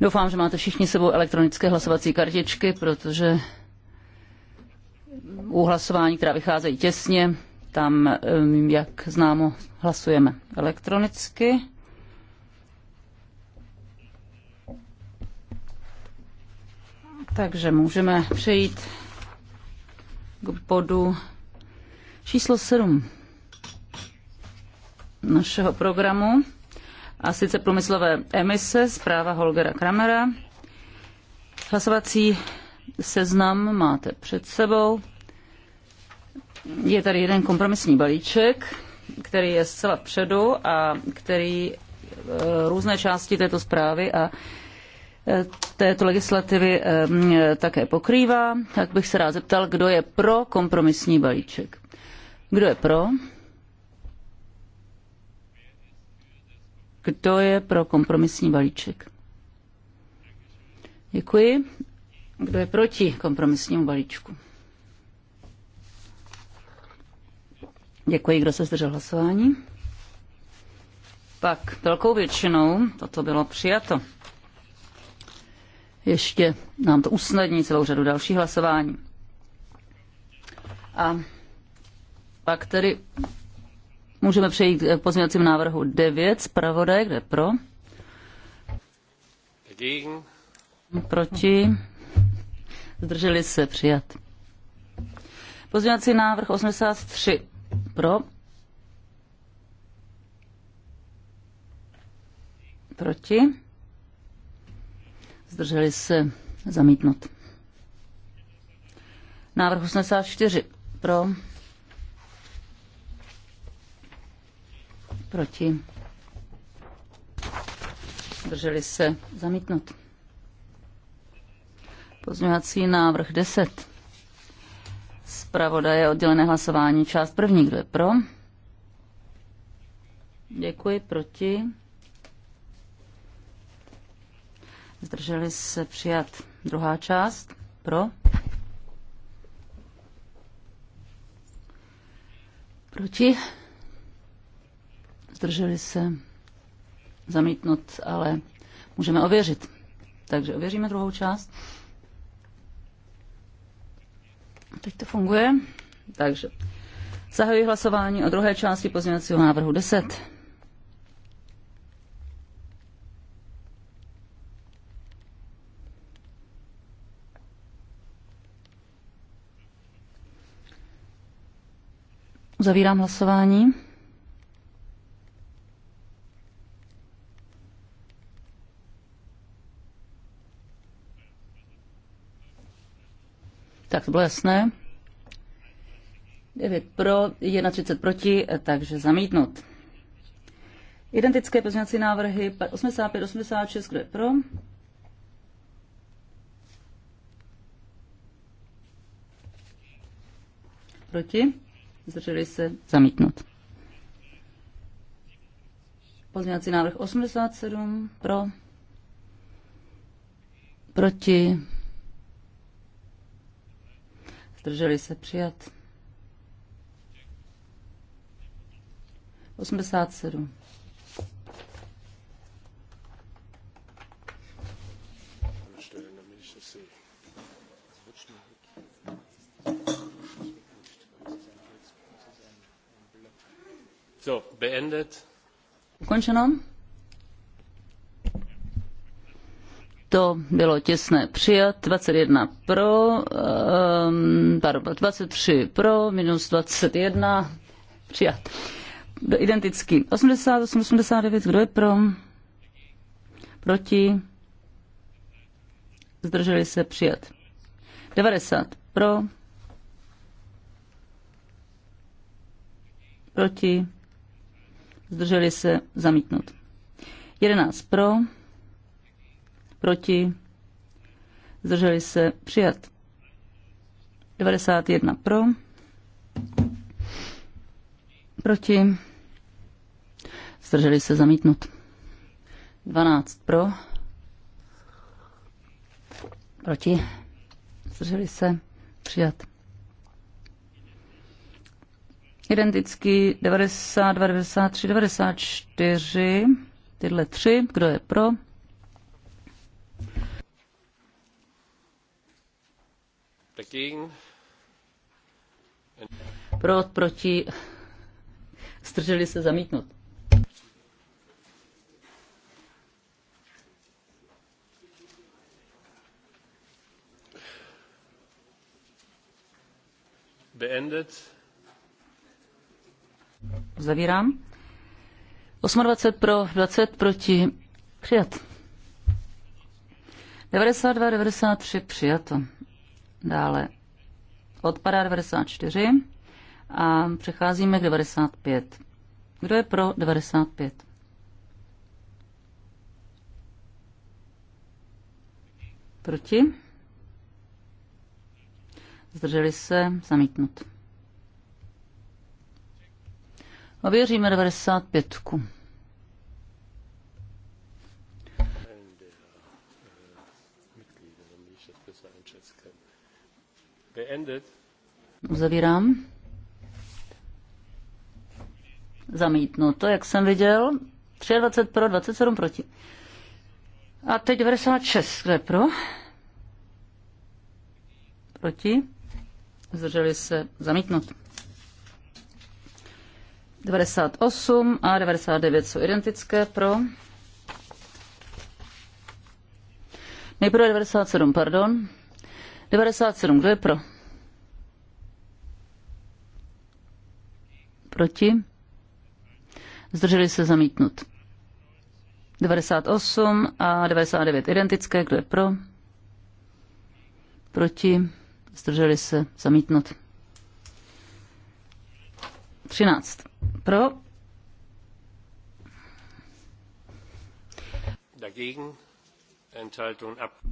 Doufám, že máte všichni sebou elektronické hlasovací kartičky, protože u hlasování, která vycházejí těsně, tam, um, jak známo, hlasujeme elektronicky. Takže můžeme přejít k bodu číslo 7 našeho programu a sice průmyslové emise, zpráva Holgera Kramera. Hlasovací seznam máte před sebou. Je tady jeden kompromisní balíček, který je zcela předu a který e, různé části této zprávy a e, této legislativy e, také pokrývá, tak bych se rád zeptal, kdo je pro kompromisní balíček. Kdo je pro? Kdo je pro kompromisní balíček? Děkuji. Kdo je proti kompromisnímu balíčku? Děkuji, kdo se zdržel hlasování. Pak velkou většinou toto bylo přijato. Ještě nám to usnadní celou řadu dalších hlasování. A pak tedy Můžeme přejít k pozměňovacím návrhu 9. Zpravodaj, kde pro? Proti? Zdrželi se přijat. Pozměňovací návrh 83. Pro? Proti? Zdrželi se zamítnout. Návrh 84. Pro? Proti. Drželi se zamítnout. Pozměňovací návrh 10. je oddělené hlasování část první. Kdo je pro? Děkuji. Proti. Zdrželi se přijat druhá část. Pro. Proti zdrželi se, zamítnut, ale můžeme ověřit. Takže ověříme druhou část. Teď to funguje. Takže zahajuji hlasování o druhé části pozměňovacího návrhu 10. Zavírám hlasování. Tak to bylo jasné. 9 pro, 31 proti, takže zamítnut. Identické pozměňovací návrhy 85, 86, kdo je pro? Proti? Zdrželi se zamítnut. Pozměňovací návrh 87 pro. Proti? Zdrželi se přijat. 87. So, beendet. Ukončeno. to bylo těsné přijat, 21 pro, um, pardon, 23 pro, minus 21 přijat. Identický. 88, 89, kdo je pro? Proti? Zdrželi se přijat. 90 pro, proti, zdrželi se zamítnout. 11 pro, proti, zdrželi se přijat. 91 pro, proti, zdrželi se zamítnut. 12 pro, proti, zdrželi se přijat. Identicky 92, 93, 94, tyhle tři, kdo je pro, Pro, proti, strželi se zamítnout. Beendet. Zavírám. 28 pro, 20 proti. Přijat. 92, 93 přijato. Dále odpadá 94 a přecházíme k 95. Kdo je pro 95? Proti? Zdrželi se zamítnut. Ověříme 95. Uzavírám. Zamítnuto, jak jsem viděl. 23 pro, 27 proti. A teď 96, kde pro? Proti. Zdrželi se zamítnout. 98 a 99 jsou identické pro. Nejprve 97, pardon. 97, kdo je pro? Proti? Zdrželi se zamítnut. 98 a 99 identické. Kdo je pro? Proti? Zdrželi se zamítnut. 13. Pro?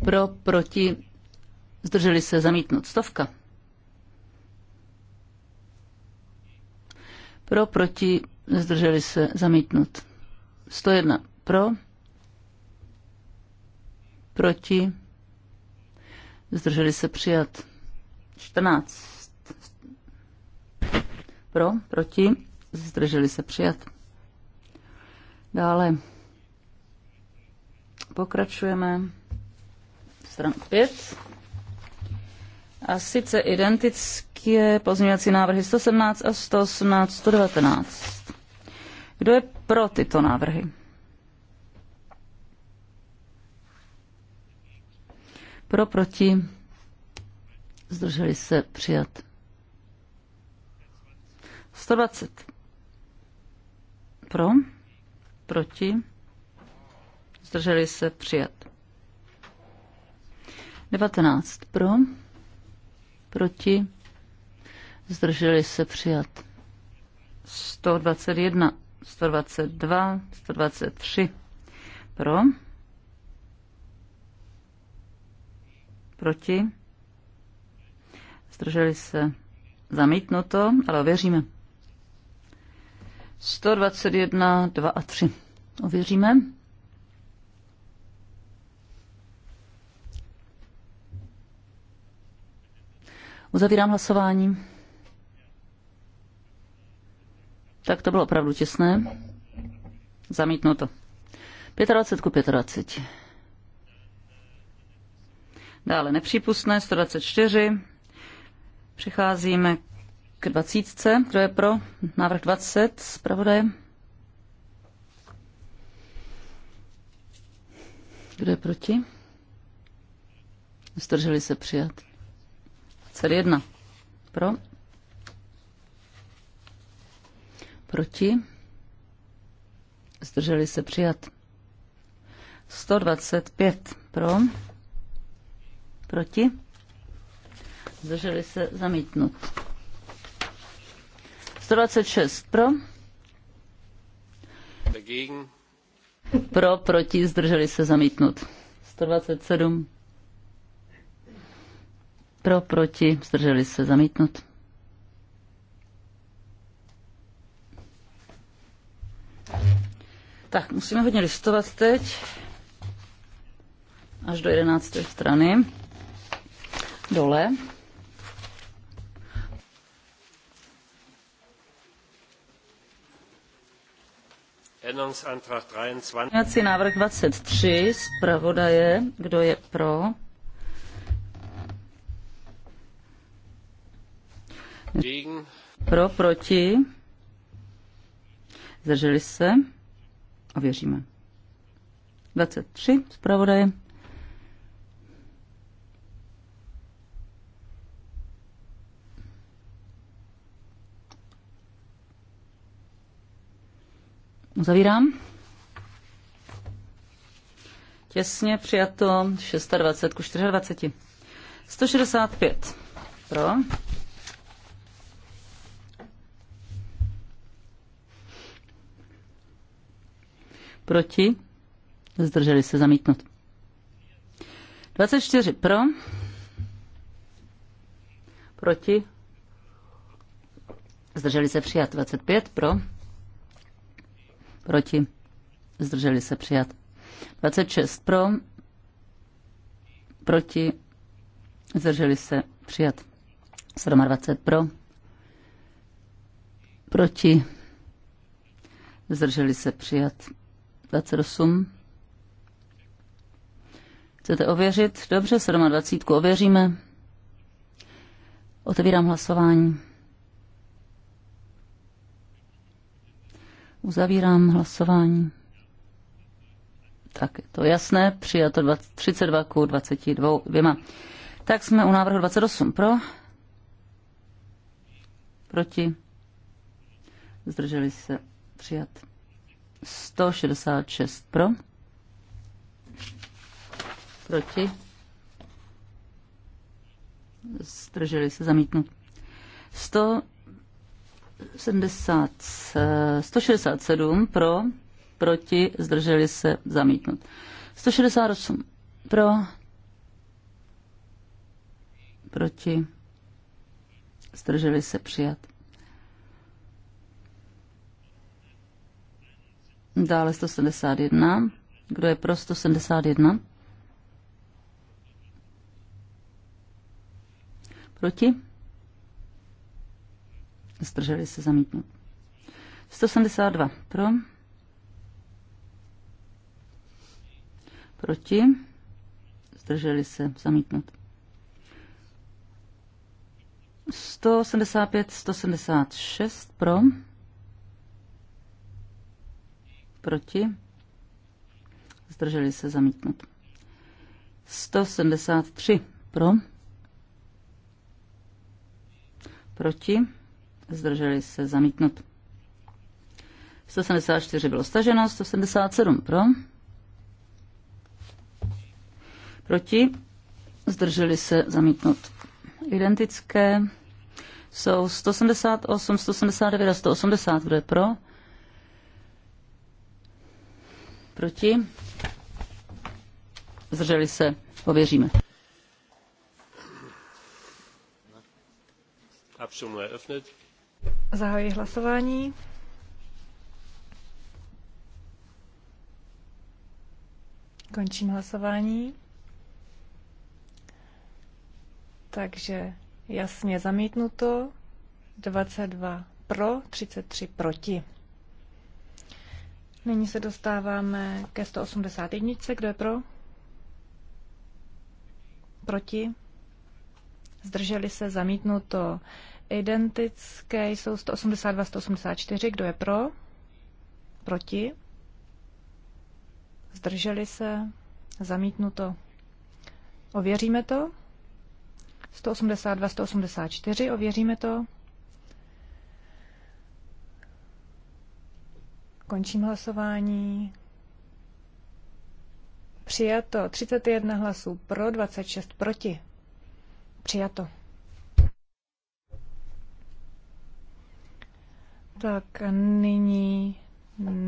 Pro, proti, zdrželi se zamítnout Stovka. Pro, proti, zdrželi se, zamítnut. 101 pro, proti, zdrželi se, přijat. 14 pro, proti, zdrželi se, přijat. Dále pokračujeme. Strana 5. A sice identické pozměňovací návrhy 117 a 118, 119. Kdo je pro tyto návrhy? Pro, proti, zdrželi se přijat. 120. Pro, proti, zdrželi se přijat. 19 pro, proti, zdrželi se přijat. 121, 122, 123 pro, proti, zdrželi se zamítnuto, ale ověříme. 121, 2 a 3. Ověříme. Uzavírám hlasování. Tak to bylo opravdu těsné. Zamítnuto. 25 ku 25. Dále nepřípustné 124. Přicházíme k 20. Kdo je pro? Návrh 20. Spravodaj. Kdo je proti? Zdrželi se přijat. 21. Pro. Proti. Zdrželi se přijat. 125. Pro. Proti. Zdrželi se zamítnut. 126. Pro. Pro, proti, zdrželi se zamítnut. 127 pro, proti, zdrželi se zamítnut. Tak, musíme hodně listovat teď, až do jedenácté strany, dole. Änderungsantrag návrh 23 zpravodaje, kdo je pro? Pro, proti. Zdrželi se. A věříme. 23 zpravodaje. Zavírám. Těsně přijato 26 ku 24. 165 pro, Proti? Zdrželi se zamítnout. 24 pro. Proti? Zdrželi se přijat. 25 pro. Proti? Zdrželi se přijat. 26 pro. Proti? Zdrželi se přijat. 27 pro. Proti? Zdrželi se přijat. 28. Chcete ověřit? Dobře, 27. ověříme. Otevírám hlasování. Uzavírám hlasování. Tak je to jasné, přijato 20, 32 ku 22. Tak jsme u návrhu 28 pro. Proti. Zdrželi se přijat. 166 pro. Proti. Zdrželi se zamítnout. 170, 167 pro. Proti. Zdrželi se zamítnout. 168 pro. Proti. Zdrželi se přijat. Dále 171. Kdo je pro 171? Proti? Zdrželi se zamítnout. 172 pro. Proti? Zdrželi se zamítnout. 175, 176 pro. Proti? Zdrželi se zamítnut. 173 pro. Proti? Zdrželi se zamítnut. 174 bylo staženo, 177 pro. Proti? Zdrželi se zamítnut. Identické jsou 178, 179 a 180, kdo je pro? Proti? Zdrželi se? Pověříme. Zahajuji hlasování. Končím hlasování. Takže jasně zamítnuto. 22 pro, 33 proti. Nyní se dostáváme ke 181. Kdo je pro? Proti? Zdrželi se zamítnuto. Identické jsou 182, 184. Kdo je pro? Proti? Zdrželi se zamítnuto. Ověříme to. 182, 184. Ověříme to. Končím hlasování. Přijato 31 hlasů pro, 26 proti. Přijato. Tak nyní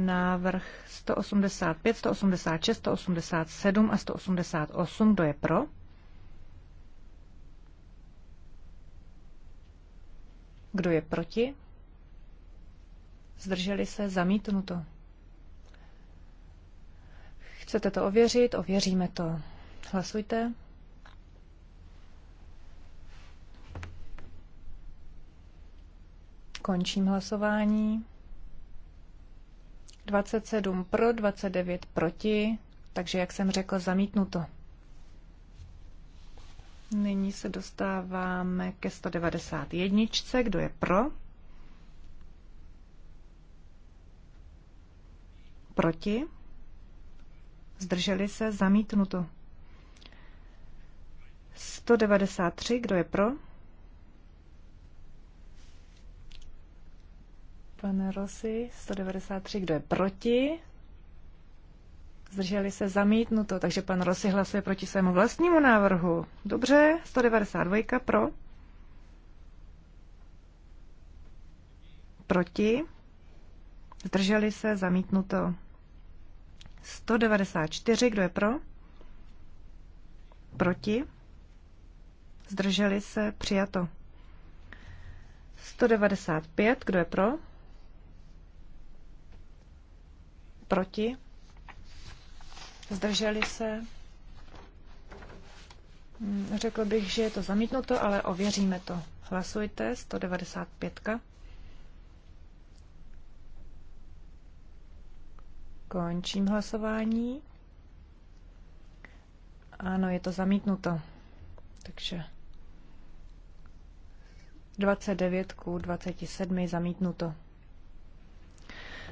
návrh 185, 186, 187 a 188. Kdo je pro? Kdo je proti? Zdrželi se? Zamítnuto. Chcete to ověřit? Ověříme to. Hlasujte. Končím hlasování. 27 pro, 29 proti, takže jak jsem řekl, zamítnuto. Nyní se dostáváme ke 191. Kdo je pro? Proti? Zdrželi se? Zamítnuto. 193. Kdo je pro? Pane Rosy, 193. Kdo je proti? Zdrželi se zamítnuto, takže pan Rosy hlasuje proti svému vlastnímu návrhu. Dobře, 192 pro. Proti. Zdrželi se zamítnuto. 194, kdo je pro? Proti? Zdrželi se? Přijato. 195, kdo je pro? Proti? Zdrželi se? Hm, řekl bych, že je to zamítnuto, ale ověříme to. Hlasujte, 195. Končím hlasování. Ano, je to zamítnuto. Takže 29 ku 27 zamítnuto.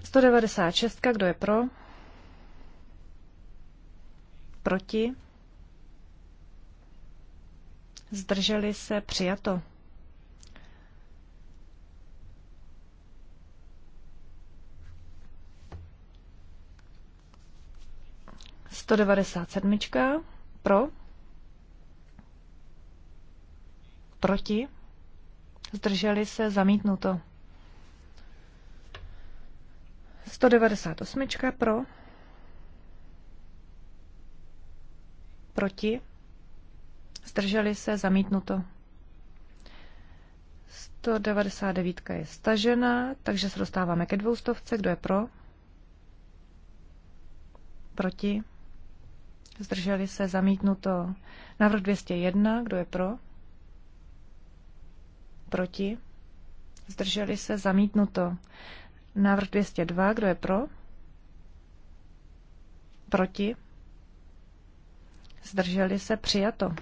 196, kdo je pro? Proti? Zdrželi se přijato. 197. Pro. Proti. Zdrželi se zamítnuto. 198. Pro. Proti. Zdrželi se zamítnuto. 199 je stažena, takže se dostáváme ke dvoustovce. Kdo je pro? Proti? Zdrželi se zamítnuto. Návrh 201, kdo je pro? Proti? Zdrželi se zamítnuto. Návrh 202, kdo je pro? Proti? Zdrželi se přijato.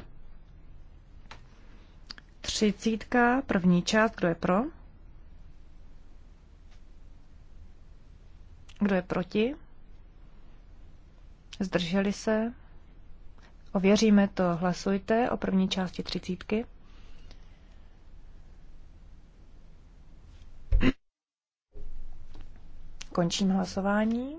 Třicítka, první část, kdo je pro? Kdo je proti? Zdrželi se? Ověříme to. Hlasujte o první části třicítky. Končím hlasování.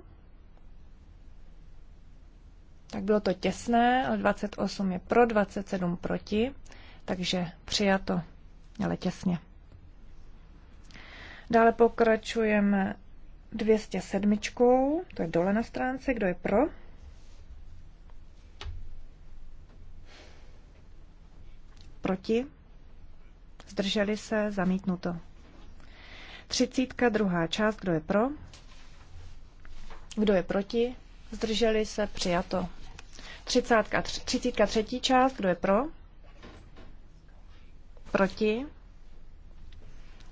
Tak bylo to těsné, ale 28 je pro, 27 proti, takže přijato, ale těsně. Dále pokračujeme 207, to je dole na stránce, kdo je pro? Proti? Zdrželi se? Zamítnuto. Třicítka, druhá část. Kdo je pro? Kdo je proti? Zdrželi se? Přijato. Třicátka, třicítka, třetí část. Kdo je pro? Proti?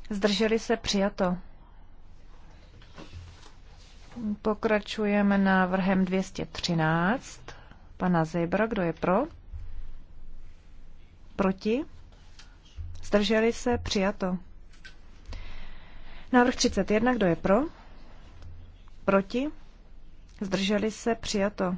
Zdrželi se? Přijato. Pokračujeme návrhem 213 pana Zebra. Kdo je pro? Proti? Zdrželi se? Přijato. Návrh 31. Kdo je pro? Proti? Zdrželi se? Přijato.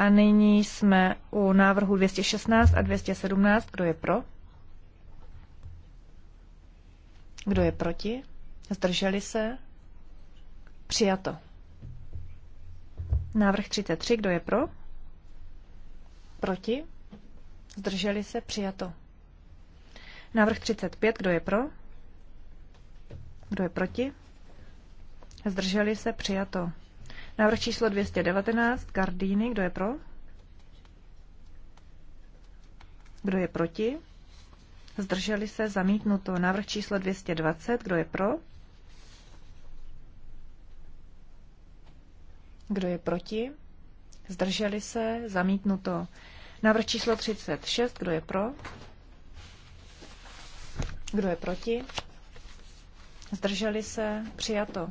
A nyní jsme u návrhu 216 a 217. Kdo je pro? Kdo je proti? Zdrželi se? Přijato. Návrh 33. Kdo je pro? Proti? Zdrželi se? Přijato. Návrh 35. Kdo je pro? Kdo je proti? Zdrželi se? Přijato. Návrh číslo 219, Gardíny, kdo je pro? Kdo je proti? Zdrželi se, zamítnuto. Návrh číslo 220, kdo je pro? Kdo je proti? Zdrželi se, zamítnuto. Návrh číslo 36, kdo je pro? Kdo je proti? Zdrželi se, přijato.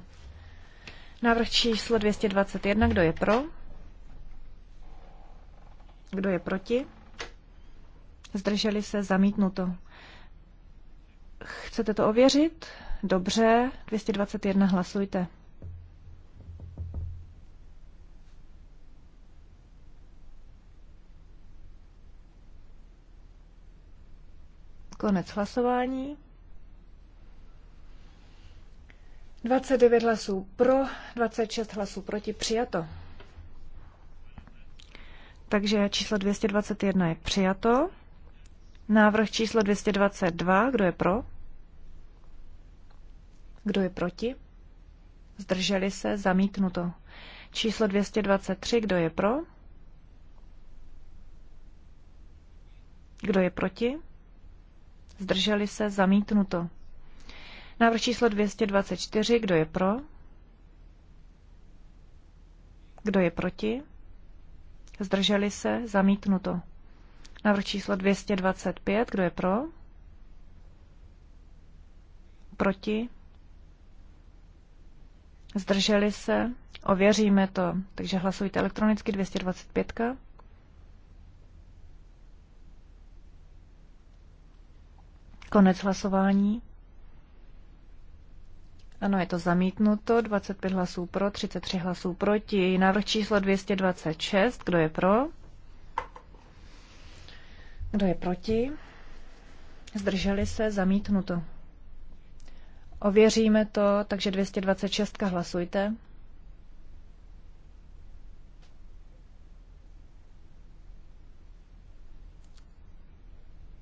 Návrh číslo 221, kdo je pro? Kdo je proti? Zdrželi se zamítnuto. Chcete to ověřit? Dobře, 221 hlasujte. Konec hlasování. 29 hlasů pro, 26 hlasů proti, přijato. Takže číslo 221 je přijato. Návrh číslo 222, kdo je pro? Kdo je proti? Zdrželi se, zamítnuto. Číslo 223, kdo je pro? Kdo je proti? Zdrželi se, zamítnuto. Návrh číslo 224, kdo je pro? Kdo je proti? Zdrželi se? Zamítnuto. Návrh číslo 225, kdo je pro? Proti? Zdrželi se? Ověříme to. Takže hlasujte elektronicky 225. -ka. Konec hlasování. Ano, je to zamítnuto. 25 hlasů pro, 33 hlasů proti. Návrh číslo 226. Kdo je pro? Kdo je proti? Zdrželi se, zamítnuto. Ověříme to, takže 226 hlasujte.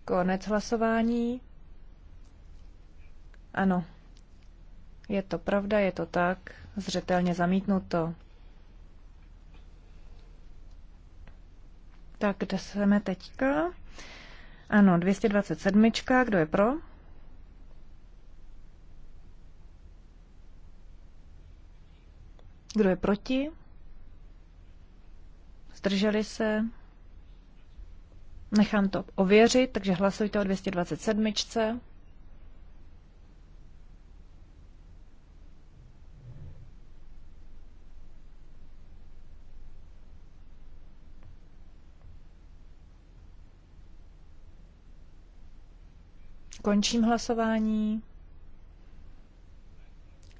Konec hlasování. Ano, je to pravda, je to tak, zřetelně zamítnuto. Tak, kde jsme teďka? Ano, 227. Kdo je pro? Kdo je proti? Zdrželi se? Nechám to ověřit, takže hlasujte o 227. Končím hlasování.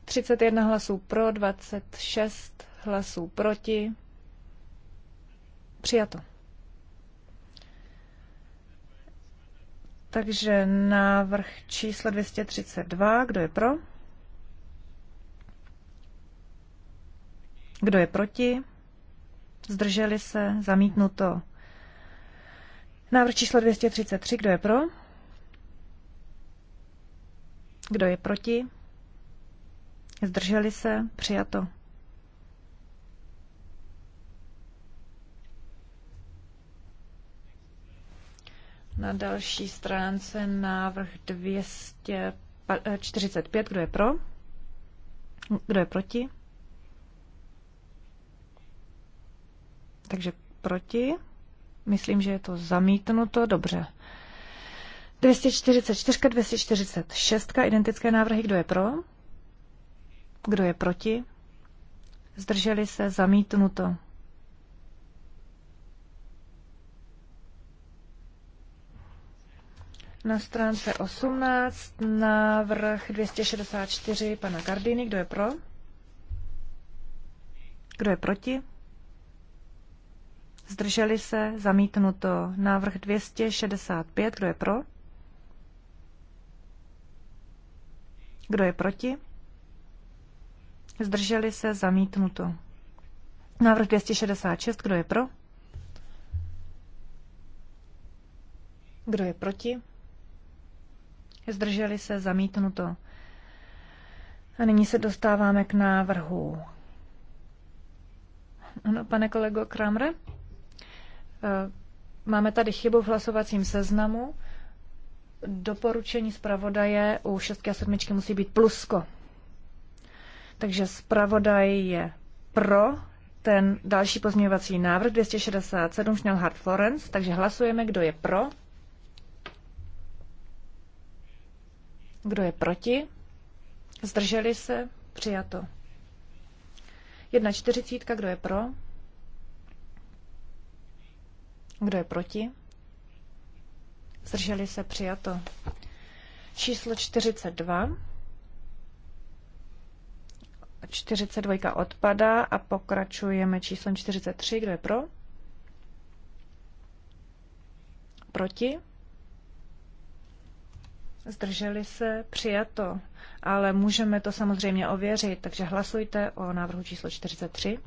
31 hlasů pro, 26 hlasů proti. Přijato. Takže návrh číslo 232, kdo je pro? Kdo je proti? Zdrželi se? Zamítnuto. Návrh číslo 233, kdo je pro? Kdo je proti? Zdrželi se? Přijato. Na další stránce návrh 245. Kdo je pro? Kdo je proti? Takže proti. Myslím, že je to zamítnuto. Dobře. 244, 246, identické návrhy, kdo je pro? Kdo je proti? Zdrželi se, zamítnuto. Na stránce 18 návrh 264 pana Gardiny. Kdo je pro? Kdo je proti? Zdrželi se, zamítnuto. Návrh 265. Kdo je pro? Kdo je proti? Zdrželi se zamítnuto. Návrh 266, kdo je pro? Kdo je proti? Zdrželi se zamítnuto. A nyní se dostáváme k návrhu. Ano, pane kolego Kramre, eh, máme tady chybu v hlasovacím seznamu doporučení zpravodaje u 6 a 7 musí být plusko. Takže zpravodaj je pro ten další pozměňovací návrh 267 Schnellhardt Florence, takže hlasujeme, kdo je pro, kdo je proti, zdrželi se, přijato. Jedna čtyřicítka, kdo je pro, kdo je proti? Zdrželi se přijato. Číslo 42. 42 odpadá a pokračujeme číslem 43. Kdo je pro? Proti? Zdrželi se? Přijato. Ale můžeme to samozřejmě ověřit, takže hlasujte o návrhu číslo 43.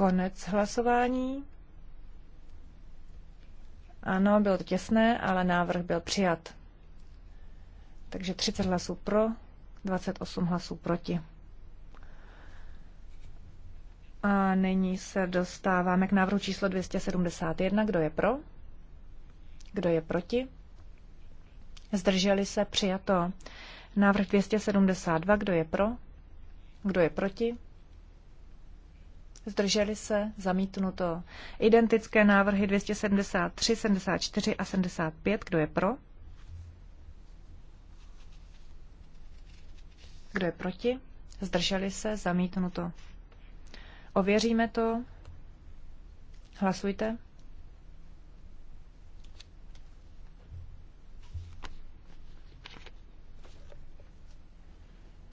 Konec hlasování. Ano, bylo to těsné, ale návrh byl přijat. Takže 30 hlasů pro, 28 hlasů proti. A nyní se dostáváme k návrhu číslo 271. Kdo je pro? Kdo je proti? Zdrželi se přijato. Návrh 272. Kdo je pro? Kdo je proti? zdrželi se, zamítnuto. Identické návrhy 273, 74 a 75, kdo je pro? Kdo je proti? Zdrželi se, zamítnuto. Ověříme to. Hlasujte.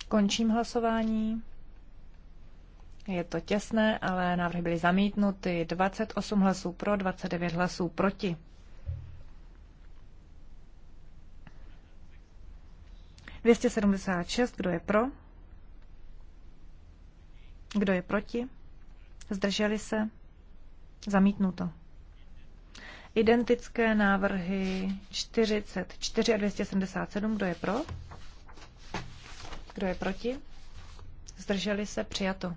Končím hlasování. Je to těsné, ale návrhy byly zamítnuty 28 hlasů pro, 29 hlasů proti. Dvěstě sedmdesát šest, kdo je pro? Kdo je proti? Zdrželi se? Zamítnuto. Identické návrhy 44 a 277. Kdo je pro? Kdo je proti? Zdrželi se? Přijato.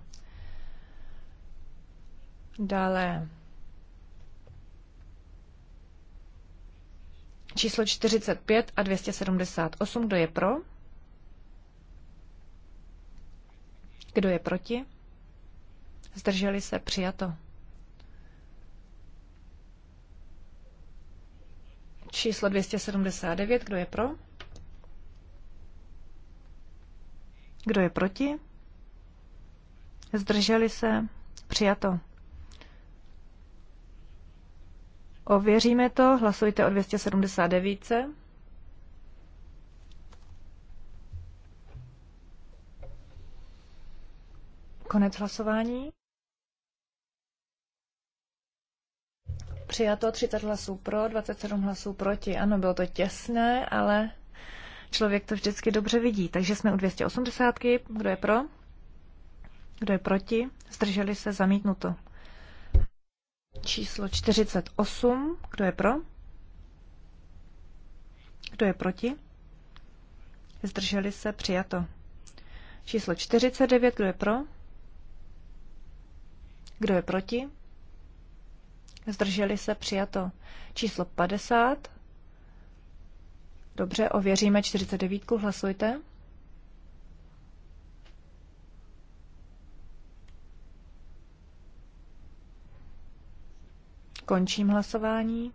Dále číslo 45 a 278. Kdo je pro? Kdo je proti? Zdrželi se přijato. Číslo 279. Kdo je pro? Kdo je proti? Zdrželi se přijato. Ověříme to, hlasujte o 279. Konec hlasování. Přijato 30 hlasů pro, 27 hlasů proti. Ano, bylo to těsné, ale člověk to vždycky dobře vidí. Takže jsme u 280. Kdo je pro? Kdo je proti? Zdrželi se zamítnuto. Číslo 48. Kdo je pro? Kdo je proti? Zdrželi se přijato. Číslo 49. Kdo je pro? Kdo je proti? Zdrželi se přijato. Číslo 50. Dobře, ověříme 49. Hlasujte. Končím hlasování.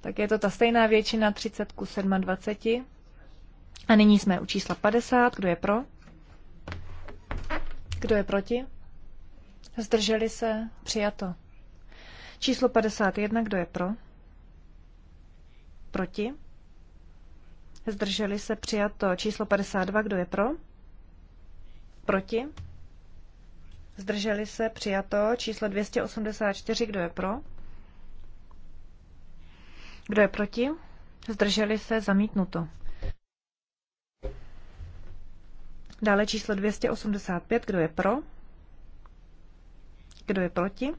Tak je to ta stejná většina 30 ku 27. A nyní jsme u čísla 50. Kdo je pro? Kdo je proti? Zdrželi se? Přijato. Číslo 51. Kdo je pro? Proti? Zdrželi se? Přijato. Číslo 52. Kdo je pro? Proti? Zdrželi se přijato číslo 284. Kdo je pro? Kdo je proti? Zdrželi se zamítnuto. Dále číslo 285. Kdo je pro? Kdo je proti?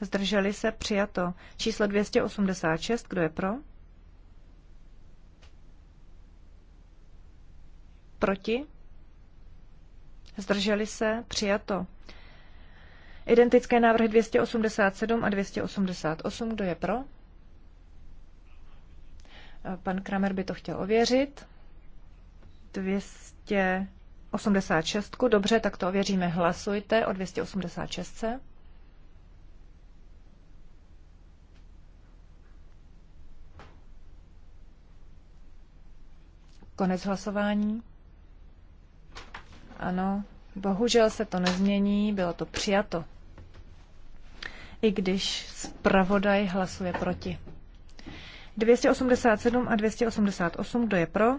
Zdrželi se přijato. Číslo 286. Kdo je pro? Proti? zdrželi se, přijato. Identické návrhy 287 a 288, kdo je pro? Eh, pan Kramer by to chtěl ověřit. 286, dobře, tak to ověříme. Hlasujte o 286. Konec hlasování. Ano, bohužel se to nezmění, bylo to přijato. I když zpravodaj hlasuje proti. 287 a 288, kdo je pro?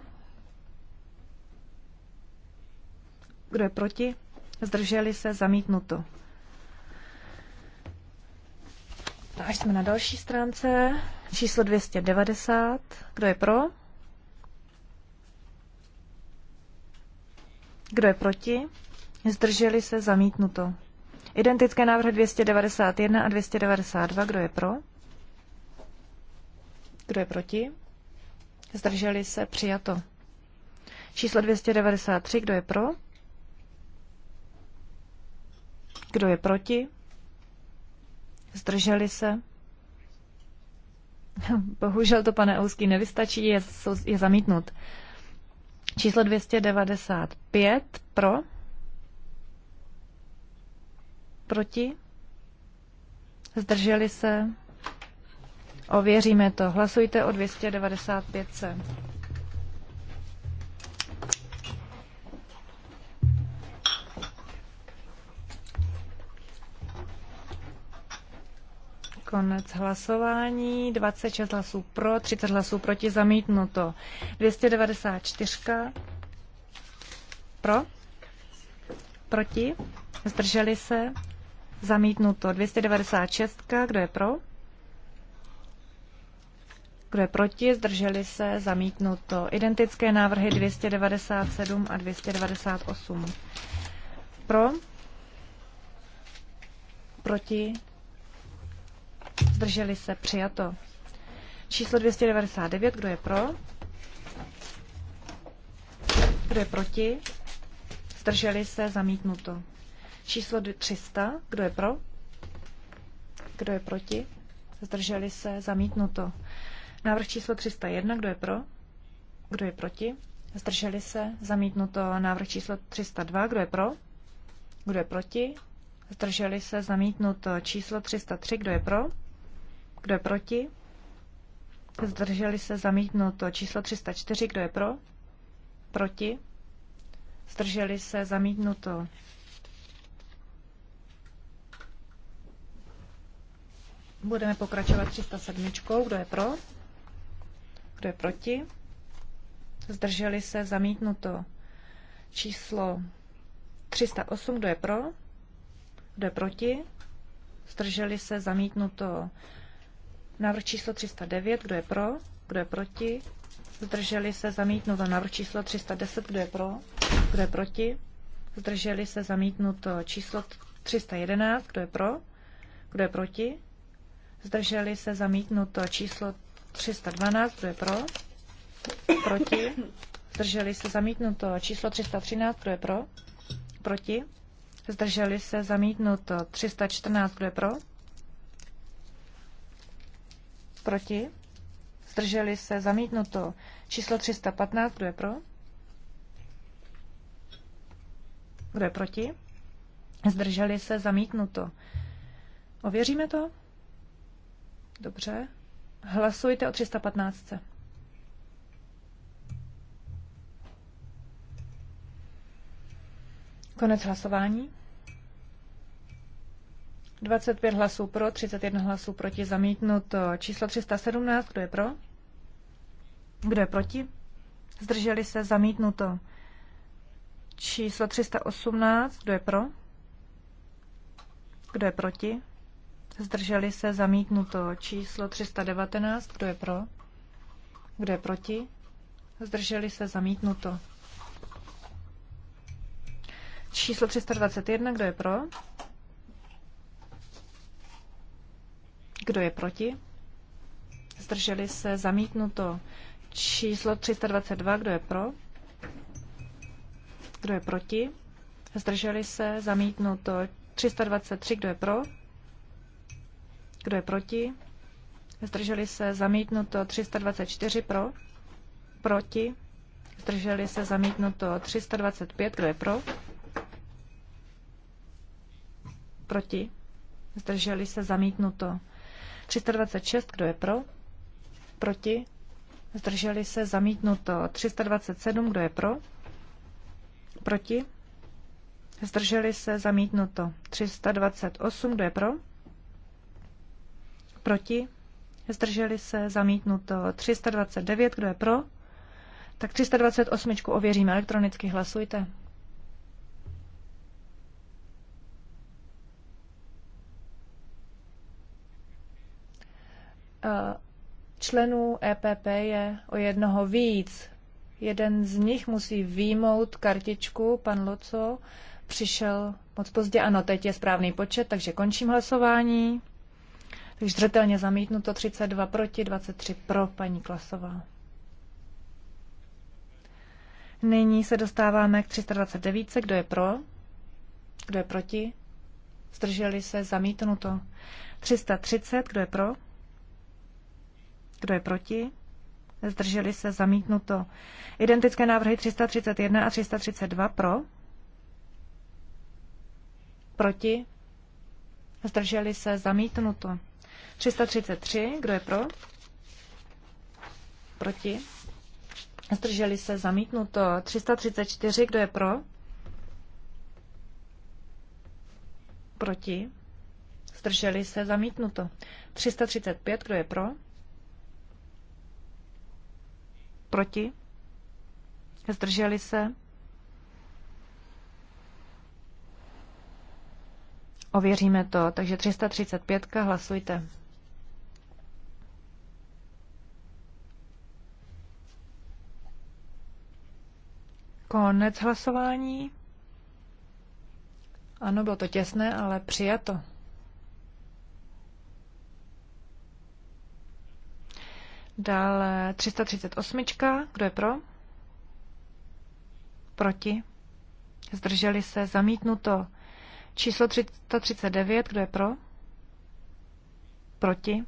Kdo je proti? Zdrželi se, zamítnuto. Až jsme na další stránce. Číslo 290. Kdo je pro? Kdo je proti? Zdrželi se zamítnuto. Identické návrhy 291 a 292. Kdo je pro? Kdo je proti? Zdrželi se přijato. Číslo 293. Kdo je pro? Kdo je proti? Zdrželi se? Bohužel to, pane Ouský, nevystačí, je, je zamítnut. Číslo 295 pro. Proti. Zdrželi se. Ověříme to. Hlasujte o 295. Konec hlasování. 26 hlasů pro, 30 hlasů proti, zamítnuto. 294 pro, proti, zdrželi se, zamítnuto. 296, kdo je pro? Kdo je proti, zdrželi se, zamítnuto. Identické návrhy 297 a 298. Pro, proti, Zdrželi se přijato. Číslo 299, kdo je pro? Kdo je proti? Zdrželi se zamítnuto. Číslo 300, kdo je pro? Kdo je proti? Zdrželi se zamítnuto. Návrh číslo 301, kdo je pro? Kdo je proti? Zdrželi se zamítnuto. Návrh číslo 302, kdo je pro? Kdo je proti? Zdrželi se zamítnuto. Číslo 303, kdo je pro? Kdo je proti? Zdrželi se zamítnuto. Číslo 304. Kdo je pro? Proti? Zdrželi se zamítnuto. Budeme pokračovat 307. Kdo je pro? Kdo je proti? Zdrželi se zamítnuto. Číslo 308. Kdo je pro? Kdo je proti? Zdrželi se zamítnuto. Návrh číslo 309, kdo je pro, kdo je proti, zdrželi se zamítnuto. Návrh číslo 310, kdo je pro, kdo je proti, zdrželi se zamítnuto. Číslo 311, kdo je pro, kdo je proti, zdrželi se zamítnuto. Číslo 312, kdo je pro, proti, zdrželi se zamítnuto. Číslo 313, kdo je pro, proti, zdrželi se zamítnuto. 314, kdo je pro, Proti? Zdrželi se zamítnuto. Číslo 315, kdo je pro? Kdo je proti? Zdrželi se zamítnuto. Ověříme to? Dobře. Hlasujte o 315. Konec hlasování. 25 hlasů pro, 31 hlasů proti, zamítnuto. Číslo 317, kdo je pro? Kdo je proti? Zdrželi se, zamítnuto. Číslo 318, kdo je pro? Kdo je proti? Zdrželi se, zamítnuto. Číslo 319, kdo je pro? Kdo je proti? Zdrželi se, zamítnuto. Číslo 321, kdo je pro? Kdo je proti? Zdrželi se zamítnuto číslo 322. Kdo je pro? Kdo je proti? Zdrželi se zamítnuto 323. Kdo je pro? Kdo je proti? Zdrželi se zamítnuto 324 pro? Proti? Zdrželi se zamítnuto 325. Kdo je pro? Proti? Zdrželi se zamítnuto 326, kdo je pro? Proti? Zdrželi se zamítnuto 327, kdo je pro? Proti? Zdrželi se zamítnuto 328, kdo je pro? Proti? Zdrželi se zamítnuto 329, kdo je pro? Tak 328 ověříme elektronicky, hlasujte. Eh, členů EPP je o jednoho víc. Jeden z nich musí výmout kartičku, pan Loco, přišel moc pozdě. Ano, teď je správný počet, takže končím hlasování. Takže zřetelně zamítnuto 32 proti, 23 pro paní Klasová. Nyní se dostáváme k 329. Kdo je pro? Kdo je proti? Zdrželi se zamítnuto. 330. Kdo je pro? Kdo je proti? Zdrželi se zamítnuto. Identické návrhy 331 a 332 pro. Proti? Zdrželi se zamítnuto. 333, kdo je pro? Proti? Zdrželi se zamítnuto. 334, kdo je pro? Proti? Zdrželi se zamítnuto. 335, kdo je pro? Proti? Zdrželi se? Ověříme to. Takže 335, hlasujte. Konec hlasování. Ano, bylo to těsné, ale přijato. Dále 338. Kdo je pro? Proti? Zdrželi se? Zamítnuto. Číslo 339. Kdo je pro? Proti?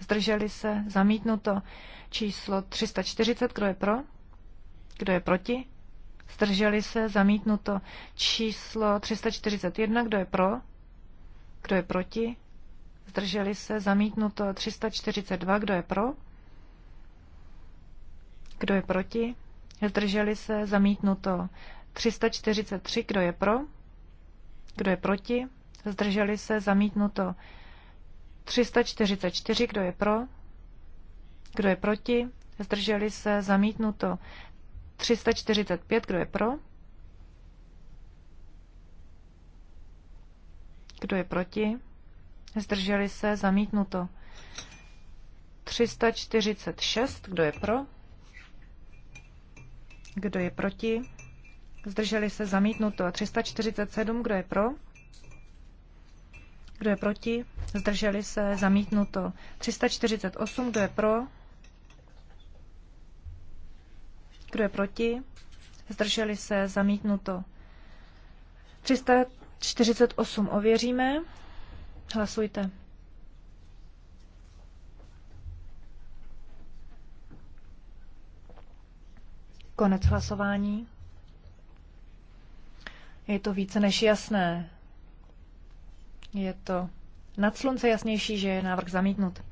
Zdrželi se? Zamítnuto. Číslo 340. Kdo je pro? Kdo je proti? Zdrželi se? Zamítnuto. Číslo 341. Kdo je pro? Kdo je proti? Zdrželi se? Zamítnuto. 342. Kdo je pro? Kdo je proti? Zdrželi se? Zamítnuto. 343. Kdo je pro? Kdo je proti? Zdrželi se? Zamítnuto. 344. Kdo je pro? Kdo je proti? Zdrželi se? Zamítnuto. 345. Kdo je pro? Kdo je proti? Zdrželi se? Zamítnuto. 346. Kdo je pro? Kdo je proti? Zdrželi se zamítnuto. 347. Kdo je pro? Kdo je proti? Zdrželi se zamítnuto. 348. Kdo je pro? Kdo je proti? Zdrželi se zamítnuto. 348 ověříme. Hlasujte. Konec hlasování. Je to více než jasné. Je to nad slunce jasnější, že je návrh zamítnut.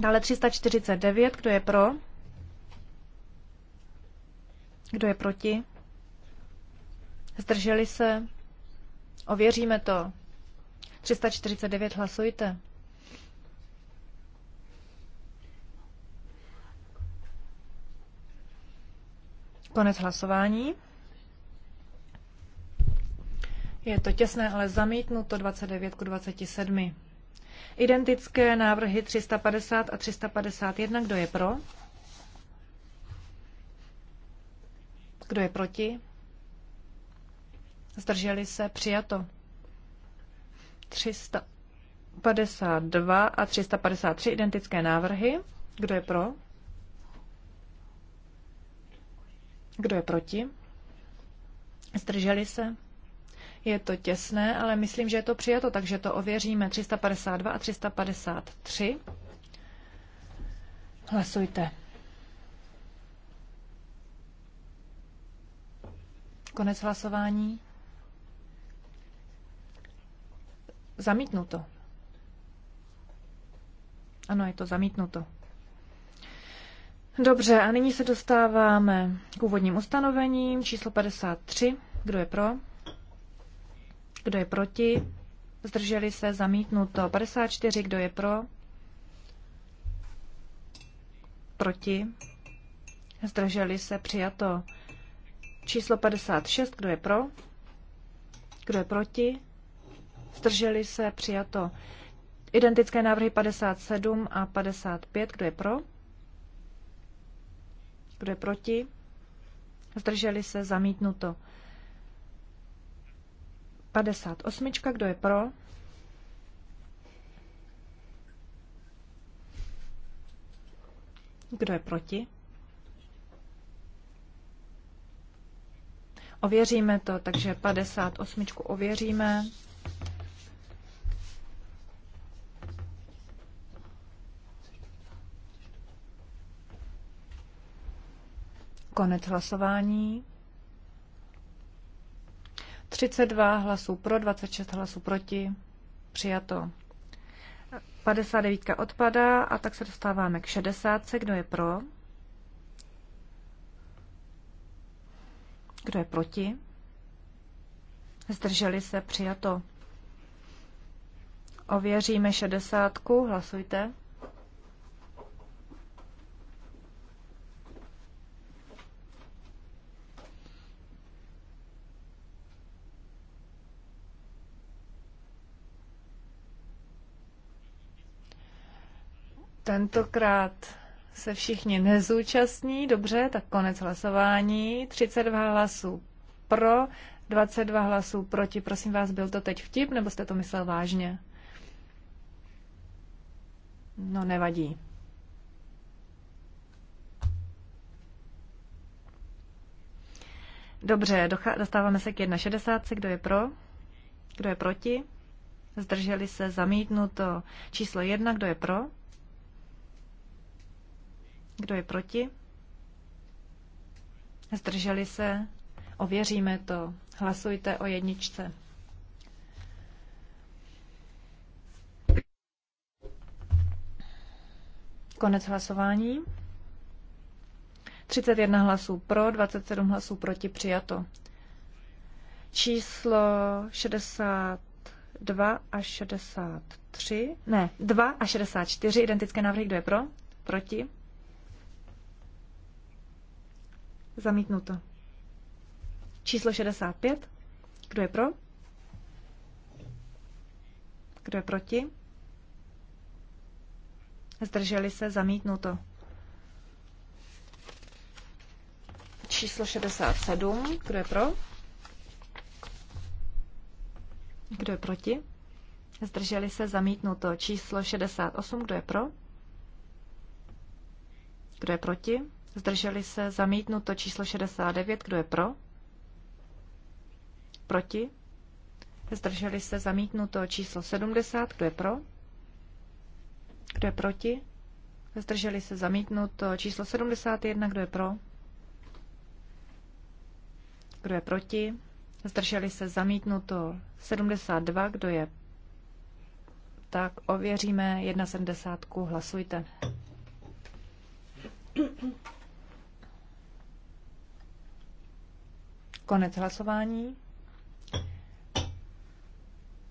Dále 349, kdo je pro? Kdo je proti? Zdrželi se? Ověříme to. 349 hlasujte. Konec hlasování. Je to těsné, ale zamítnuto 29 k 27. Identické návrhy 350 a 351. Kdo je pro? Kdo je proti? Zdrželi se? Přijato. 352 a 353 identické návrhy. Kdo je pro? Kdo je proti? Zdrželi se? Je to těsné, ale myslím, že je to přijato, takže to ověříme. 352 a 353. Hlasujte. Konec hlasování. Zamítnuto. Ano, je to zamítnuto. Dobře, a nyní se dostáváme k úvodním ustanovením číslo 53. Kdo je pro? Kdo je proti? Zdrželi se zamítnuto. 54. Kdo je pro? Proti? Zdrželi se přijato. Číslo 56. Kdo je pro? Kdo je proti? Zdrželi se přijato. Identické návrhy 57 a 55. Kdo je pro? Kdo je proti? Zdrželi se zamítnuto. 58. Kdo je pro? Kdo je proti? Ověříme to, takže 58 ověříme. Konec hlasování. 32 hlasů pro, 26 hlasů proti. Přijato. 59 odpadá a tak se dostáváme k 60. Kdo je pro? Kdo je proti? Zdrželi se přijato. Ověříme 60. Hlasujte. Tentokrát se všichni nezúčastní. Dobře, tak konec hlasování. 32 hlasů pro, 22 hlasů proti. Prosím vás, byl to teď vtip, nebo jste to myslel vážně? No, nevadí. Dobře, dostáváme se k 1,60. Kdo je pro? Kdo je proti? Zdrželi se zamítnuto číslo 1. Kdo je pro? Kdo je proti? Zdrželi se? Ověříme to. Hlasujte o jedničce. Konec hlasování. 31 hlasů pro, 27 hlasů proti přijato. Číslo 62 a 63, ne, 2 a 64, identické návrhy, kdo je pro, proti, Zamítnuto. Číslo 65. Kdo je pro? Kdo je proti? Zdrželi se? Zamítnuto. Číslo 67. Kdo je pro? Kdo je proti? Zdrželi se? Zamítnuto. Číslo 68. Kdo je pro? Kdo je proti? Zdrželi se zamítnuto číslo 69. Kdo je pro? Proti? Zdrželi se zamítnuto číslo 70. Kdo je pro? Kdo je proti? Zdrželi se zamítnuto číslo 71. Kdo je pro? Kdo je proti? Zdrželi se zamítnuto 72. Kdo je tak ověříme 1,70. Hlasujte. Konec hlasování.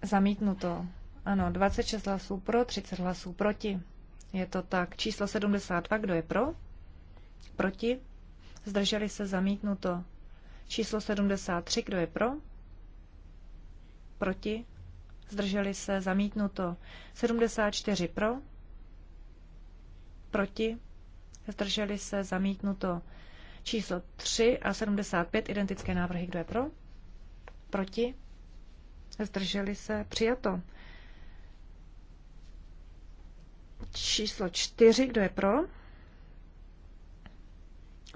Zamítnuto. Ano, 26 hlasů pro, 30 hlasů proti. Je to tak. Číslo 72, kdo je pro? Proti? Zdrželi se zamítnuto. Číslo 73, kdo je pro? Proti? Zdrželi se zamítnuto. 74 pro? Proti? Zdrželi se zamítnuto. Číslo 3 a 75 identické návrhy. Kdo je pro? Proti? Zdrželi se? Přijato. Číslo 4. Kdo je pro?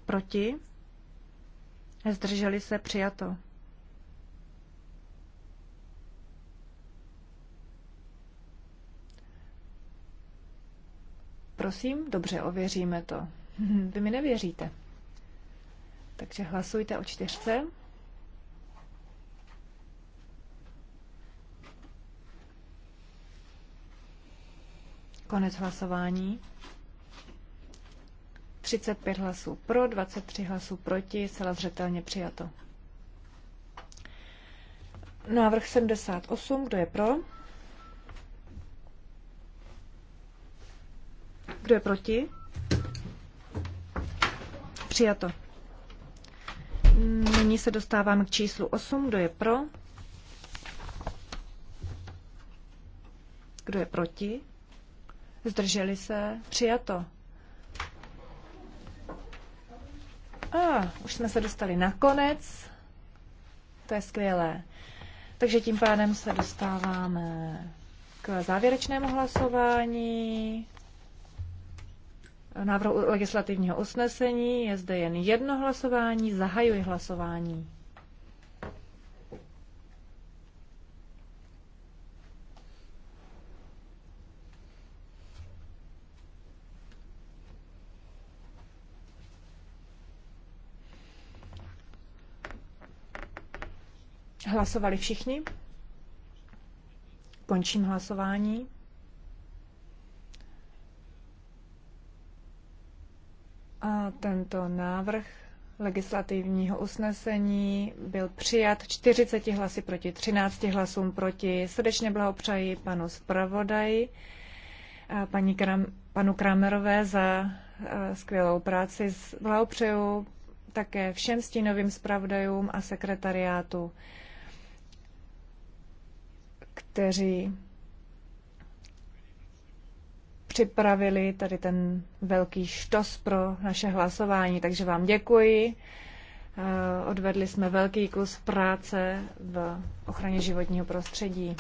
Proti? Zdrželi se? Přijato. Prosím, dobře, ověříme to. Vy mi nevěříte. Takže hlasujte o čtyřce. Konec hlasování. 35 hlasů pro, 23 hlasů proti, Celá zřetelně přijato. Návrh 78, kdo je pro? Kdo je proti? Přijato nyní se dostávám k číslu 8. Kdo je pro? Kdo je proti? Zdrželi se? Přijato. A, už jsme se dostali na konec. To je skvělé. Takže tím pádem se dostáváme k závěrečnému hlasování návrhu legislativního usnesení. Je zde jen jedno hlasování. Zahajuji hlasování. Hlasovali všichni? Končím hlasování. A tento návrh legislativního usnesení byl přijat 40 hlasy proti 13 hlasům proti. Srdečně blahopřeji panu zpravodaji, paní Kram, panu Kramerové za e, skvělou práci. Blahopřeju také všem stínovým zpravodajům a sekretariátu, kteří připravili tady ten velký štos pro naše hlasování, takže vám děkuji. Eh, odvedli jsme velký kus práce v ochraně životního prostředí.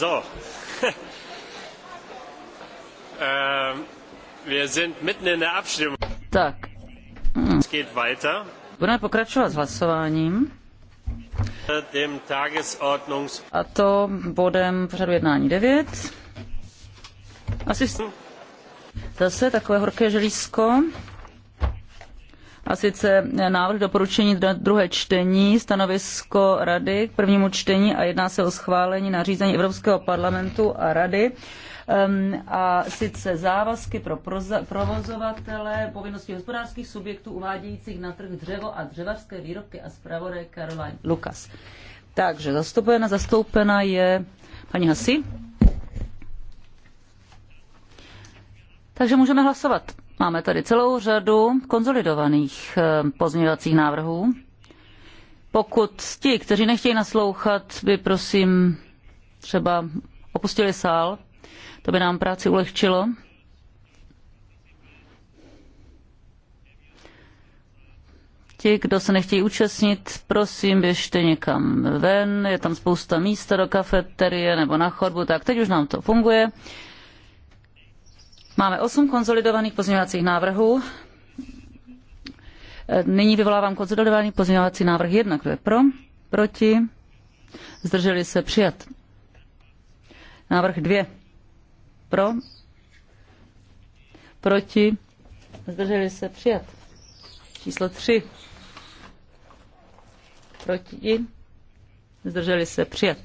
So. Ähm, wir sind mitten in der Abstimmung. Tak. Hmm. Es geht weiter. Budeme pokračovat s hlasováním. Äh, dem Tagesordnungs... A to bodem pořadu jednání 9. Asi hm. zase takové horké želízko a sice návrh doporučení na druhé čtení, stanovisko Rady k prvnímu čtení a jedná se o schválení nařízení Evropského parlamentu a Rady a sice závazky pro provozovatele povinnosti hospodářských subjektů uvádějících na trh dřevo a dřevařské výrobky a zpravodaj Caroline Lukas. Takže zastoupena, zastoupena je paní Hasi. Takže můžeme hlasovat. Máme tady celou řadu konzolidovaných eh, pozměňovacích návrhů. Pokud ti, kteří nechtějí naslouchat, by prosím třeba opustili sál, to by nám práci ulehčilo. Ti, kdo se nechtějí účastnit, prosím, běžte někam ven, je tam spousta místa do kafeterie nebo na chodbu, tak teď už nám to funguje. Máme osm konzolidovaných pozměňovacích návrhů. Nyní vyvolávám konzolidovaný pozměňovací návrh 1. Kdo je pro? Proti? Zdrželi se přijat. Návrh 2. Pro? Proti? Zdrželi se přijat. Číslo 3. Proti? Zdrželi se přijat.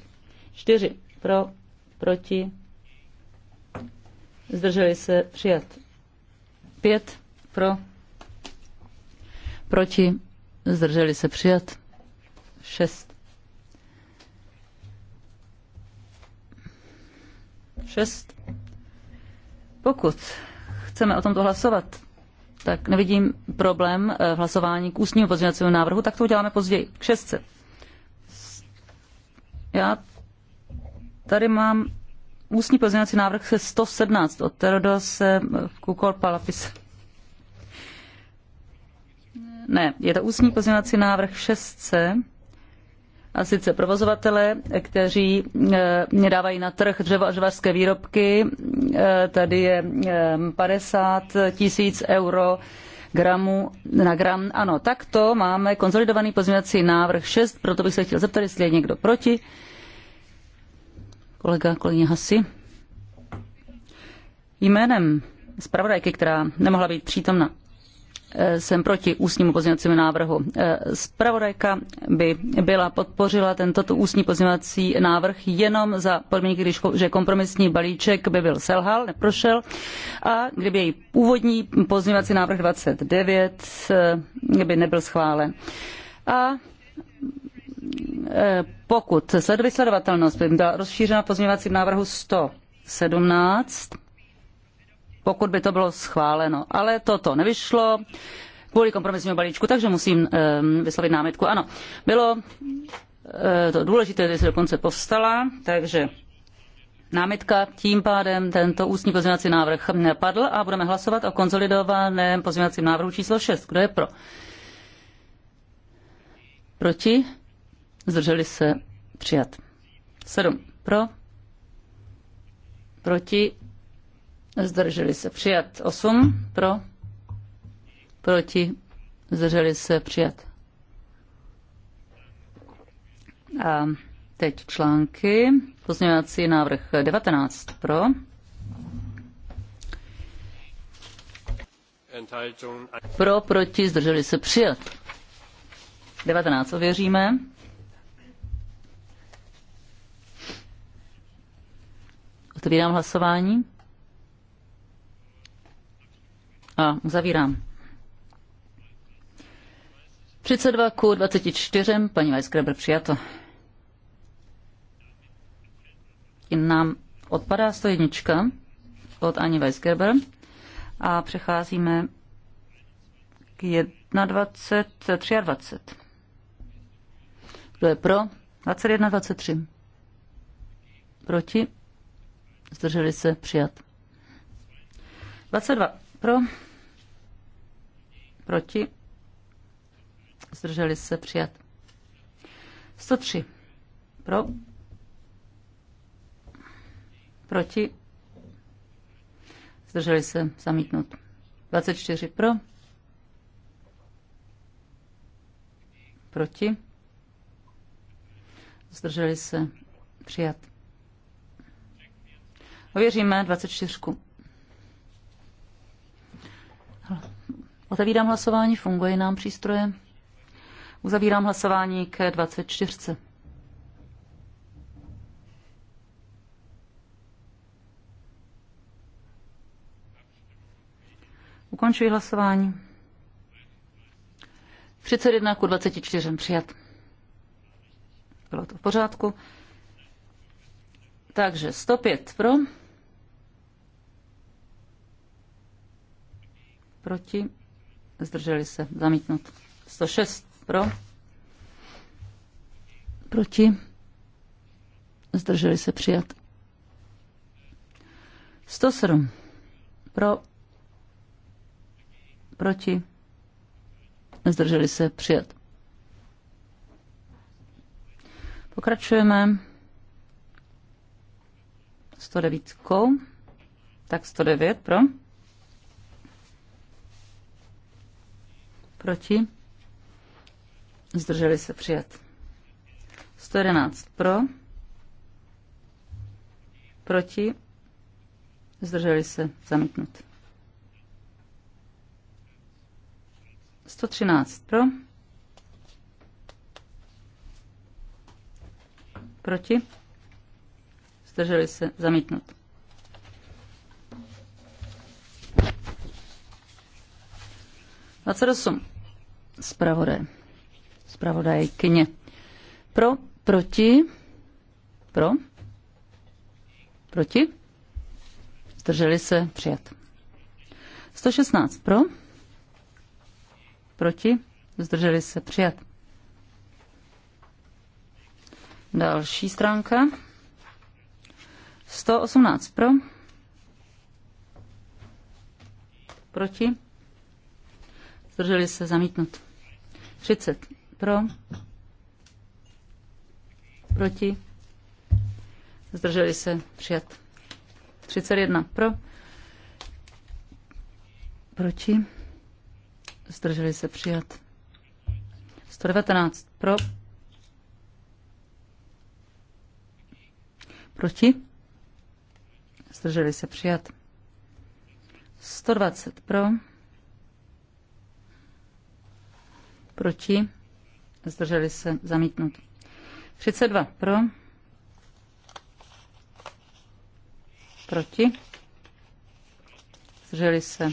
4. Pro? Proti? zdrželi se, přijat. Pět pro, proti, zdrželi se, přijat. Šest. Šest. Pokud chceme o tomto hlasovat, tak nevidím problém eh, v hlasování k ústnímu pozměňovacímu návrhu, tak to uděláme později, k šestce. Já tady mám ústní pozměňovací návrh se 117 od terodos eh, Kukol Palapis. Ne, je to ústní pozměňovací návrh 6C, a sice provozovatele, kteří eh, mě dávají na trh dřevo a dřevařské výrobky. Eh, tady je 50 tisíc euro gramu na gram. Ano, takto máme konsolidovaný pozměňovací návrh 6, proto bych se chtěl zeptat, jestli je někdo proti kolega, kolegyně Hasi. Jménem zpravodajky, která nemohla být přítomna, eh, jsem proti ústnímu pozměňovacímu návrhu. Spravodajka eh, by byla podpořila tento ústní pozměňovací návrh jenom za podmínky, když, že kompromisní balíček by byl selhal, neprošel a kdyby její původní pozměňovací návrh 29 eh, by nebyl schválen. A Eh, pokud sledovatelnost by byla rozšířena pozměňovacím návrhu 117, pokud by to bylo schváleno. Ale toto nevyšlo kvůli kompromisnímu balíčku, takže musím eh, vyslovit námitku. Ano, bylo eh, to důležité, že se dokonce povstala, takže námitka, tím pádem tento ústní pozměňovací návrh padl a budeme hlasovat o konzolidovaném pozměňovacím návrhu číslo 6. Kdo je pro? Proti? zdrželi se, přijat. 7 pro, proti, zdrželi se, přijat. 8 pro, proti, zdrželi se, přijat. A teď články. Pozměňovací návrh 19 pro. Pro, proti, zdrželi se, přijat. 19 ověříme. Otvírám hlasování. A uzavírám. 32 ku 24, paní Weisgraber přijato. I nám odpadá 101 od Ani Weisgerber a přecházíme k 21, 23. Kdo je pro? 21, 23. Proti? zdrželi se, přijat. 22 pro, proti, zdrželi se, přijat. 103 pro, proti, zdrželi se, zamítnut. 24 pro, proti, zdrželi se, přijat. Ověříme 24. Otevírám hlasování, funguje nám přístroje. Uzavírám hlasování k 24. Ukončuji hlasování. 31 ku 24 přijat. Bylo to v pořádku. Takže 105 pro. proti, zdrželi se, zamítnut. 106 pro, proti, zdrželi se, přijat. 107 pro, proti, zdrželi se, přijat. Pokračujeme 109. Tak 109 pro Proti? Zdrželi se přijat. 111 pro. Proti? Zdrželi se zamítnut. 113 pro. Proti? Zdrželi se zamítnut. 28. Spravodaj. Spravodajkyně. Pro, proti, pro, proti, zdrželi se, přijat. 116 pro, proti, zdrželi se, přijat. Další stránka. 118 pro, proti, zdrželi se zamítnut. 30 pro, proti, zdrželi se přijat. 31 pro, proti, zdrželi se přijat. 119 pro, proti, zdrželi se přijat. 120 pro, proti, zdrželi se, zamítnut. 32 pro, proti, zdrželi se,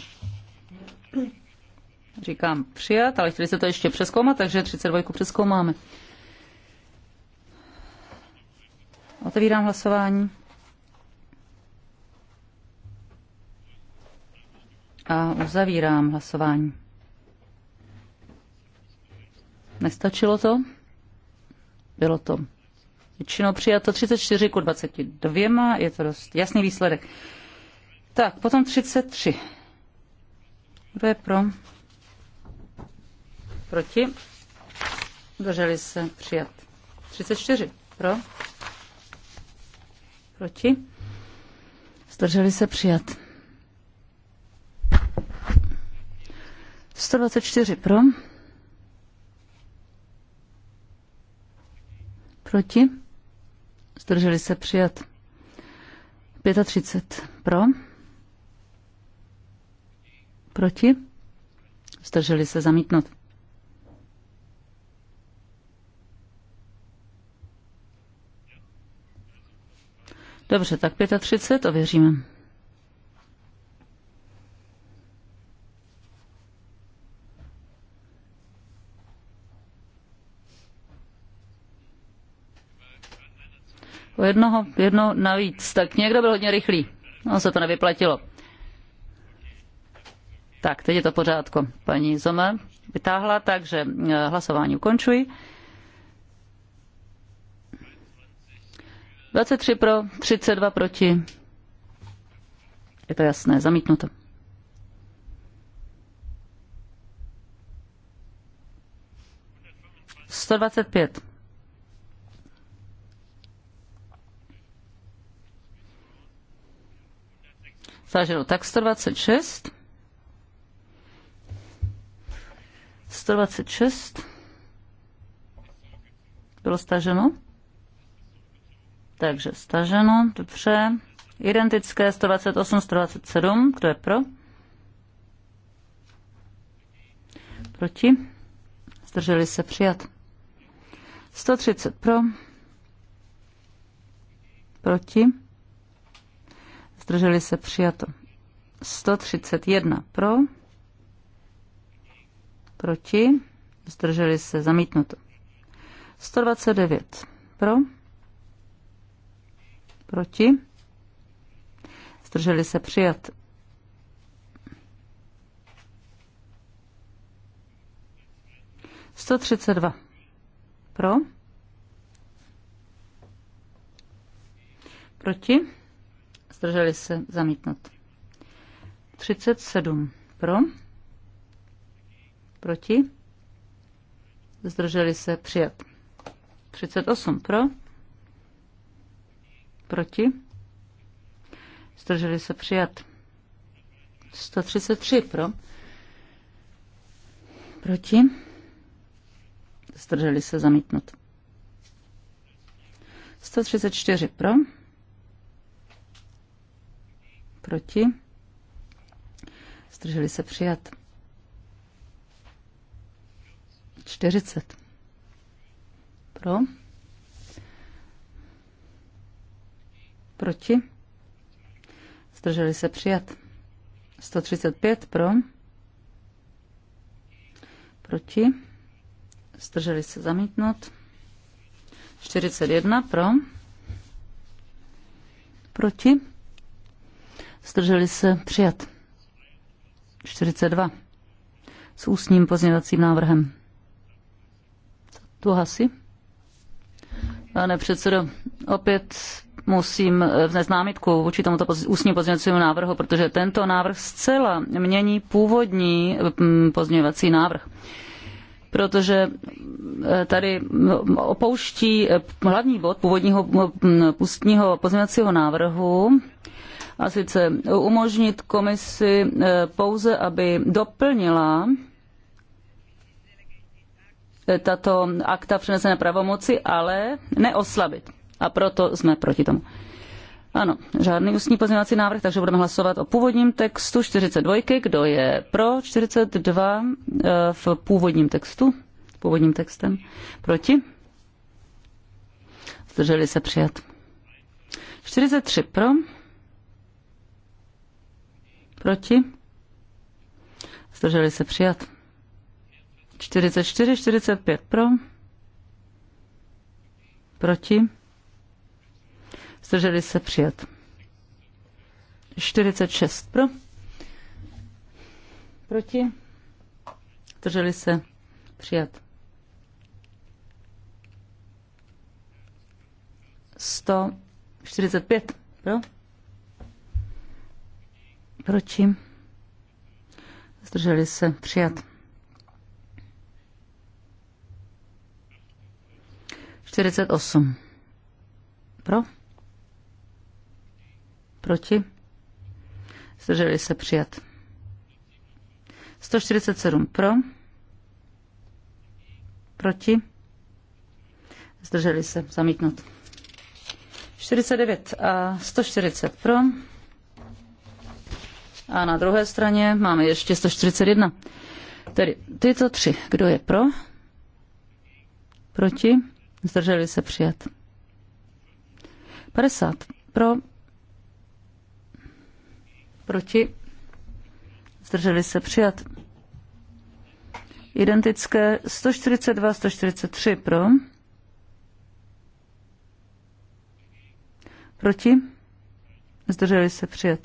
říkám přijat, ale chtěli se to ještě přeskoumat, takže 32 přeskoumáme. Otevírám hlasování. A uzavírám hlasování. Nestačilo to? Bylo to většinou přijato 34 ku 22, je to dost jasný výsledek. Tak, potom 33. Kdo je pro? Proti? Drželi se přijat. 34. Pro? Proti? Zdrželi se přijat. 124 pro. Proti? Zdrželi se přijat. 35 pro. Proti? Zdrželi se zamítnout. Dobře, tak 35 ověříme. o jednoho, jedno navíc. Tak někdo byl hodně rychlý. No, se to nevyplatilo. Tak, teď je to pořádko. Paní Zome vytáhla, takže eh, hlasování ukončuji. 23 pro, 32 proti. Je to jasné, zamítnuto. Sto dvacet pět. Zaženu tak 126. 126. Bylo staženo? Takže staženo, dobře. Identické 128, 127. Kdo je pro? Proti? Zdrželi se přijat. 130 pro. Proti? zdrželi se přijato. 131 pro, proti, zdrželi se zamítnuto. 129 pro, proti, zdrželi se přijat. 132 Pro. Proti zdrželi se, zamítnout 37 pro, proti, zdrželi se, přijat. 38 pro, proti, zdrželi se, přijat. 133 pro, proti, zdrželi se, zamítnout 134 pro, Proti? Zdrželi se přijat. 40. Pro? Proti? Zdrželi se přijat. 135 pro. Proti. Zdrželi se zamítnout. 41 pro. Proti. Zdrželi se přijat. 42. S ústním pozměňovacím návrhem. Tu hasi. Pane předsedo, opět musím vznést námitku vůči tomuto ústním pozměňovacímu návrhu, protože tento návrh zcela mění původní mm, pozměňovací návrh protože e, tady opouští e, hlavní bod původního ústního pozměňovacího návrhu a sice umožnit komisi eh, pouze, aby doplnila eh, tato akta přenesené pravomoci, ale neoslabit. A proto jsme proti tomu. Ano, žádný ústní pozměňovací návrh, takže budeme hlasovat o původním textu 42. Kdo je pro 42 eh, v původním textu? původním textem. Proti? Zdrželi se přijat. 43 pro. Proti? Zdrželi se přijat. 44, 45 pro. Proti? Zdrželi se přijat. 46 pro. Proti? Zdrželi se přijat. 145 pro. Proti? Zdrželi se přijat. 48. Pro? Proti? Zdrželi se přijat. 147 pro. Proti? Zdrželi se zamítnout. 49 a 140 pro. A na druhé straně máme ještě 141. Tedy tyto tři. Kdo je pro? Proti? Zdrželi se přijat. 50. Pro? Proti? Zdrželi se přijat. Identické 142, 143 pro. Proti? Zdrželi se přijat.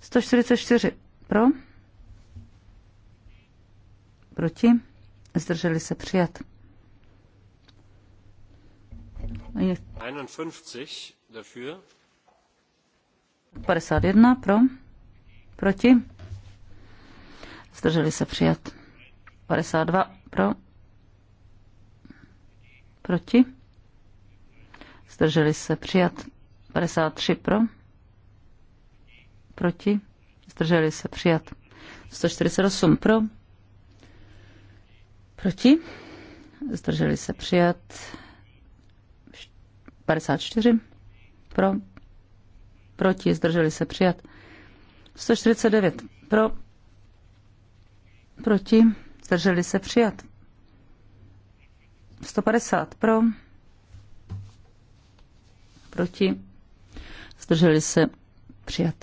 144 pro, proti, zdrželi se přijat. 51 pro, proti, zdrželi se přijat. 52 pro, proti, zdrželi se přijat. 53 pro, proti, zdrželi se přijat. 148 pro, proti, zdrželi se přijat. 54 pro, proti, zdrželi se přijat. 149 pro, proti, zdrželi se přijat. 150 pro, proti, zdrželi se přijat.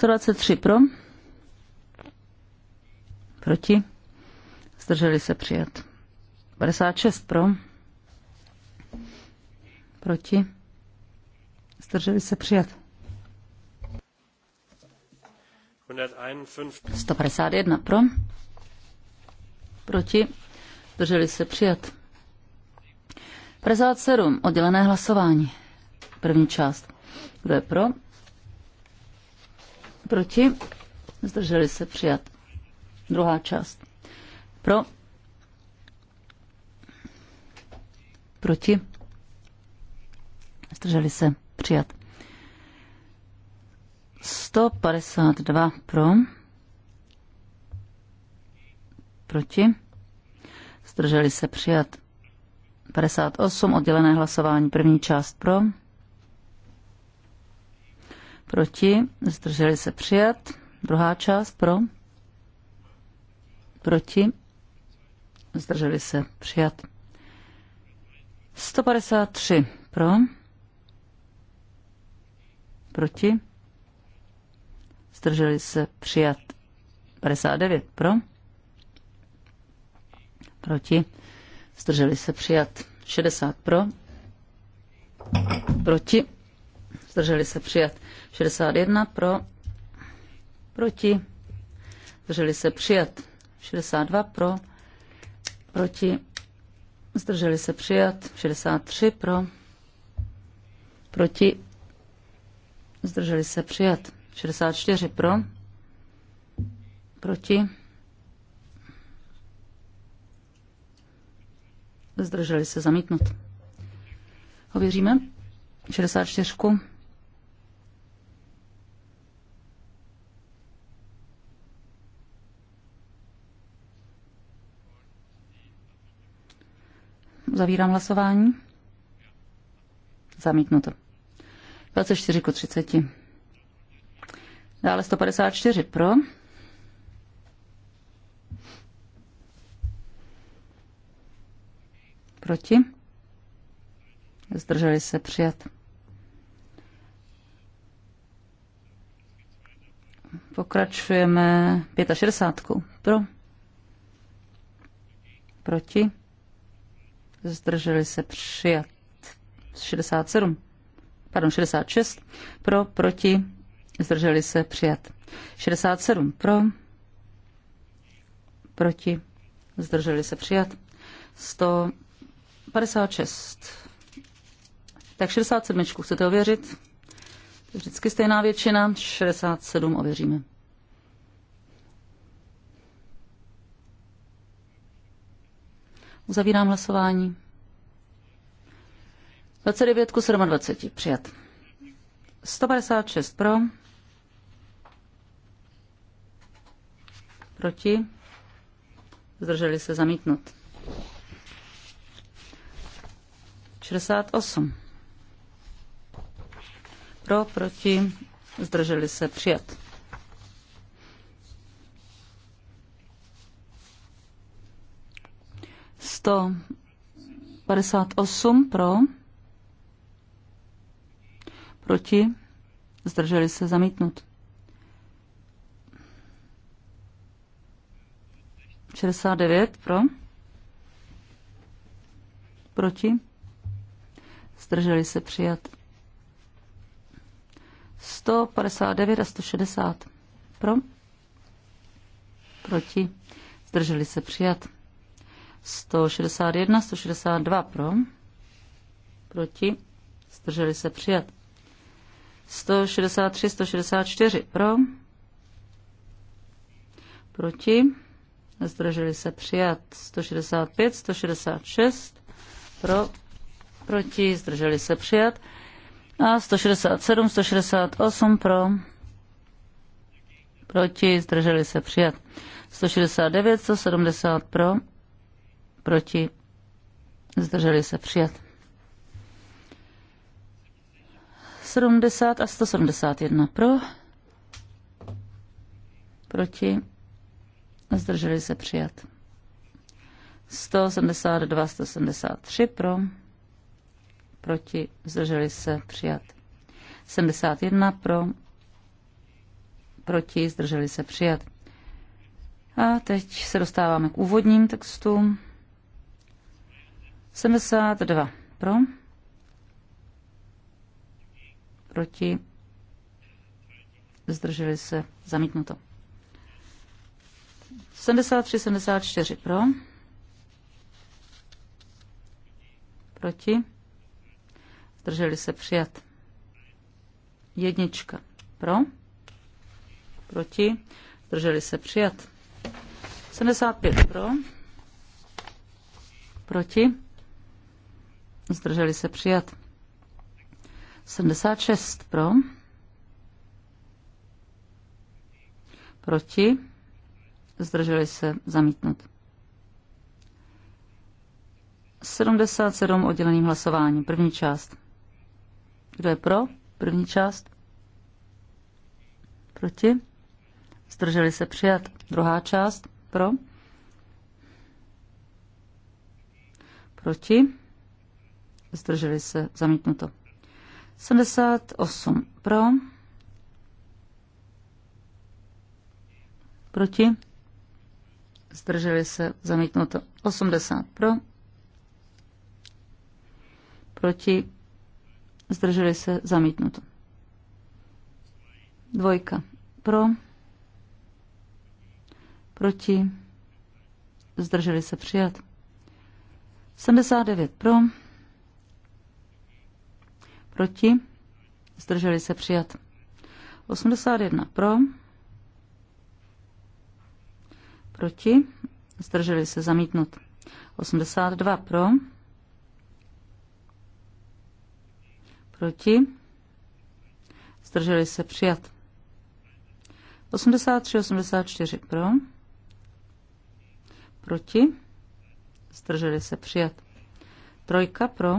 123 pro. Proti. Zdrželi se přijat. 56 pro. Proti. Zdrželi se přijat. 151 pro. Proti. Zdrželi se přijat. 57. Oddělené hlasování. První část. Kdo je pro? Proti? Zdrželi se přijat. Druhá část. Pro? Proti? Zdrželi se přijat. 152 pro. Proti? Zdrželi se přijat. 58 oddělené hlasování. První část pro. Proti? Zdrželi se přijat. Druhá část pro? Proti? Zdrželi se přijat. 153 pro? Proti? Zdrželi se přijat. 59 pro? Proti? Zdrželi se přijat. 60 pro? Proti? Zdrželi se přijat. 61 pro, proti, zdrželi se přijat. 62 pro, proti, zdrželi se přijat. 63 pro, proti, zdrželi se přijat. 64 pro, proti, zdrželi se zamítnut. Ověříme 64. Zavírám hlasování. Zamítnuto. 24 ku 30. Dále 154 pro. Proti. Zdrželi se přijat. Pokračujeme 65. Pro. Proti zdrželi se přijat 67, pardon, 66, pro, proti, zdrželi se přijat 67, pro, proti, zdrželi se přijat 156. Tak 67 chcete ověřit? Vždycky stejná většina, 67 ověříme. Uzavírám hlasování. 29 ku 27. Přijat. 156 pro. Proti. Zdrželi se zamítnut. 68. Pro, proti, zdrželi se přijat. 158 pro, proti, zdrželi se zamítnut. 69 pro, proti, zdrželi se přijat. 159 a 160 pro, proti, zdrželi se přijat. 161, 162 pro, proti, zdrželi se přijat. 163, 164 pro, proti, zdrželi se přijat. 165, 166 pro, proti, zdrželi se přijat. A 167, 168 pro, proti, zdrželi se přijat. 169, 170 pro, proti, zdrželi se přijat. 70 a 171 pro, proti, zdrželi se přijat. 172, 173 pro, proti, zdrželi se přijat. 71 pro, proti, zdrželi se přijat. A teď se dostáváme k úvodním textům. 72 pro. Proti. Zdrželi se. Zamítnuto. 73, 74 pro. Proti. Zdrželi se přijat. Jednička pro. Proti. Zdrželi se přijat. 75 pro. Proti zdrželi se přijat. 76 pro, proti, zdrželi se zamítnut. 77 odděleným hlasováním, první část. Kdo je pro? První část. Proti? Zdrželi se přijat. Druhá část. Pro? Proti? zdrželi se, zamítnuto. 78 pro, proti, zdrželi se, zamítnuto. 80 pro, proti, zdrželi se, zamítnuto. Dvojka pro, proti, zdrželi se, přijat. 79 pro, Proti? Zdrželi se přijat. 81 pro. Proti? Zdrželi se zamítnut. 82 pro. Proti? Zdrželi se přijat. 83, 84 pro. Proti? Zdrželi se přijat. Trojka pro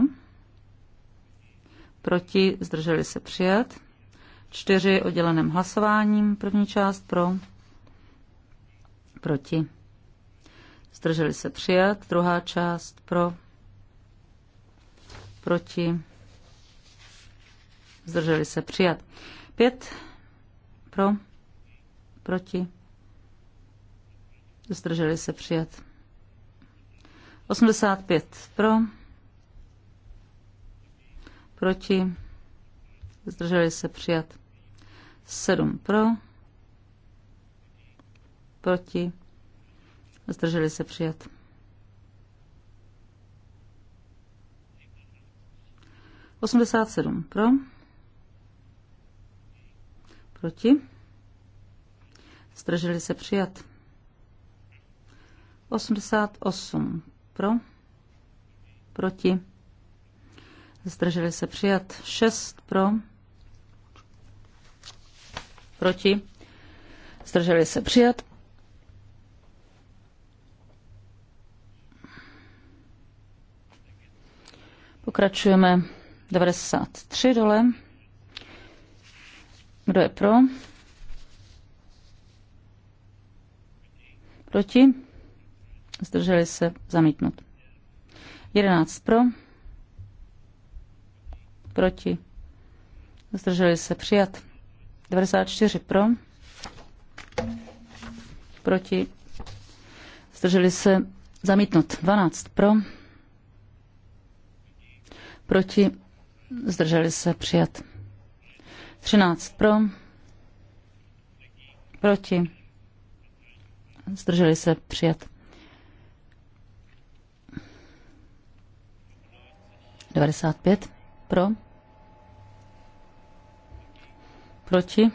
proti, zdrželi se přijat. Čtyři odděleným hlasováním, první část pro, proti, zdrželi se přijat, druhá část pro, proti, zdrželi se přijat. Pět pro, proti, zdrželi se přijat. 85 pro, proti, zdrželi se přijat. 7 pro, proti, zdrželi se přijat. Osmdesát sedm pro, proti, zdrželi se přijat. Osmdesát osm pro, proti, Zdrželi se přijat. 6 pro. Proti. Zdrželi se přijat. Pokračujeme 93 dole. Kdo je pro? Proti? Zdrželi se zamítnout. 11 pro proti, zdrželi se přijat. 94 pro, proti, zdrželi se zamítnut. 12 pro, proti, zdrželi se přijat. 13 pro, proti, zdrželi se přijat. 95 pro? Proti?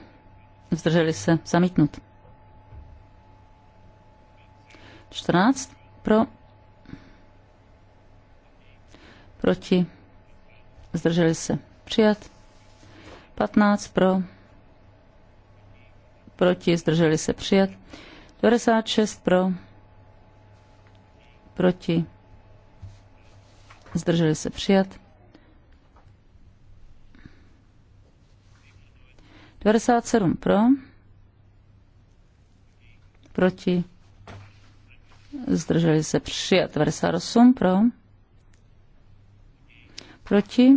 Zdrželi se. Zamítnut. 14. Pro? Proti? Zdrželi se. Přijat. 15. Pro? Proti? Zdrželi se. Přijat. 96. Pro? Proti? Zdrželi se. Přijat. 57 pro, proti, zdrželi se přijat 98 pro, proti,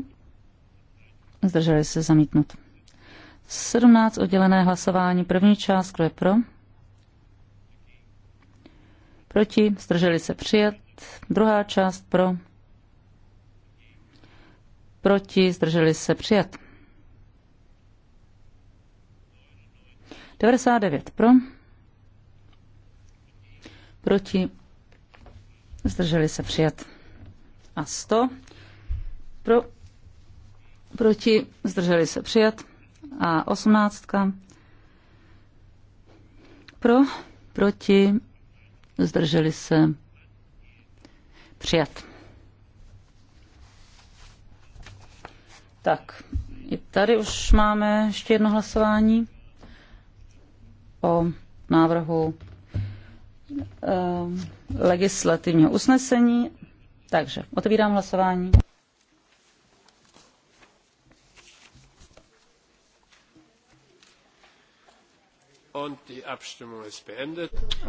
zdrželi se zamítnut. 17 oddělené hlasování, první část, kdo je pro, proti, zdrželi se přijat, druhá část pro, proti, zdrželi se přijat. 99 pro. Proti. Zdrželi se přijat. A 100 pro. Proti. Zdrželi se přijat. A 18 pro. Proti. Zdrželi se přijat. Tak, i tady už máme ještě jedno hlasování o návrhu eh, legislativního usnesení. Takže otevírám hlasování.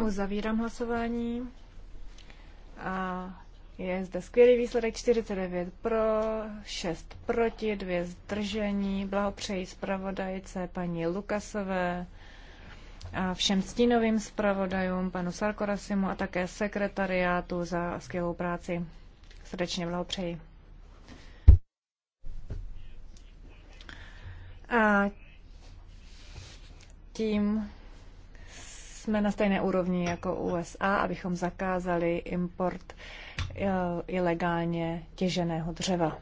Uzavírám hlasování. A je zde skvělý výsledek 49 pro, 6 proti, 2 zdržení. Blahopřeji zpravodajce paní Lukasové a všem stínovým zpravodajům, panu Sarkorasimu a také sekretariátu za skvělou práci. Srdečně blahopřeji. A tím jsme na stejné úrovni jako USA, abychom zakázali import eh, ilegálně těženého dřeva.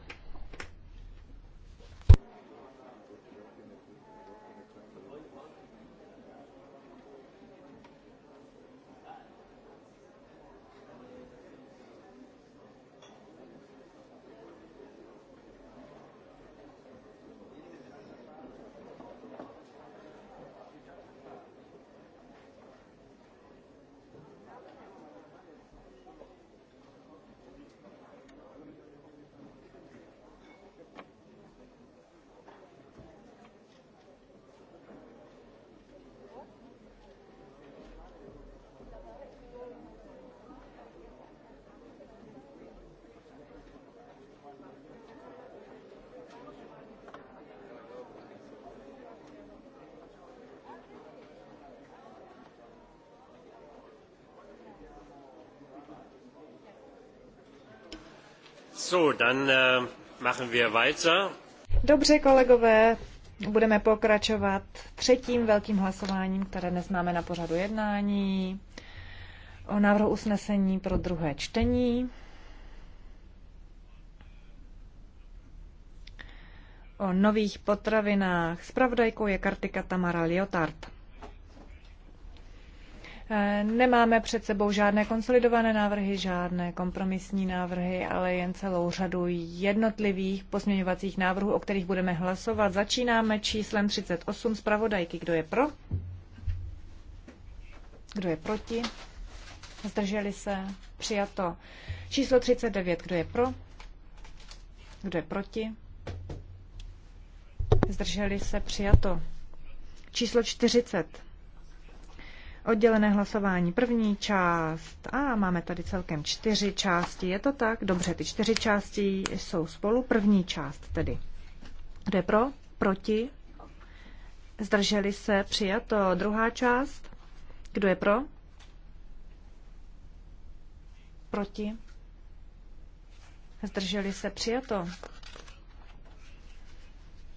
Äh, Dobře, kolegové, budeme pokračovat třetím velkým hlasováním, které dnes máme na pořadu jednání o návrhu usnesení pro druhé čtení. O nových potravinách. Spravodajkou je Kartika Tamara Liotard. Nemáme před sebou žádné konsolidované návrhy, žádné kompromisní návrhy, ale jen celou řadu jednotlivých pozměňovacích návrhů, o kterých budeme hlasovat. Začínáme číslem 38 zpravodajky. Kdo je pro? Kdo je proti? Zdrželi se? Přijato. Číslo 39. Kdo je pro? Kdo je proti? Zdrželi se? Přijato. Číslo 40. Oddělené hlasování, první část. A máme tady celkem čtyři části. Je to tak? Dobře, ty čtyři části jsou spolu. První část tedy. Kdo je pro? Proti? Zdrželi se? Přijato. Druhá část. Kdo je pro? Proti? Zdrželi se? Přijato.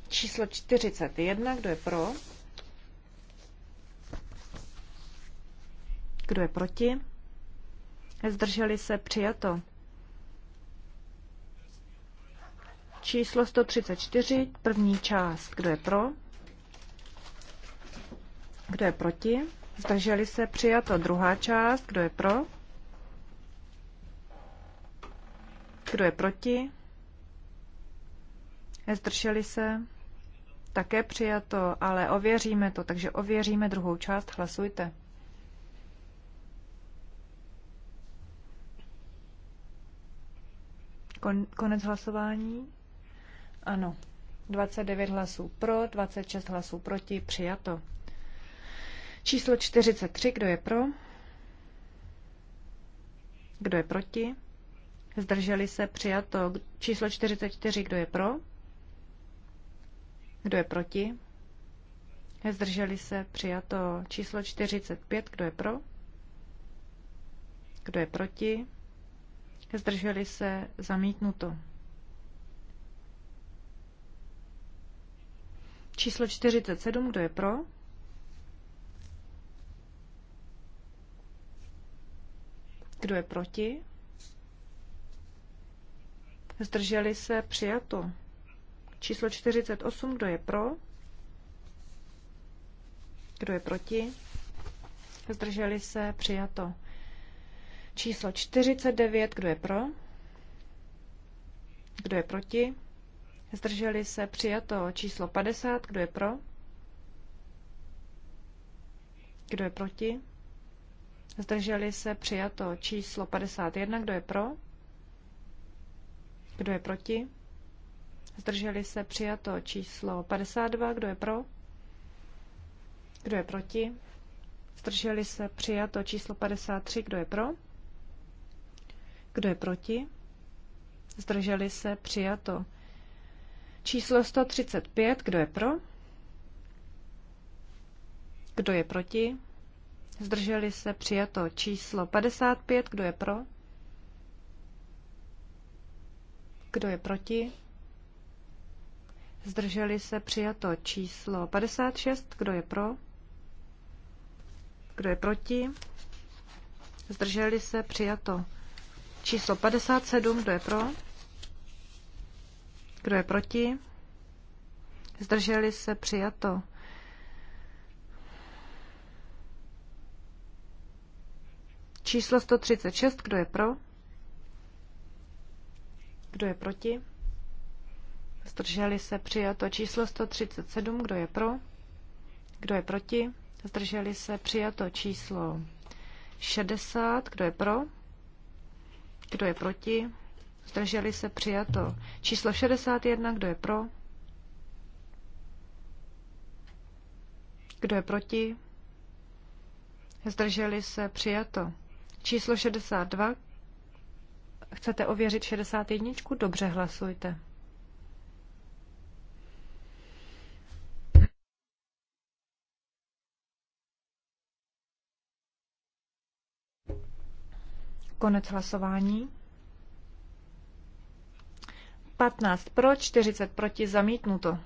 Číslo 41. Kdo je pro? Kdo je proti? Zdrželi se přijato. Číslo 134, první část. Kdo je pro? Kdo je proti? Zdrželi se přijato. Druhá část. Kdo je pro? Kdo je proti? Zdrželi se? Také přijato, ale ověříme to, takže ověříme druhou část. Hlasujte. Kon, konec hlasování. Ano. 29 hlasů pro, 26 hlasů proti, přijato. Číslo 43, kdo je pro? Kdo je proti? Zdrželi se, přijato. Číslo 44, kdo je pro? Kdo je proti? Zdrželi se, přijato. Číslo 45, kdo je pro? Kdo je proti? zdrželi se, zamítnuto. Číslo 47, kdo je pro? Kdo je proti? Zdrželi se, přijato. Číslo 48, kdo je pro? Kdo je proti? Zdrželi se, přijato. Číslo 49, kdo je pro? Kdo je proti? Zdrželi se přijato číslo 50, kdo je pro? Kdo je proti? Zdrželi se přijato číslo 51, kdo je pro? Kdo je proti? Zdrželi se přijato číslo 52, kdo je pro? Kdo je proti? Zdrželi se přijato číslo 53, kdo je pro? Kdo je proti? Zdrželi se? Přijato. Číslo 135. Kdo je pro? Kdo je proti? Zdrželi se? Přijato. Číslo 55. Kdo je pro? Kdo je proti? Zdrželi se? Přijato. Číslo 56. Kdo je pro? Kdo je proti? Zdrželi se? Přijato. Číslo 57, kdo je pro? Kdo je proti? Zdrželi se přijato. Číslo 136, kdo je pro? Kdo je proti? Zdrželi se přijato. Číslo 137, kdo je pro? Kdo je proti? Zdrželi se přijato. Číslo 60, kdo je pro? Kdo je proti? Zdrželi se přijato. Číslo 61. Kdo je pro? Kdo je proti? Zdrželi se přijato. Číslo 62. Chcete ověřit 61? Dobře, hlasujte. Konec hlasování. 15 pro, 40 proti, zamítnuto.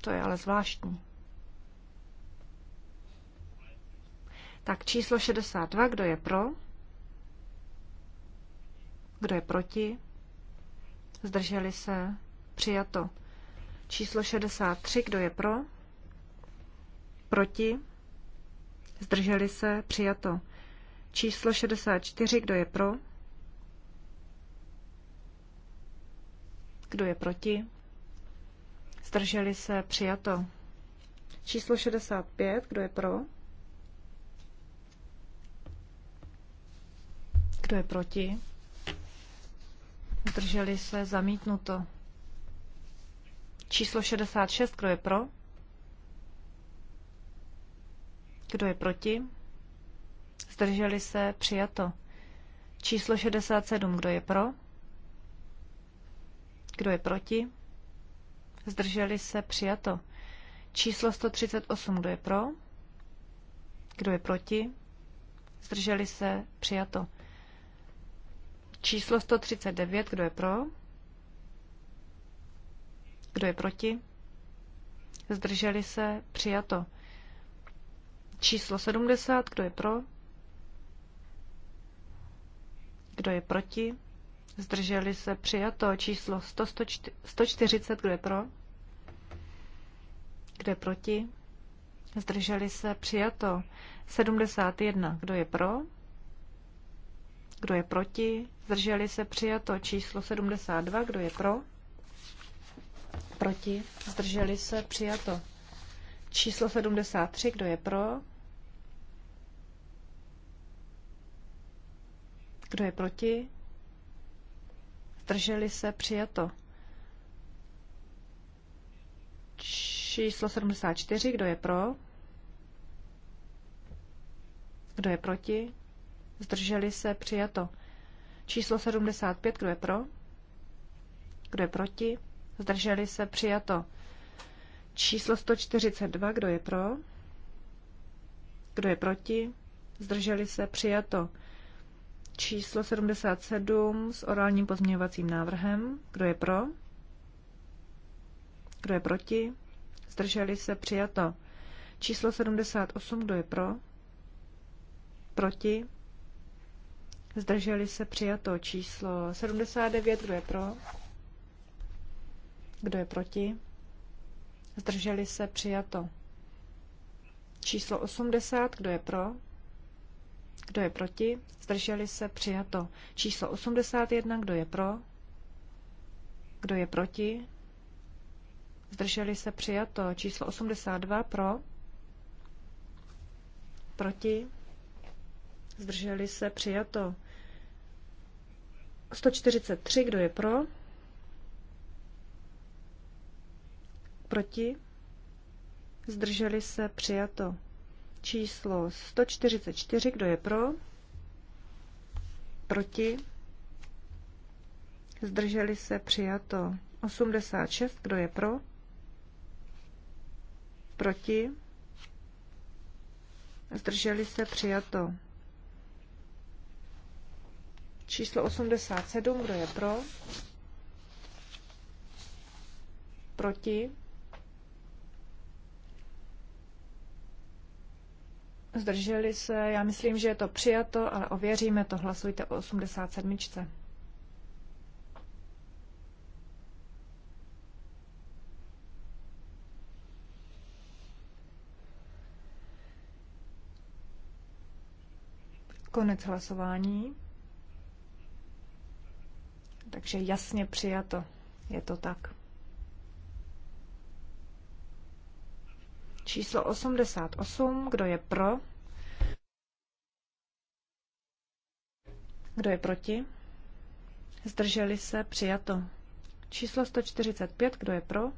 To je ale zvláštní. Tak číslo 62, kdo je pro? Kdo je proti? Zdrželi se? Přijato. Číslo 63, kdo je pro? Proti? zdrželi se, přijato. Číslo 64, kdo je pro? Kdo je proti? Zdrželi se, přijato. Číslo 65, kdo je pro? Kdo je proti? Zdrželi se, zamítnuto. Číslo 66, kdo je pro? Kdo je proti? Zdrželi se? Přijato. Číslo 67. Kdo je pro? Kdo je proti? Zdrželi se? Přijato. Číslo 138. Kdo je pro? Kdo je proti? Zdrželi se? Přijato. Číslo 139. Kdo je pro? Kdo je proti? Zdrželi se? Přijato. Číslo 70, kdo je pro? Kdo je proti? Zdrželi se přijato. Číslo 100, 140, kdo je pro? Kdo je proti? Zdrželi se přijato. 71, kdo je pro? Kdo je proti? Zdrželi se přijato. Číslo 72, kdo je pro? Proti? Zdrželi se přijato. Číslo 73, kdo je pro? Kdo je proti? Zdrželi se? Přijato. Číslo 74. Kdo je pro? Kdo je proti? Zdrželi se? Přijato. Číslo 75. Kdo je pro? Kdo je proti? Zdrželi se? Přijato. Číslo 142. Kdo je pro? Kdo je proti? Zdrželi se? Přijato číslo 77 s orálním pozměňovacím návrhem. Kdo je pro? Kdo je proti? Zdrželi se přijato. Číslo 78, kdo je pro? Proti? Zdrželi se přijato. Číslo 79, kdo je pro? Kdo je proti? Zdrželi se přijato. Číslo 80, kdo je pro? Kdo je proti? Zdrželi se? Přijato. Číslo 81. Kdo je pro? Kdo je proti? Zdrželi se? Přijato. Číslo 82. Pro? Proti? Zdrželi se? Přijato. 143. Kdo je pro? Proti? Zdrželi se? Přijato číslo 144, kdo je pro? Proti? Zdrželi se přijato 86, kdo je pro? Proti? Zdrželi se přijato číslo 87, kdo je pro? Proti? Zdrželi se, já myslím, že je to přijato, ale ověříme to. Hlasujte o 87. Konec hlasování. Takže jasně přijato. Je to tak. Číslo 88, kdo je pro? Kdo je proti? Zdrželi se, přijato. Číslo 145, kdo je pro?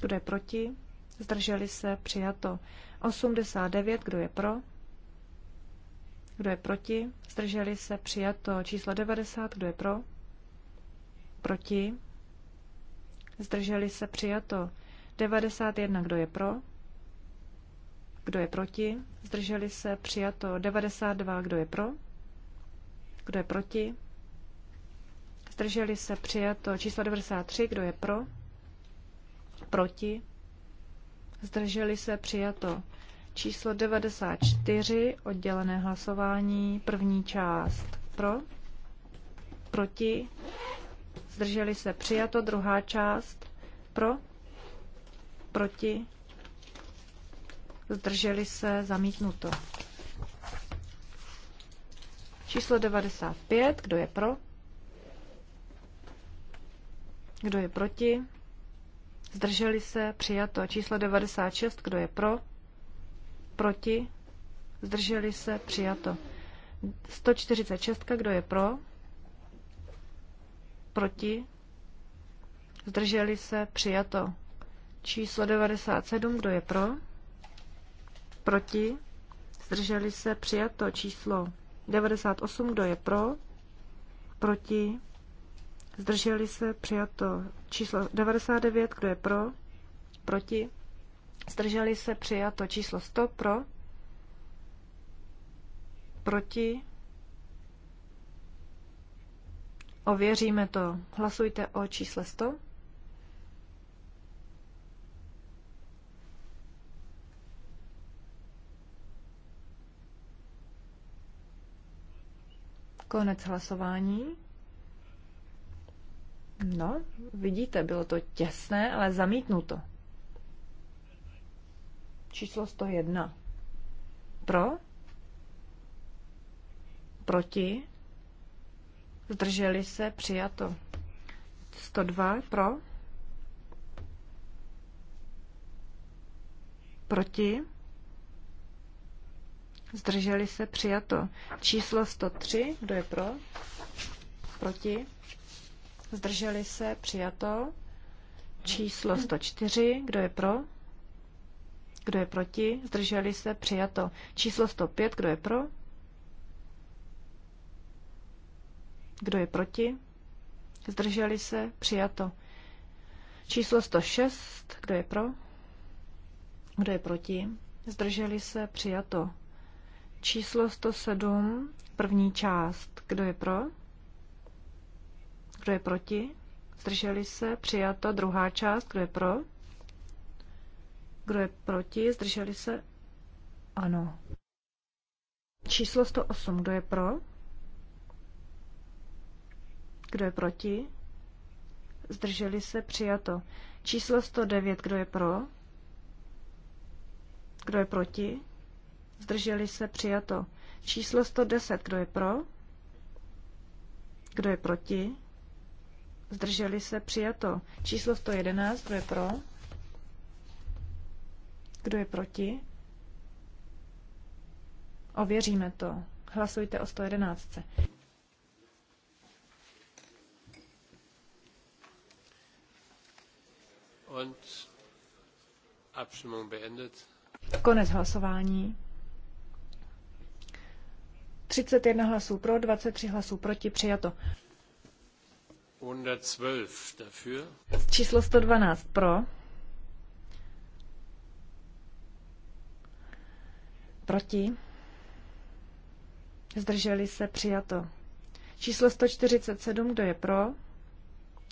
Kdo je proti? Zdrželi se, přijato. 89, kdo je pro? Kdo je proti? Zdrželi se, přijato. Číslo 90, kdo je pro? Proti? Zdrželi se, přijato. 91, kdo je pro? Kdo je proti? Zdrželi se, přijato 92, kdo je pro? Kdo je proti? Zdrželi se, přijato číslo 93, kdo je pro? Proti? Zdrželi se, přijato číslo 94, oddělené hlasování, první část pro? Proti? Zdrželi se, přijato druhá část pro? proti, zdrželi se, zamítnuto. Číslo 95, kdo je pro? Kdo je proti? Zdrželi se, přijato. Číslo 96, kdo je pro? Proti? Zdrželi se, přijato. 146, kdo je pro? Proti? Zdrželi se, přijato. Číslo 97, kdo je pro? Proti? Zdrželi se přijato číslo 98, kdo je pro? Proti? Zdrželi se přijato číslo 99, kdo je pro? Proti? Zdrželi se přijato číslo 100 pro? Proti? Ověříme to. Hlasujte o čísle 100. Konec hlasování. No, vidíte, bylo to těsné, ale zamítnuto. Číslo 101. Pro? Proti? Zdrželi se, přijato. 102 pro? Proti? Zdrželi se přijato. Číslo 103, kdo je pro? Proti? Zdrželi se přijato. Číslo 104, kdo je pro? Kdo je proti? Zdrželi se přijato. Číslo 105, kdo je pro? Kdo je proti? Zdrželi se přijato. Číslo 106, kdo je pro? Kdo je proti? Zdrželi se přijato. Číslo 107, první část. Kdo je pro? Kdo je proti? Zdrželi se? Přijato. Druhá část. Kdo je pro? Kdo je proti? Zdrželi se? Ano. Číslo 108. Kdo je pro? Kdo je proti? Zdrželi se? Přijato. Číslo 109. Kdo je pro? Kdo je proti? Zdrželi se přijato. Číslo 110. Kdo je pro? Kdo je proti? Zdrželi se přijato. Číslo 111. Kdo je pro? Kdo je proti? Ověříme to. Hlasujte o 111. Und Konec hlasování. 31 hlasů pro, 23 hlasů proti, přijato. 112 dafür. Číslo 112 pro. Proti. Zdrželi se přijato. Číslo 147, kdo je pro?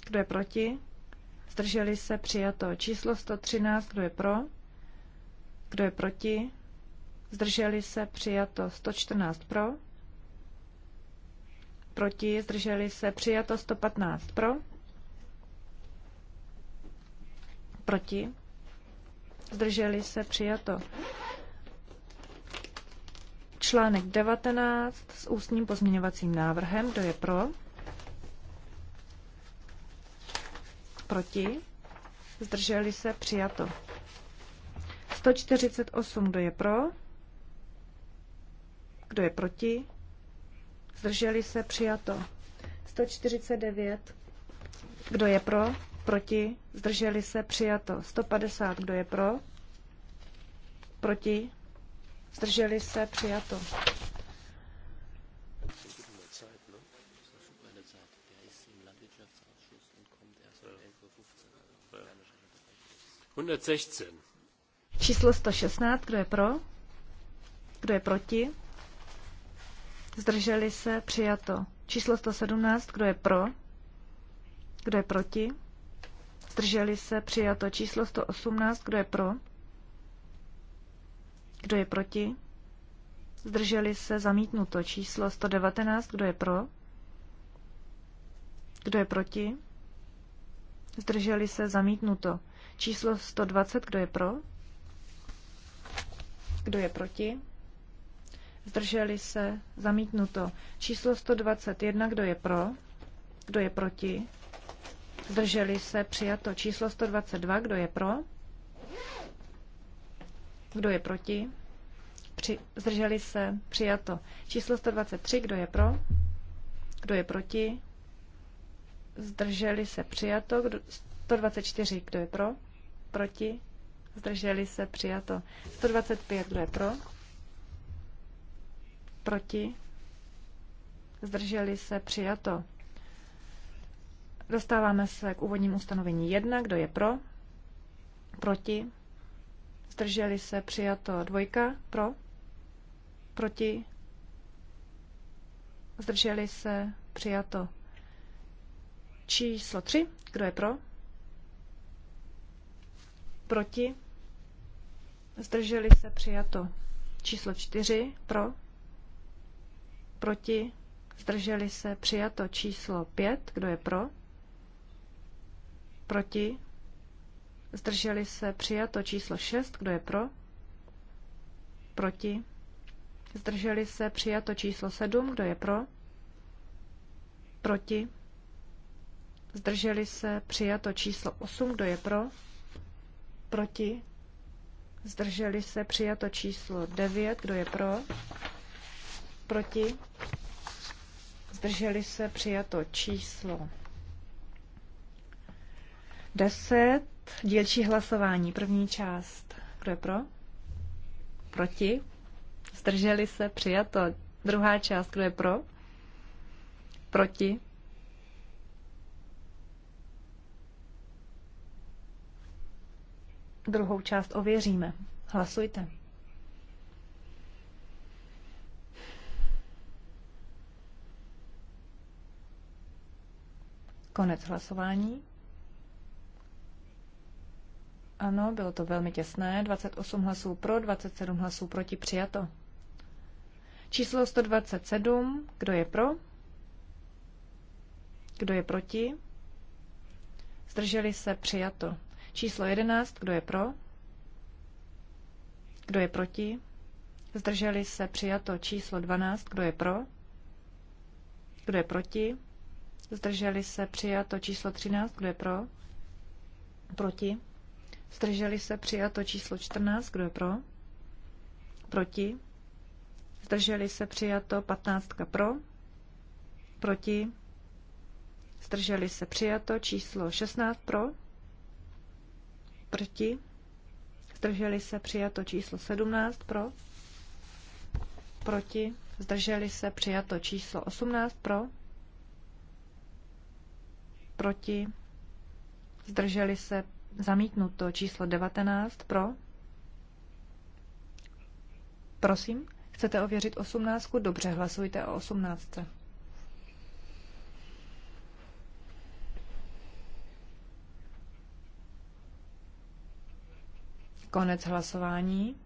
Kdo je proti? Zdrželi se přijato. Číslo 113, kdo je pro? Kdo je proti? Zdrželi se přijato. 114 pro? proti, zdrželi se, přijato 115 pro, proti, zdrželi se, přijato. Článek 19 s ústním pozměňovacím návrhem, kdo je pro, proti, zdrželi se, přijato. 148, kdo je pro, kdo je proti, Zdrželi se přijato. 149. Kdo je pro? Proti? Zdrželi se přijato. 150. Kdo je pro? Proti? Zdrželi se přijato. Číslo 116. Kdo je pro? Kdo je proti? Zdrželi se? Přijato. Číslo 117. Kdo je pro? Kdo je proti? Zdrželi se? Přijato. Číslo 118. Kdo je pro? Kdo je proti? Zdrželi se? Zamítnuto. Číslo 119. Kdo je pro? Kdo je proti? Zdrželi se? Zamítnuto. Číslo 120. Kdo je pro? Kdo je proti? zdrželi se, zamítnuto. Číslo 121, kdo je pro, kdo je proti, zdrželi se, přijato. Číslo 122, kdo je pro, kdo je proti, Při, zdrželi se, přijato. Číslo 123, kdo je pro, kdo je proti, zdrželi se, přijato. Kdo, 124, kdo je pro, proti, zdrželi se, přijato. 125, kdo je pro, Proti? Zdrželi se přijato. Dostáváme se k úvodnímu ustanovení 1. Kdo je pro? Proti? Zdrželi se přijato. Dvojka? Pro? Proti? Zdrželi se přijato. Číslo 3. Kdo je pro? Proti? Zdrželi se přijato. Číslo 4. Pro? Proti? Zdrželi se? Přijato číslo 5. Kdo je pro? Proti? Zdrželi se? Přijato číslo 6. Kdo je pro? Proti? Zdrželi se? Přijato číslo 7. Kdo je pro? Proti? Zdrželi se? Přijato číslo 8. Kdo je pro? Proti? Zdrželi se? Přijato číslo 9. Kdo je pro? Proti? Zdrželi se přijato číslo 10. Dělčí hlasování, první část. Kdo je pro? Proti? Zdrželi se přijato. Druhá část, kdo je pro? Proti? Druhou část ověříme. Hlasujte. Konec hlasování. Ano, bylo to velmi těsné. 28 hlasů pro, 27 hlasů proti přijato. Číslo 127. Kdo je pro? Kdo je proti? Zdrželi se přijato. Číslo 11. Kdo je pro? Kdo je proti? Zdrželi se přijato. Číslo 12. Kdo je pro? Kdo je proti? Zdrželi se přijato číslo 13. Kdo je pro? Proti. Zdrželi se přijato číslo 14. Kdo je pro? Proti. Zdrželi se přijato 15. Pro? Proti. Zdrželi se přijato číslo 16. Pro? Proti. Zdrželi se přijato číslo 17. Pro? Proti. Zdrželi se přijato číslo 18. Pro? proti, zdrželi se, zamítnuto. Číslo 19 pro, prosím, chcete ověřit 18? Dobře, hlasujte o 18. Konec hlasování.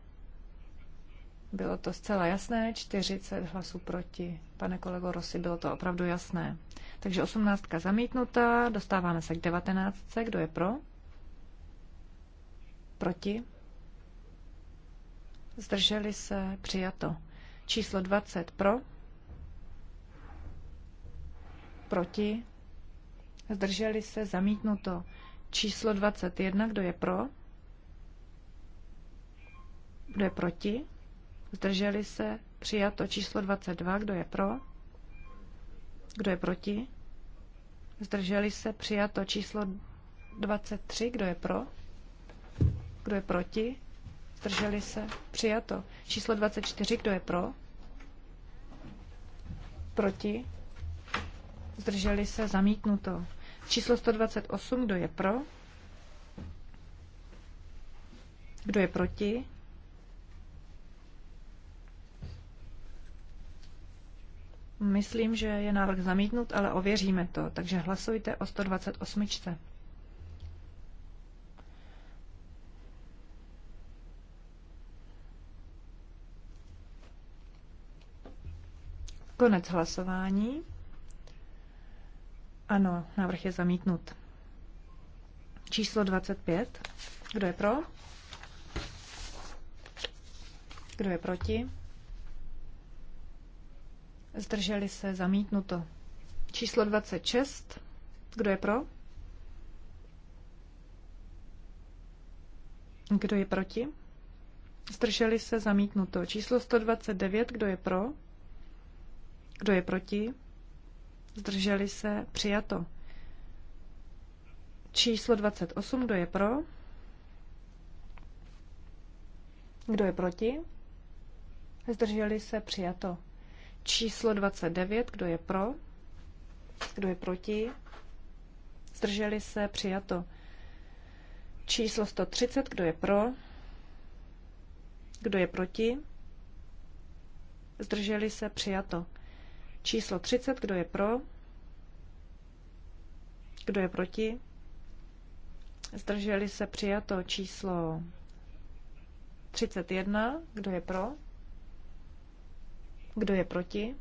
Bylo to zcela jasné, 40 hlasů proti. Pane kolego Rosy, bylo to opravdu jasné. Takže 18 zamítnutá, dostáváme se k 19. Kdo je pro? Proti? Zdrželi se, přijato. Číslo 20 pro? Proti? Zdrželi se, zamítnuto. Číslo 21, kdo je pro? Kdo je proti? Zdrželi se? Přijato číslo 22. Kdo je pro? Kdo je proti? Zdrželi se? Přijato číslo 23. Kdo je pro? Kdo je proti? Zdrželi se? Přijato. Číslo 24. Kdo je pro? Proti? Zdrželi se? Zamítnuto. Číslo 128. Kdo je pro? Kdo je proti? Myslím, že je návrh zamítnut, ale ověříme to, takže hlasujte o 128. Konec hlasování. Ano, návrh je zamítnut. Číslo 25. Kdo je pro? Kdo je proti? Zdrželi se zamítnuto. Číslo 26. Kdo je pro? Kdo je proti? Zdrželi se zamítnuto. Číslo 129. Kdo je pro? Kdo je proti? Zdrželi se přijato. Číslo 28. Kdo je pro? Kdo je proti? Zdrželi se přijato. Číslo 29, kdo je pro? Kdo je proti? Zdrželi se, přijato. Číslo 130, kdo je pro? Kdo je proti? Zdrželi se, přijato. Číslo 30, kdo je pro? Kdo je proti? Zdrželi se, přijato. Číslo 31, kdo je pro? Kdo je proti?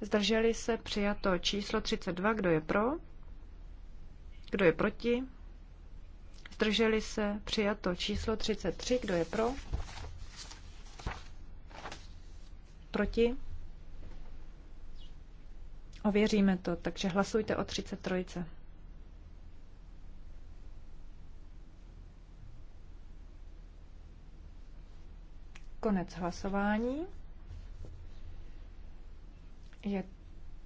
Zdrželi se přijato číslo 32. Kdo je pro? Kdo je proti? Zdrželi se přijato číslo 33. Kdo je pro? Proti? Ověříme to, takže hlasujte o 33. Konec hlasování. Je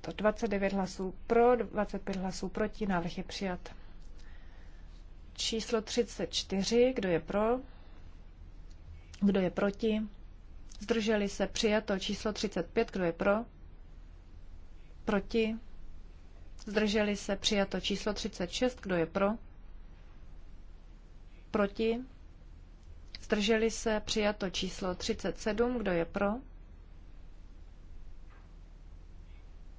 to 29 hlasů pro, 25 hlasů proti, návrh je přijat. Číslo 34, kdo je pro, kdo je proti, zdrželi se, přijato. Číslo 35, kdo je pro, proti, zdrželi se, přijato. Číslo 36, kdo je pro, proti, zdrželi se, přijato. Číslo 37, kdo je pro,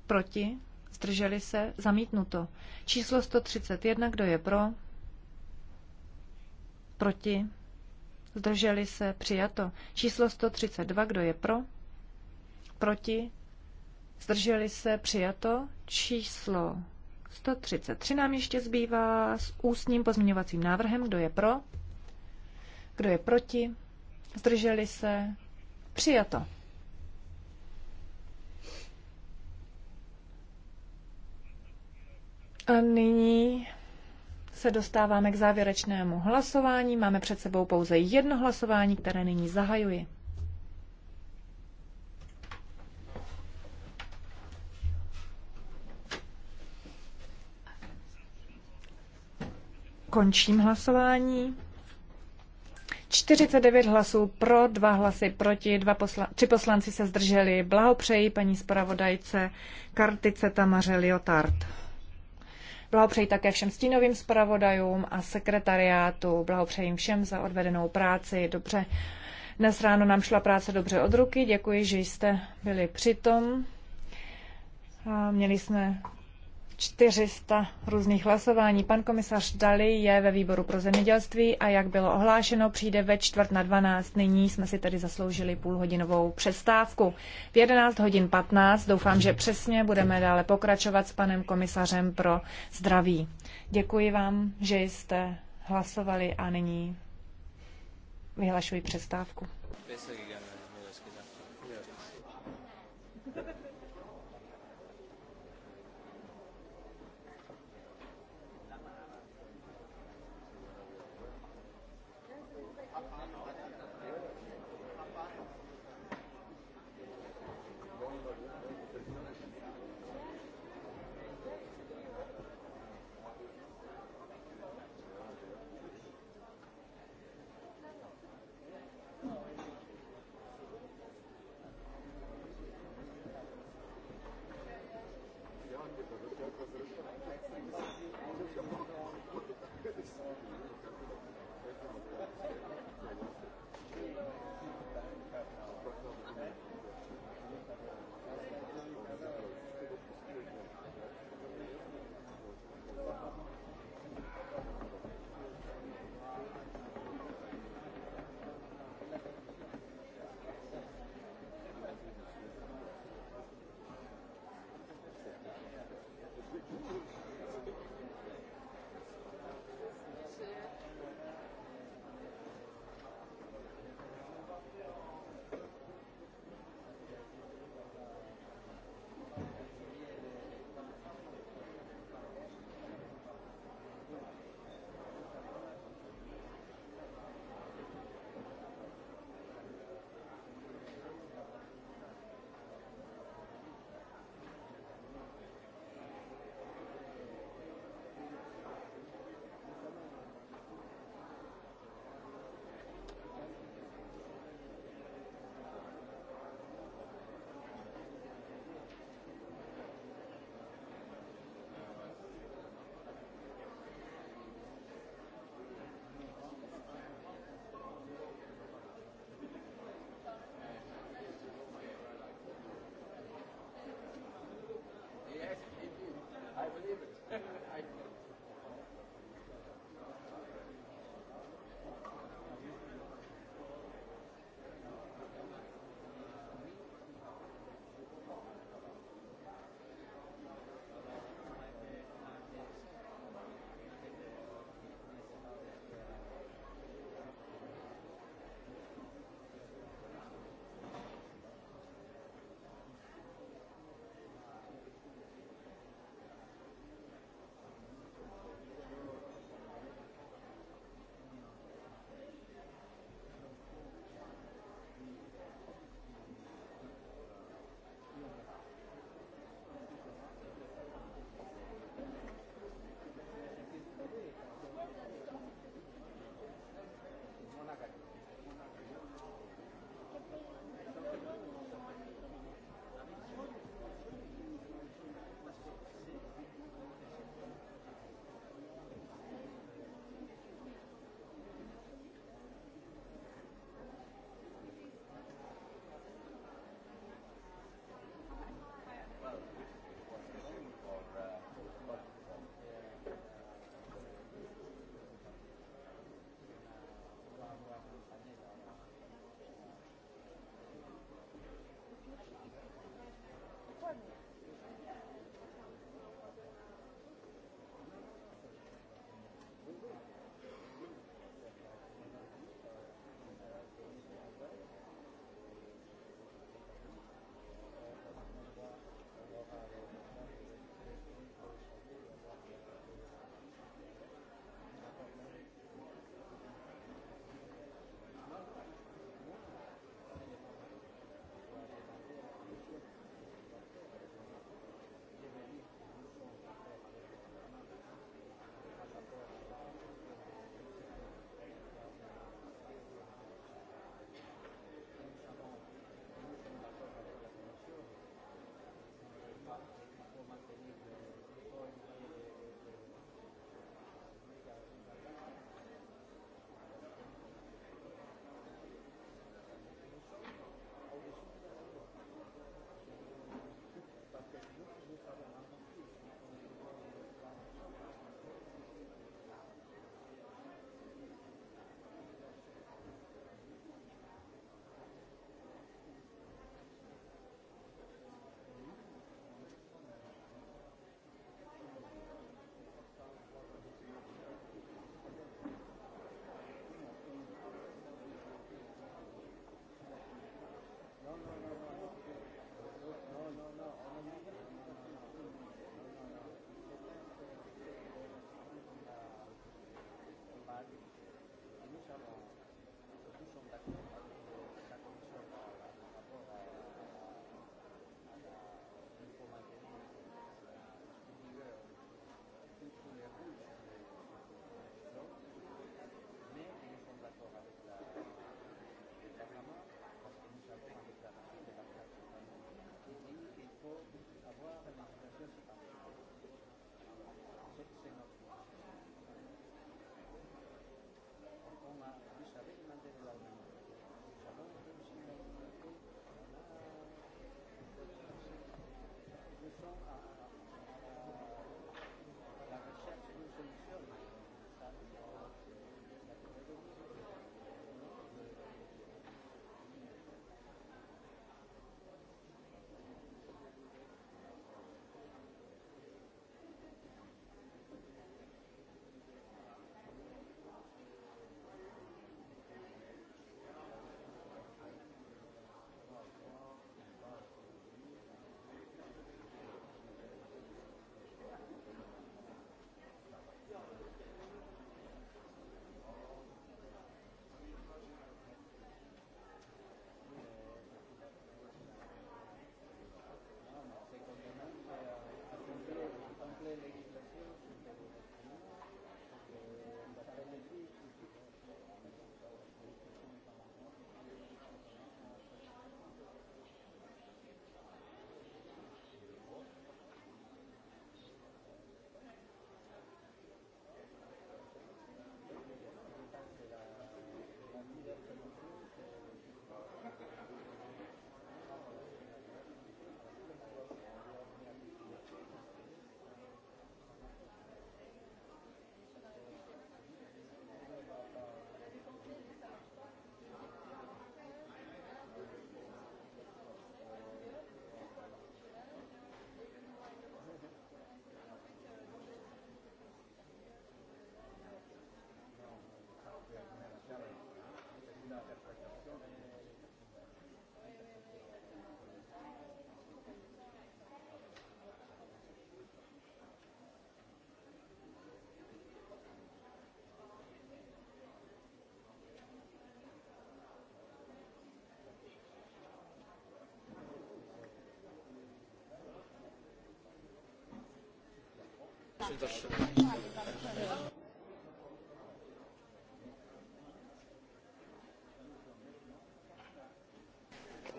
Proti? Zdrželi se? Zamítnuto. Číslo 131. Kdo je pro? Proti? Zdrželi se? Přijato. Číslo 132. Kdo je pro? Proti? Zdrželi se? Přijato. Číslo 133 nám ještě zbývá s ústním pozměňovacím návrhem. Kdo je pro? Kdo je proti? Zdrželi se? Přijato. A nyní se dostáváme k závěrečnému hlasování. Máme před sebou pouze jedno hlasování, které nyní zahajuji. Končím hlasování. 49 hlasů pro, 2 hlasy proti, dva posla- tři poslanci se zdrželi. Blahopřeji paní zpravodajce Kartice Tamaře Liotard. Blahopřeji také všem stínovým zpravodajům a sekretariátu. Blahopřeji všem za odvedenou práci. Dobře. Dnes ráno nám šla práce dobře od ruky. Děkuji, že jste byli přitom. A měli jsme 400 různých hlasování. Pan komisař Dali je ve výboru pro zemědělství a jak bylo ohlášeno, přijde ve čtvrt na 12. Nyní jsme si tedy zasloužili půlhodinovou přestávku. V 11 hodin 15 doufám, že přesně budeme dále pokračovat s panem komisařem pro zdraví. Děkuji vám, že jste hlasovali a nyní vyhlašuji přestávku.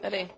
Tady.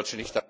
otočených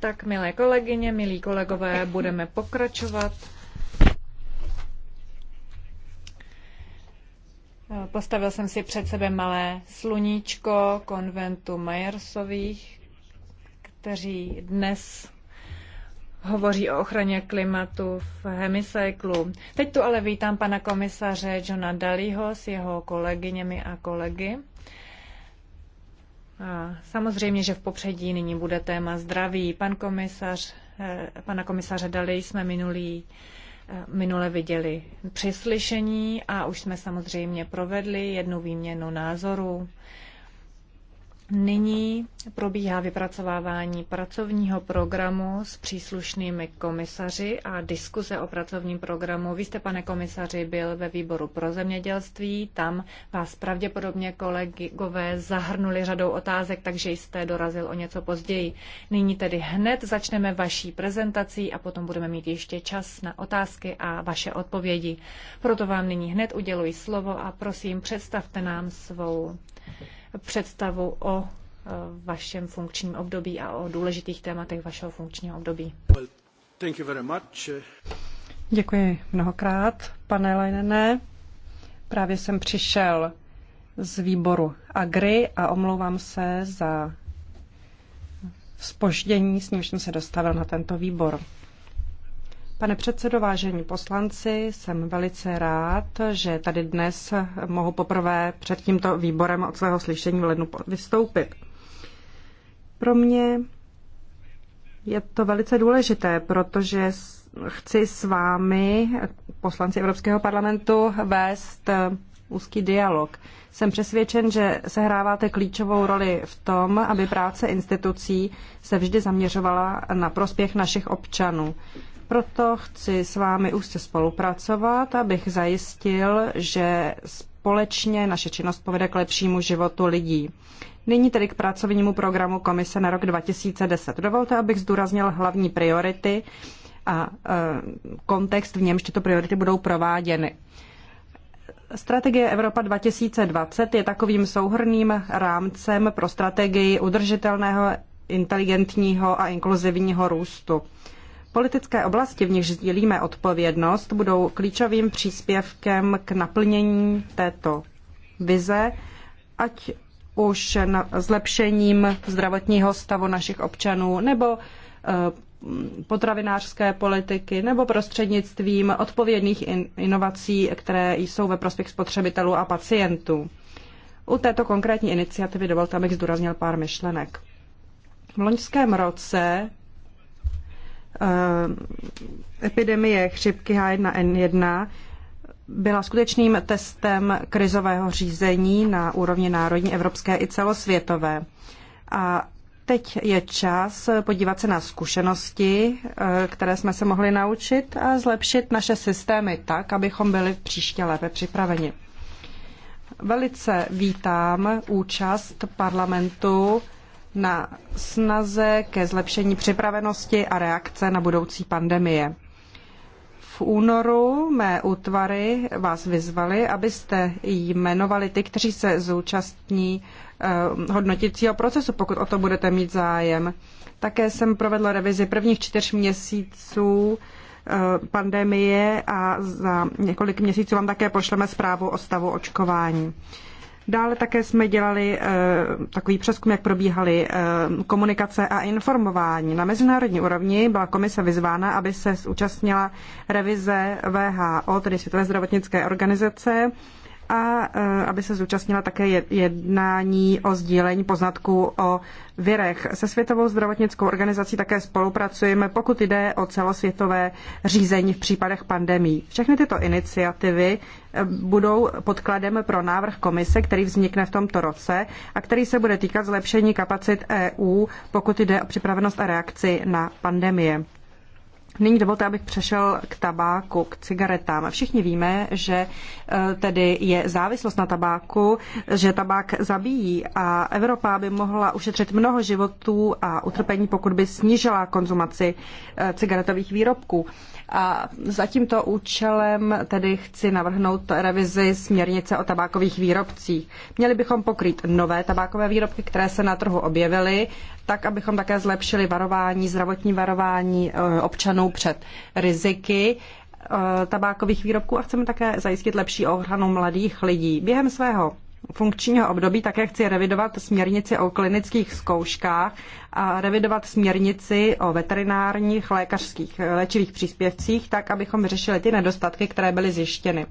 Tak, milé kolegyně, milí kolegové, budeme pokračovat. Postavil jsem si před sebe malé sluníčko konventu Majersových, kteří dnes hovoří o ochraně klimatu v hemicyklu. Teď tu ale vítám pana komisaře Johna Dalího s jeho kolegyněmi a kolegy. A samozřejmě, že v popředí nyní bude téma zdraví. Pan komisař, eh, pana komisaře Dali jsme minulý, eh, minule viděli přeslyšení a už jsme samozřejmě provedli jednu výměnu názorů. Nyní probíhá vypracovávání pracovního programu s příslušnými komisaři a diskuze o pracovním programu. Vy jste, pane komisaři, byl ve výboru pro zemědělství, tam vás pravděpodobně kolegové zahrnuli řadou otázek, takže jste dorazil o něco později. Nyní tedy hned začneme vaší prezentací a potom budeme mít ještě čas na otázky a vaše odpovědi. Proto vám nyní hned uděluji slovo a prosím, představte nám svou představu o e, vašem funkčním období a o důležitých tématech vašeho funkčního období. thank you very much. Děkuji mnohokrát, pane Leinene. Právě jsem přišel z výboru Agri a omlouvám se za spoždění, s nímž jsem se dostavil na tento výbor. Pane předsedo, vážení poslanci, jsem velice rád, že tady dnes mohu poprvé před tímto výborem od svého slyšení v lednu vystoupit. Pro mě je to velice důležité, protože chci s vámi, poslanci Evropského parlamentu, vést eh, úzký dialog. Jsem přesvědčen, že sehráváte klíčovou roli v tom, aby práce institucí se vždy zaměřovala na prospěch našich občanů. Proto chci s vámi úzce spolupracovat, abych zajistil, že společně naše činnost povede k lepšímu životu lidí. Nyní tedy k pracovnímu programu Komise na rok 2010. Dovolte, abych zdůraznil hlavní priority a e, kontext, v němž tyto priority budou prováděny. Strategie Evropa 2020 je takovým souhrným rámcem pro strategii udržitelného, inteligentního a inkluzivního růstu. Politické oblasti, v nichž sdělíme odpovědnost, budou klíčovým příspěvkem k naplnění této vize, ať už na zlepšením zdravotního stavu našich občanů nebo eh, potravinářské politiky nebo prostřednictvím odpovědných inovací, které jsou ve prospěch spotřebitelů a pacientů. U této konkrétní iniciativy dovolte, abych zdůraznil pár myšlenek. V loňském roce Eh, epidemie chřipky H1N1 byla skutečným testem krizového řízení na úrovni národní, evropské i celosvětové. A teď je čas podívat se na zkušenosti, eh, které jsme se mohli naučit a zlepšit naše systémy tak, abychom byli příště lépe připraveni. Velice vítám účast parlamentu na snaze ke zlepšení připravenosti a reakce na budoucí pandemie. V únoru mé útvary vás vyzvali, abyste jmenovali ty, kteří se zúčastní eh, hodnotícího procesu, pokud o to budete mít zájem. Také jsem provedla revizi prvních čtyř měsíců eh, pandemie a za několik měsíců vám také pošleme zprávu o stavu očkování. Dále také jsme dělali eh, takový přeskum, jak probíhaly eh, komunikace a informování. Na mezinárodní úrovni byla komise vyzvána, aby se zúčastnila revize VHO, tedy Světové zdravotnické organizace, a e, aby se zúčastnila také jednání o sdílení poznatků o virech. Se Světovou zdravotnickou organizací také spolupracujeme, pokud jde o celosvětové řízení v případech pandemí. Všechny tyto iniciativy e, budou podkladem pro návrh komise, který vznikne v tomto roce a který se bude týkat zlepšení kapacit EU, pokud jde o připravenost a reakci na pandemie. Nyní dovolte, abych přešel k tabáku, k cigaretám. Všichni víme, že e, tedy je závislost na tabáku, že tabák zabíjí a Evropa by mohla ušetřit mnoho životů a utrpení, pokud by snížila konzumaci e, cigaretových výrobků. A za tímto účelem tedy chci navrhnout revizi směrnice o tabákových výrobcích. Měli bychom pokrýt nové tabákové výrobky, které se na trhu objevily, tak abychom také zlepšili varování, zdravotní varování eh, občanů před riziky eh, tabákových výrobků a chceme také zajistit lepší ochranu mladých lidí. Během svého funkčního období také chci revidovat směrnici o klinických zkouškách a revidovat směrnici o veterinárních lékařských léčivých příspěvcích, tak abychom vyřešili ty nedostatky, které byly zjištěny.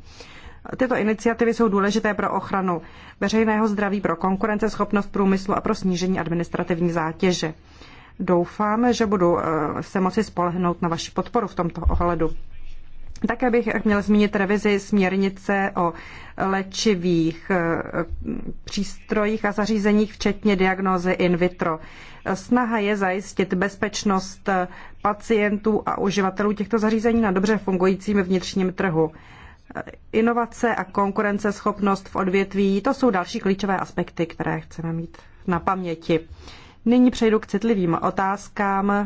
Tyto iniciativy jsou důležité pro ochranu veřejného zdraví, pro konkurenceschopnost průmyslu a pro snížení administrativní zátěže. Doufám, že budu eh, se moci spolehnout na vaši podporu v tomto ohledu. Také bych měl zmínit revizi směrnice o léčivých eh, přístrojích a zařízeních, včetně diagnózy in vitro. Snaha je zajistit bezpečnost pacientů a uživatelů těchto zařízení na dobře fungujícím vnitřním trhu. Inovace a konkurenceschopnost v odvětví, to jsou další klíčové aspekty, které chceme mít na paměti. Nyní přejdu k citlivým otázkám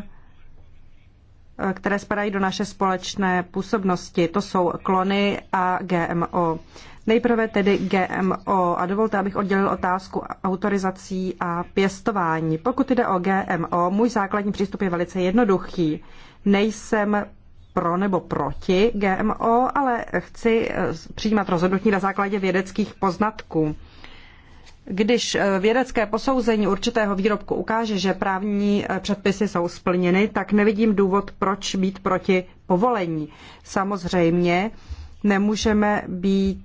které spadají do naše společné působnosti. To jsou klony a GMO. Nejprve tedy GMO a dovolte, abych oddělil otázku autorizací a pěstování. Pokud jde o GMO, můj základní přístup je velice jednoduchý. Nejsem pro nebo proti GMO, ale chci eh, přijímat rozhodnutí na základě vědeckých poznatků. Když eh, vědecké posouzení určitého výrobku ukáže, že právní eh, předpisy jsou splněny, tak nevidím důvod, proč být proti povolení. Samozřejmě nemůžeme být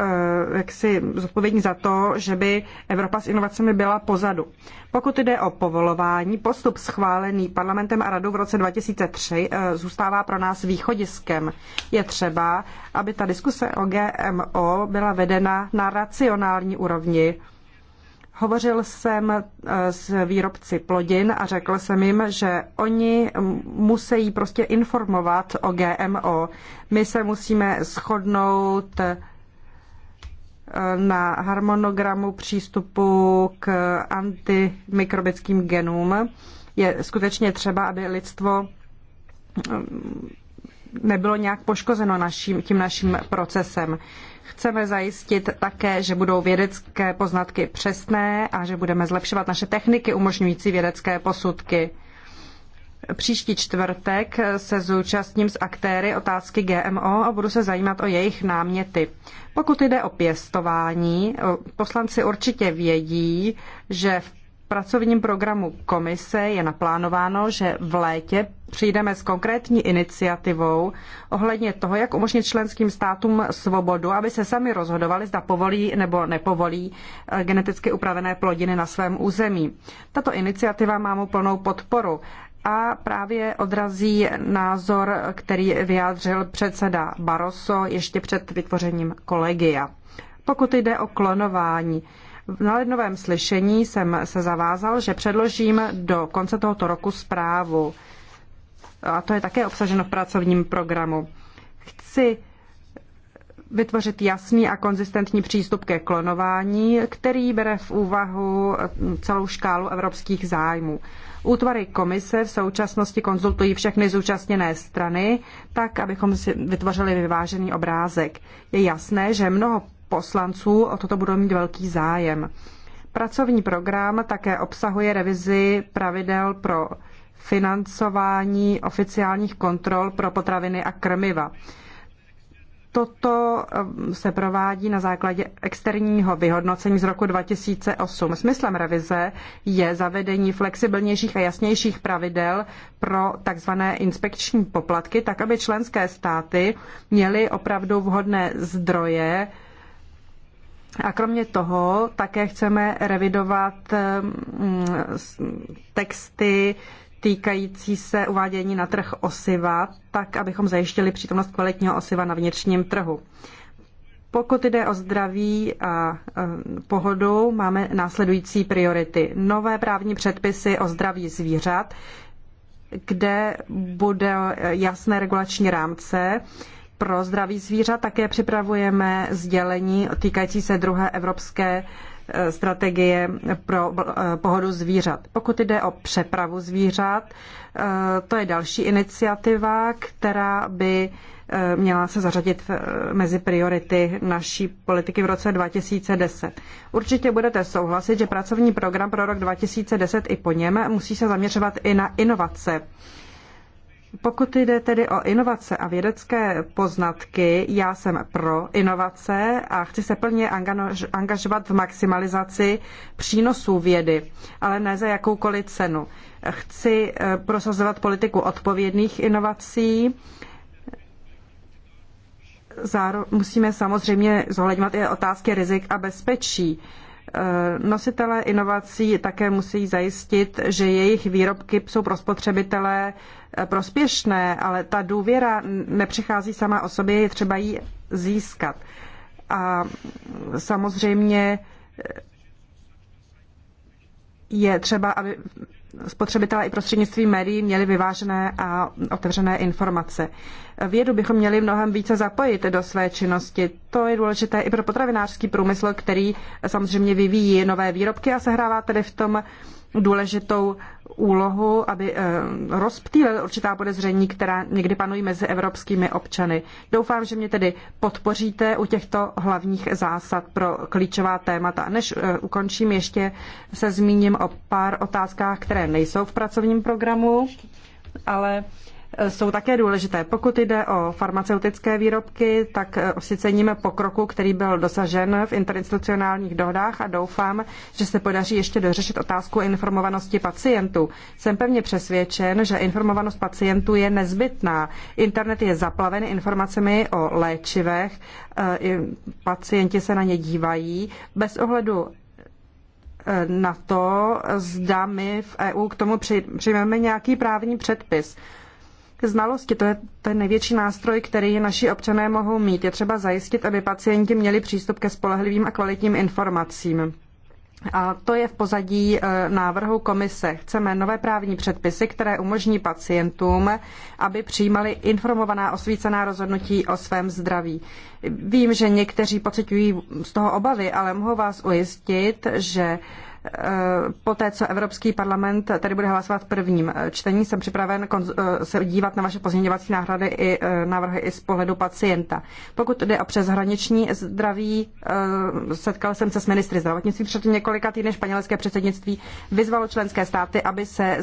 Eh, jaksi zodpovědní za to, že by Evropa s inovacemi byla pozadu. Pokud jde o povolování, postup schválený parlamentem a radou v roce 2003 eh, zůstává pro nás východiskem. Je třeba, aby ta diskuse o GMO byla vedena na racionální úrovni. Hovořil jsem eh, s výrobci plodin a řekl jsem jim, že oni musí prostě informovat o GMO. My se musíme shodnout na harmonogramu přístupu k antimikrobickým genům. Je skutečně třeba, aby lidstvo mm, nebylo nějak poškozeno naším, tím naším procesem. Chceme zajistit také, že budou vědecké poznatky přesné a že budeme zlepšovat naše techniky umožňující vědecké posudky. Příští čtvrtek se zúčastním s aktéry otázky GMO a budu se zajímat o jejich náměty. Pokud jde o pěstování, poslanci určitě vědí, že v pracovním programu komise je naplánováno, že v létě přijdeme s konkrétní iniciativou ohledně toho, jak umožnit členským státům svobodu, aby se sami rozhodovali, zda povolí nebo nepovolí eh, geneticky upravené plodiny na svém území. Tato iniciativa má mu plnou podporu a právě odrazí názor, který vyjádřil předseda Barroso ještě před vytvořením kolegia. Pokud jde o klonování, na lednovém slyšení jsem se zavázal, že předložím do konce tohoto roku zprávu. A to je také obsaženo v pracovním programu. Chci vytvořit jasný a konzistentní přístup ke klonování, který bere v úvahu celou škálu evropských zájmů. Útvary komise v současnosti konzultují všechny zúčastněné strany, tak abychom si vytvořili vyvážený obrázek. Je jasné, že mnoho poslanců o toto budou mít velký zájem. Pracovní program také obsahuje revizi pravidel pro financování oficiálních kontrol pro potraviny a krmiva. Toto ehm, se provádí na základě externího vyhodnocení z roku 2008. Smyslem revize je zavedení flexibilnějších a jasnějších pravidel pro tzv. inspekční poplatky, tak aby členské státy měly opravdu vhodné zdroje a kromě toho také chceme revidovat ehm, texty týkající se uvádění na trh osiva, tak abychom zajištili přítomnost kvalitního osiva na vnitřním trhu. Pokud jde o zdraví a e, pohodu, máme následující priority. Nové právní předpisy o zdraví zvířat, kde bude jasné regulační rámce, pro zdraví zvířat také připravujeme sdělení týkající se druhé evropské Eh, strategie pro eh, pohodu zvířat. Pokud jde o přepravu zvířat, eh, to je další iniciativa, která by měla se zařadit mezi priority naší politiky v roce 2010. Určitě budete souhlasit, že pracovní program pro rok 2010 i po něm musí se zaměřovat i na inovace. Pokud jde tedy o inovace a vědecké poznatky, já jsem pro inovace a chci se plně angažovat v maximalizaci přínosů vědy, ale ne za jakoukoliv cenu. Chci eh, prosazovat politiku odpovědných inovací. Zároveň musíme samozřejmě zohledňovat i otázky rizik a bezpečí. Eh, nositelé inovací také musí zajistit, že jejich výrobky jsou pro spotřebitele eh, prospěšné, ale ta důvěra nepřichází sama o sobě, je třeba ji získat. A samozřejmě eh, je třeba, aby spotřebitelé i prostřednictvím médií měli vyvážené a otevřené informace. Vědu bychom měli mnohem více zapojit do své činnosti. To je důležité i pro potravinářský průmysl, který samozřejmě vyvíjí nové výrobky a sehrává tedy v tom důležitou úlohu, aby eh, rozptýlil určitá podezření, která někdy panují mezi evropskými občany. Doufám, že mě tedy podpoříte u těchto hlavních zásad pro klíčová témata. Než eh, ukončím, ještě se zmíním o pár otázkách, které nejsou v pracovním programu, ale jsou také důležité. Pokud jde o farmaceutické výrobky, tak eh, si ceníme pokroku, který byl dosažen v interinstitucionálních dohodách a doufám, že se podaří ještě dořešit otázku informovanosti pacientů. Jsem pevně přesvědčen, že informovanost pacientů je nezbytná. Internet je zaplaven informacemi o léčivech, eh, pacienti se na ně dívají. Bez ohledu eh, na to, zda my v EU k tomu přijmeme nějaký právní předpis k znalosti. To je ten největší nástroj, který naši občané mohou mít. Je třeba zajistit, aby pacienti měli přístup ke spolehlivým a kvalitním informacím. A to je v pozadí eh, návrhu komise. Chceme nové právní předpisy, které umožní pacientům, aby přijímali informovaná osvícená rozhodnutí o svém zdraví. Vím, že někteří pocitují z toho obavy, ale mohu vás ujistit, že Eh, poté, co Evropský parlament tady bude hlasovat v prvním eh, čtení, jsem připraven eh, se dívat na vaše pozměňovací náhrady i návrhy i z pohledu pacienta. Pokud jde o přeshraniční zdraví, setkal jsem se s ministry zdravotnictví před několika týdny. Španělské předsednictví vyzvalo členské státy, aby se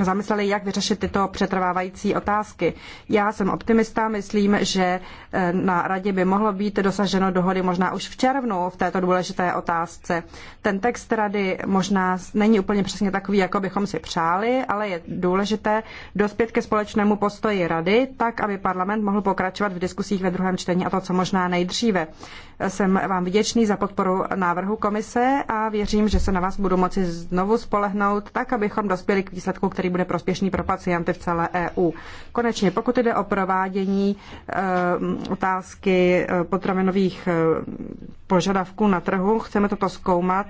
zamysleli, jak vyřešit tyto přetrvávající otázky. Já jsem optimista, myslím, že na radě by mohlo být dosaženo dohody možná už v červnu v této důležité otázce. Ten text rady možná není úplně přesně takový, jako bychom si přáli, ale je důležité dospět ke společnému postoji rady, tak aby parlament mohl pokračovat v diskusích ve druhém čtení a to, co možná nejdříve. Jsem vám vděčný za podporu návrhu komise a věřím, že se na vás budu moci znovu spolehnout, tak abychom dospěli k výsledku, který bude prospěšný pro pacienty v celé EU. Konečně, pokud jde o provádění eh, otázky eh, potravinových eh, požadavků na trhu, chceme toto zkoumat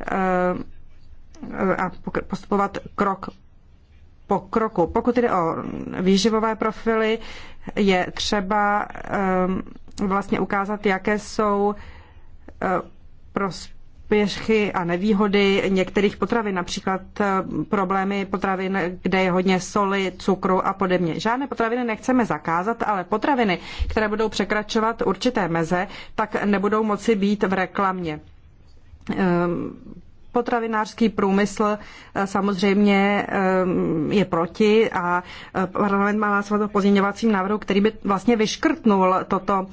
Eh, a postupovat krok po kroku. Pokud jde o výživové profily, je třeba eh, vlastně ukázat, jaké jsou eh, prospěchy a nevýhody některých potravin, například problémy potravin, kde je hodně soli, cukru a podobně. Žádné potraviny nechceme zakázat, ale potraviny, které budou překračovat určité meze, tak nebudou moci být v reklamě um, Potravinářský průmysl eh, samozřejmě eh, je proti a eh, parlament má hlasovat o pozměňovacím návrhu, který by vlastně vyškrtnul toto,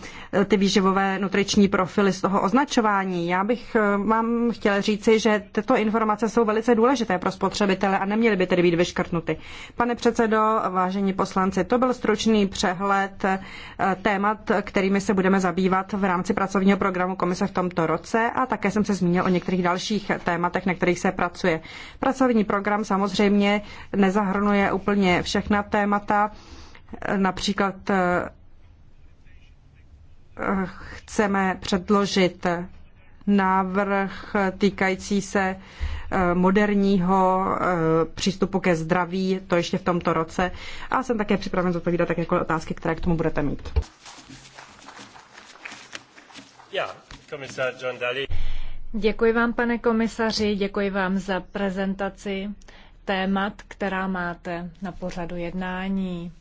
ty výživové nutriční profily z toho označování. Já bych vám chtěla říci, že tyto informace jsou velice důležité pro spotřebitele a neměly by tedy být vyškrtnuty. Pane předsedo, vážení poslanci, to byl stručný přehled témat, kterými se budeme zabývat v rámci pracovního programu komise v tomto roce a také jsem se zmínil o některých dalších tématech tématech, na kterých se pracuje. Pracovní program samozřejmě nezahrnuje úplně všechna témata, například eh, chceme předložit návrh týkající se eh, moderního eh, přístupu ke zdraví, to ještě v tomto roce. A jsem také připraven zodpovídat také otázky, které k tomu budete mít. Já, komisar John Daly. Děkuji vám, pane komisaři, děkuji vám za prezentaci témat, která máte na pořadu jednání.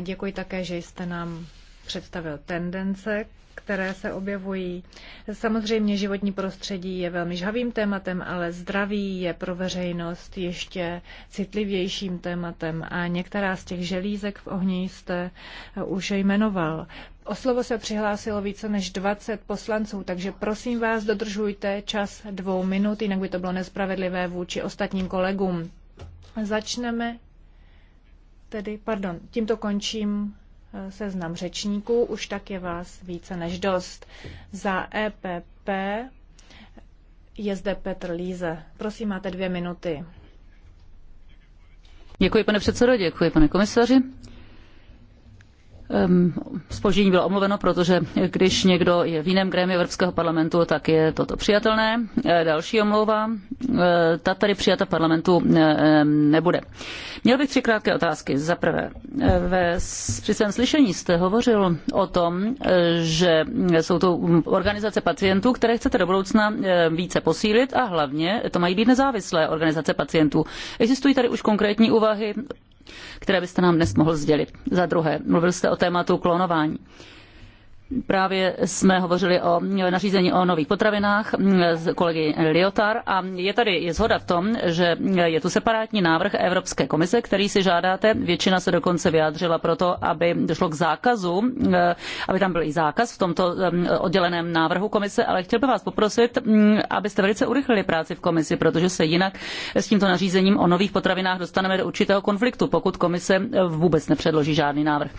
Děkuji také, že jste nám představil tendence, které se objevují. Samozřejmě životní prostředí je velmi žhavým tématem, ale zdraví je pro veřejnost ještě citlivějším tématem a některá z těch želízek v ohni jste už jmenoval. O slovo se přihlásilo více než 20 poslanců, takže prosím vás, dodržujte čas dvou minut, jinak by to bylo nespravedlivé vůči ostatním kolegům. Začneme tedy, pardon, tímto končím seznam řečníků, už tak je vás více než dost. Za EPP je zde Petr Líze. Prosím, máte dvě minuty. Děkuji, pane předsedo, děkuji, pane komisaři spoždění bylo omluveno, protože když někdo je v jiném grémiu Evropského parlamentu, tak je toto přijatelné. E, další omlouva, e, ta tady přijata v parlamentu e, nebude. Měl bych tři krátké otázky. Za prvé, ve, při svém slyšení jste hovořil o tom, že jsou to organizace pacientů, které chcete do budoucna více posílit a hlavně to mají být nezávislé organizace pacientů. Existují tady už konkrétní úvahy které byste nám dnes mohl sdělit. Za druhé, mluvil jste o tématu klonování. Právě jsme hovořili o nařízení o nových potravinách s kolegy Liotar a je tady zhoda v tom, že je tu separátní návrh Evropské komise, který si žádáte. Většina se dokonce vyjádřila proto, aby došlo k zákazu, eh, aby tam byl i zákaz v tomto eh, odděleném návrhu komise, ale chtěl bych vás poprosit, mm, abyste velice urychlili práci v komisi, protože se jinak s tímto nařízením o nových potravinách dostaneme do určitého konfliktu, pokud komise eh, vůbec nepředloží žádný návrh.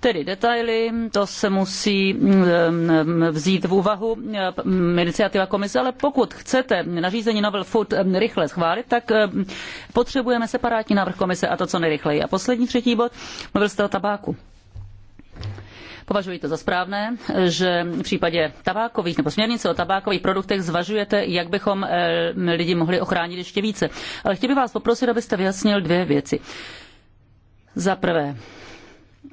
Tedy detaily, to se musí Eh, vzít v úvahu eh, iniciativa komise, ale pokud chcete nařízení Novel Food eh, rychle schválit, tak potřebujeme separátní návrh komise a to co nejrychleji. A poslední třetí bod, mluvil jste o tabáku. Považuji to za správné, že v případě tabákových nebo směrnice o tabákových produktech zvažujete, jak bychom lidi mohli ochránit ještě více. Ale chtěl bych vás poprosit, abyste vyjasnil dvě věci. Za prvé,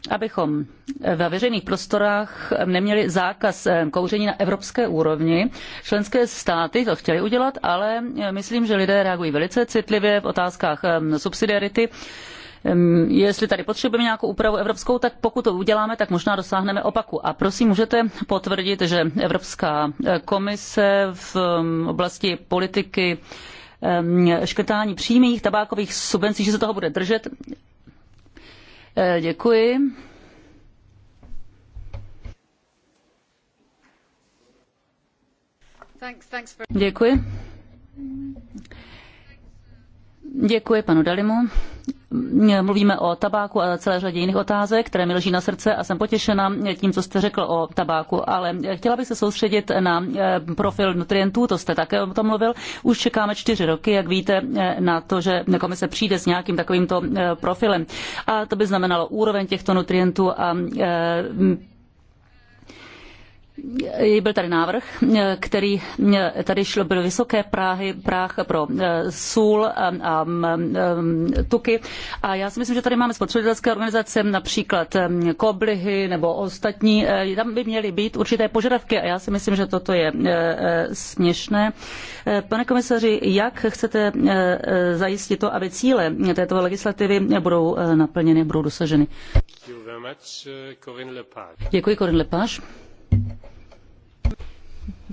abychom eh, ve veřejných prostorách eh, neměli zákaz eh, kouření na evropské úrovni. Členské státy to chtěly udělat, ale myslím, že lidé reagují velice citlivě v otázkách ehm, subsidiarity ehm, jestli tady potřebujeme nějakou úpravu evropskou, tak pokud to uděláme, tak možná dosáhneme opaku. A prosím, můžete potvrdit, že Evropská komise v ehm, oblasti politiky škrtání přímých tabákových subvencí, že se toho bude držet Eh, děkuji. Děkuji. Děkuji panu Dalimu mluvíme o tabáku a celé řadě jiných otázek, které mi leží na srdce a jsem potěšena tím, co jste řekl o tabáku, ale eh, chtěla bych se soustředit na eh, profil nutrientů, to jste také o tom mluvil. Už čekáme čtyři roky, jak víte, eh, na to, že komise přijde s nějakým takovýmto profilem. A to by znamenalo úroveň těchto nutrientů a byl tady návrh, který tady šlo, byly vysoké práhy, práh pro eh, sůl eh, a mm, eh, tuky. A já si myslím, že tady máme spotřebitelské organizace, například koblihy nebo ostatní. Tam by měly být určité požadavky a já si myslím, že toto je směšné. Pane komisaři, jak chcete zajistit to, aby cíle této legislativy budou naplněny, budou dosaženy? Děkuji, Corinne Lepage.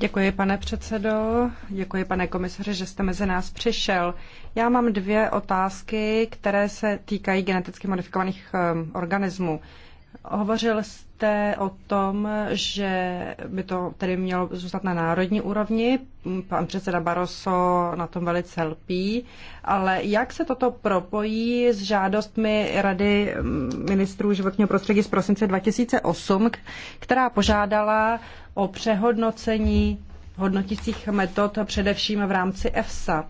Děkuji, pane předsedo. Děkuji, pane komisaři, že jste mezi nás přišel. Já mám dvě otázky, které se týkají geneticky modifikovaných ehm, organismů. Hovořil jste o tom, že by to tedy mělo zůstat na národní úrovni. Pan předseda Barroso na tom velice lpí. Ale jak se toto propojí s žádostmi Rady ehm, ministrů životního prostředí z prosince 2008, která požádala o přehodnocení hodnotících metod především v rámci EFSA.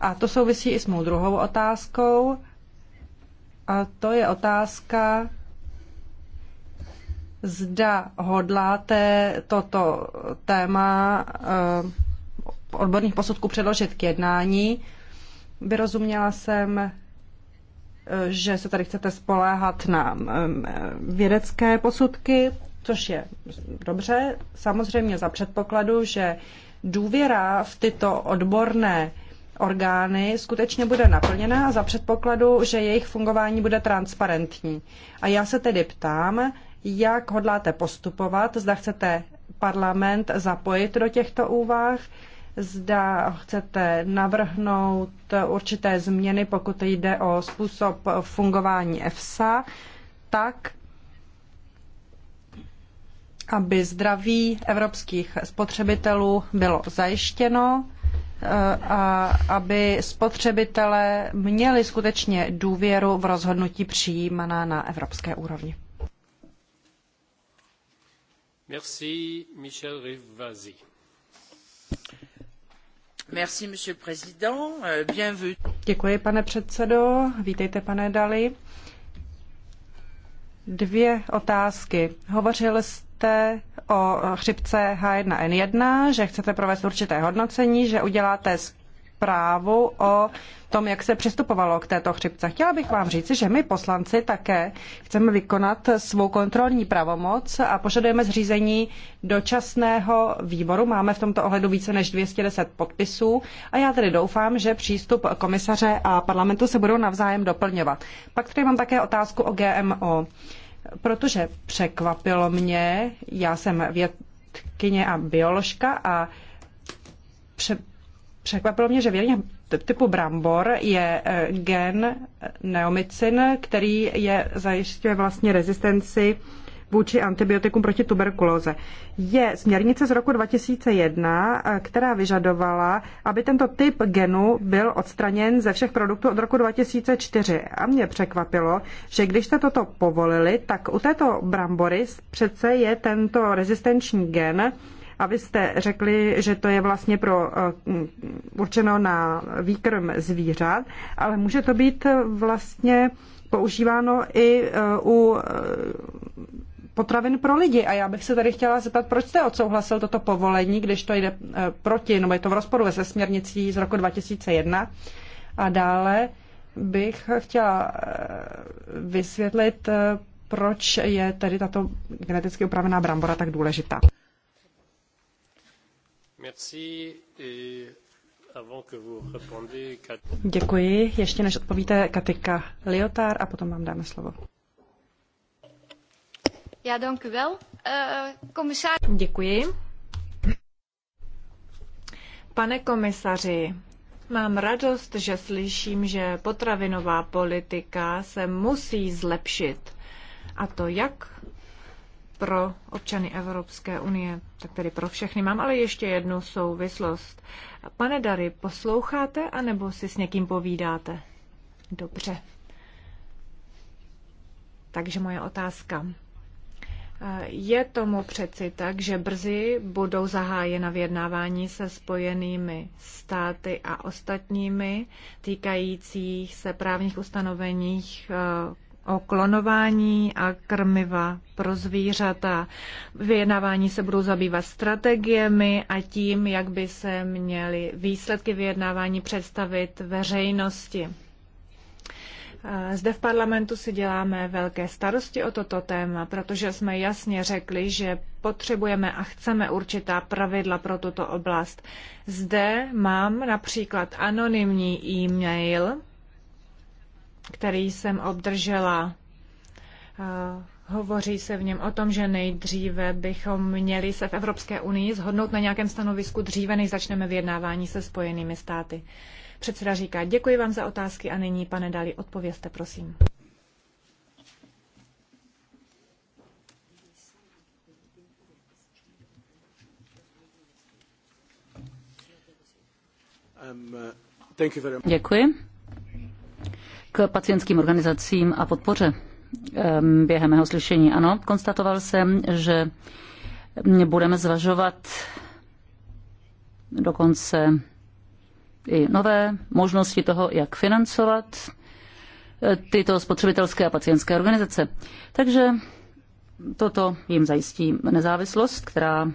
A to souvisí i s mou druhou otázkou. A to je otázka, zda hodláte toto téma eh, odborných posudků předložit k jednání. Vyrozuměla jsem, eh, že se tady chcete spoléhat na eh, vědecké posudky což je dobře, samozřejmě za předpokladu, že důvěra v tyto odborné orgány skutečně bude naplněna za předpokladu, že jejich fungování bude transparentní. A já se tedy ptám, jak hodláte postupovat, zda chcete parlament zapojit do těchto úvah, zda chcete navrhnout určité změny, pokud jde o způsob fungování EFSA, tak, aby zdraví evropských spotřebitelů bylo zajištěno eh, a aby spotřebitelé měli skutečně důvěru v rozhodnutí přijímaná na evropské úrovni. Merci, Michel Rivasi. Merci, monsieur président. Euh, bienvenue. Děkuji, pane předsedo. Vítejte, pane Dali. Uh, dvě otázky. Hovořil jste o chřipce H1N1, že chcete provést určité hodnocení, že uděláte zprávu o tom, jak se přistupovalo k této chřipce. Chtěla bych vám říct, že my poslanci také chceme vykonat svou kontrolní pravomoc a požadujeme zřízení dočasného výboru. Máme v tomto ohledu více než 210 podpisů a já tedy doufám, že přístup komisaře a parlamentu se budou navzájem doplňovat. Pak tady mám také otázku o GMO. Protože překvapilo mě, já jsem vědkyně a bioložka a Překvapilo mě, že v jelích typu brambor je eh, gen neomycin, který je zajišťuje vlastně rezistenci vůči antibiotikům proti tuberkulóze. Je směrnice z roku 2001, eh, která vyžadovala, aby tento typ genu byl odstraněn ze všech produktů od roku 2004. A mě překvapilo, že když jste toto povolili, tak u této brambory přece je tento rezistenční gen a vy jste řekli, že to je vlastně pro, eh, určeno na výkrm zvířat, ale může to být vlastně používáno i eh, u eh, potravin pro lidi. A já bych se tady chtěla zeptat, proč jste odsouhlasil toto povolení, když to jde proti, nebo je to v rozporu se směrnicí z roku 2001. A dále bych chtěla vysvětlit, proč je tedy tato geneticky upravená brambora tak důležitá. Děkuji. Ještě než odpovíte Katika Liotár a potom vám dáme slovo. Já děkuji Uh, Děkuji. Pane komisaři, mám radost, že slyším, že potravinová politika se musí zlepšit. A to jak pro občany Evropské unie, tak tedy pro všechny. Mám ale ještě jednu souvislost. Pane Dary, posloucháte anebo si s někým povídáte? Dobře. Takže moje otázka. Je tomu přeci tak, že brzy budou zahájena vyjednávání se spojenými státy a ostatními týkajících se právních ustanoveních eh, o klonování a krmiva pro zvířata. Vyjednávání se budou zabývat strategiemi a tím, jak by se měly výsledky vyjednávání představit veřejnosti. Zde v parlamentu si děláme velké starosti o toto téma, protože jsme jasně řekli, že potřebujeme a chceme určitá pravidla pro tuto oblast. Zde mám například anonymní e-mail, který jsem obdržela. Eh, hovoří se v něm o tom, že nejdříve bychom měli se v Evropské unii zhodnout na nějakém stanovisku dříve, než začneme vyjednávání se spojenými státy. Předseda říká, děkuji vám za otázky a nyní, pane Dali, odpovězte, prosím. Um, uh, děkuji k pacientským organizacím a podpoře během mého slyšení. Ano, konstatoval jsem, že budeme zvažovat dokonce i nové možnosti toho, jak financovat e, tyto spotřebitelské a pacientské organizace. Takže toto jim zajistí nezávislost, která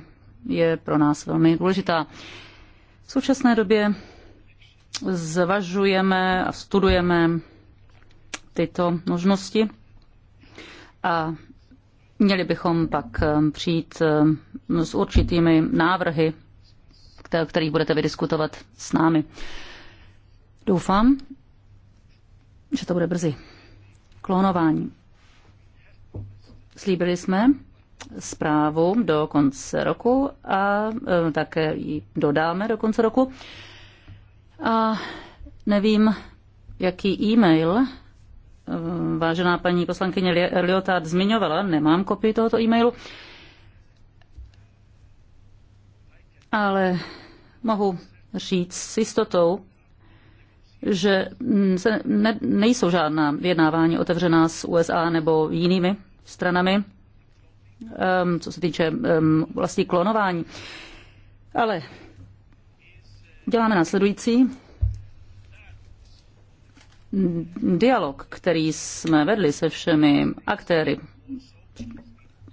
je pro nás velmi důležitá. V současné době zvažujeme a studujeme tyto možnosti a měli bychom pak eh, přijít eh, s určitými návrhy, kterých budete vydiskutovat s námi. Doufám, že to bude brzy. Klonování. Slíbili jsme zprávu do konce roku a eh, také ji dodáme do konce roku. A nevím, jaký e-mail vážená paní poslankyně Liotard zmiňovala, nemám kopii tohoto e-mailu, ale mohu říct s jistotou, že mm, se ne, nejsou žádná vyjednávání otevřená s USA nebo jinými stranami, um, co se týče um, ehm, vlastní klonování. Ale děláme následující dialog, který jsme vedli se všemi aktéry,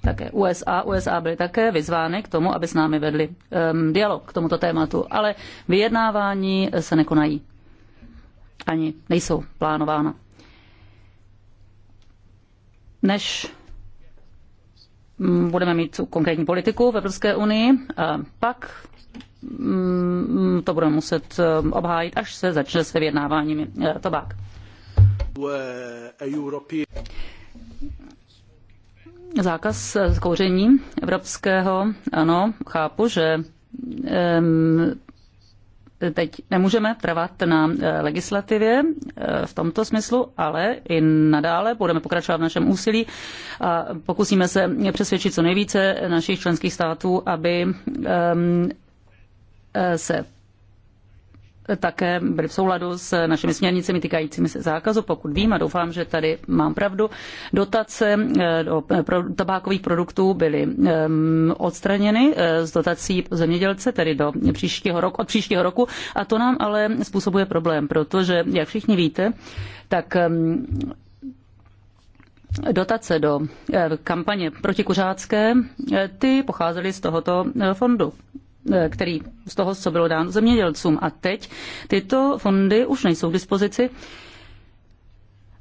také USA. USA byly také vyzvány k tomu, aby s námi vedli um, dialog k tomuto tématu, ale vyjednávání se nekonají. Ani nejsou plánována. Než Mm, budeme mít konkrétní politiku v Evropské unii, a pak mm, to budeme muset eh, obhájit, až se začne se vyjednáváním eh, tobák. Zákaz eh, kouření evropského, ano, chápu, že teď nemůžeme trvat na eh, legislativě eh, v tomto smyslu, ale i nadále budeme pokračovat v našem úsilí a pokusíme se přesvědčit co nejvíce našich členských států, aby ehm, eh, se také byly v souladu s našimi směrnicemi týkajícími se zákazu, pokud vím a doufám, že tady mám pravdu. Dotace eh, do eh, tabákových produktů byly ehm, odstraněny eh, z dotací zemědělce, tedy do příštího roku, od příštího roku a to nám ale způsobuje problém, protože, jak všichni víte, tak ehm, dotace do kampaně protikuřácké, ty pocházely z tohoto fondu. Eh, který z toho, co bylo dáno zemědělcům. A teď tyto fondy už nejsou k dispozici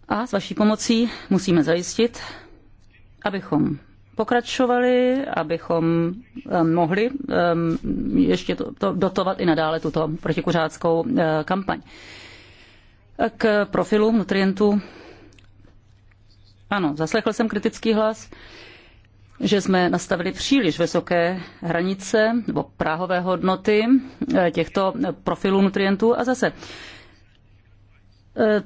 a s vaší pomocí musíme zajistit, abychom pokračovali, abychom eh, mohli eh, ještě to, to dotovat i nadále tuto protikuřáckou kampaň. K profilu nutrientů. Ano, zaslechl jsem kritický hlas že jsme nastavili příliš vysoké hranice nebo práhové hodnoty eh, těchto profilů nutrientů a zase eh,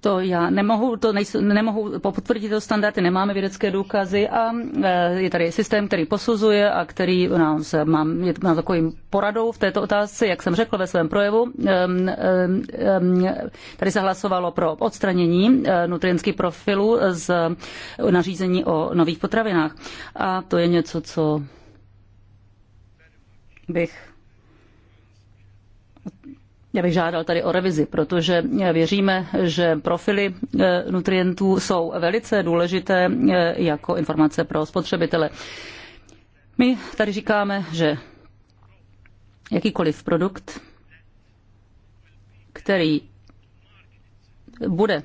to já nemohu, to nejsou, nemohu potvrdit to standardy, nemáme vědecké důkazy a e, je tady systém, který posuzuje a který nám se mám, je mám takovým poradou v této otázce, jak jsem řekl ve svém projevu. Tady se hlasovalo pro odstranění e, nutrientských profilů z nařízení o nových potravinách. A to je něco, co bych já bych žádal tady o revizi, protože věříme, že profily eh, nutrientů jsou velice důležité eh, jako informace pro spotřebitele. My tady říkáme, že jakýkoliv produkt, který bude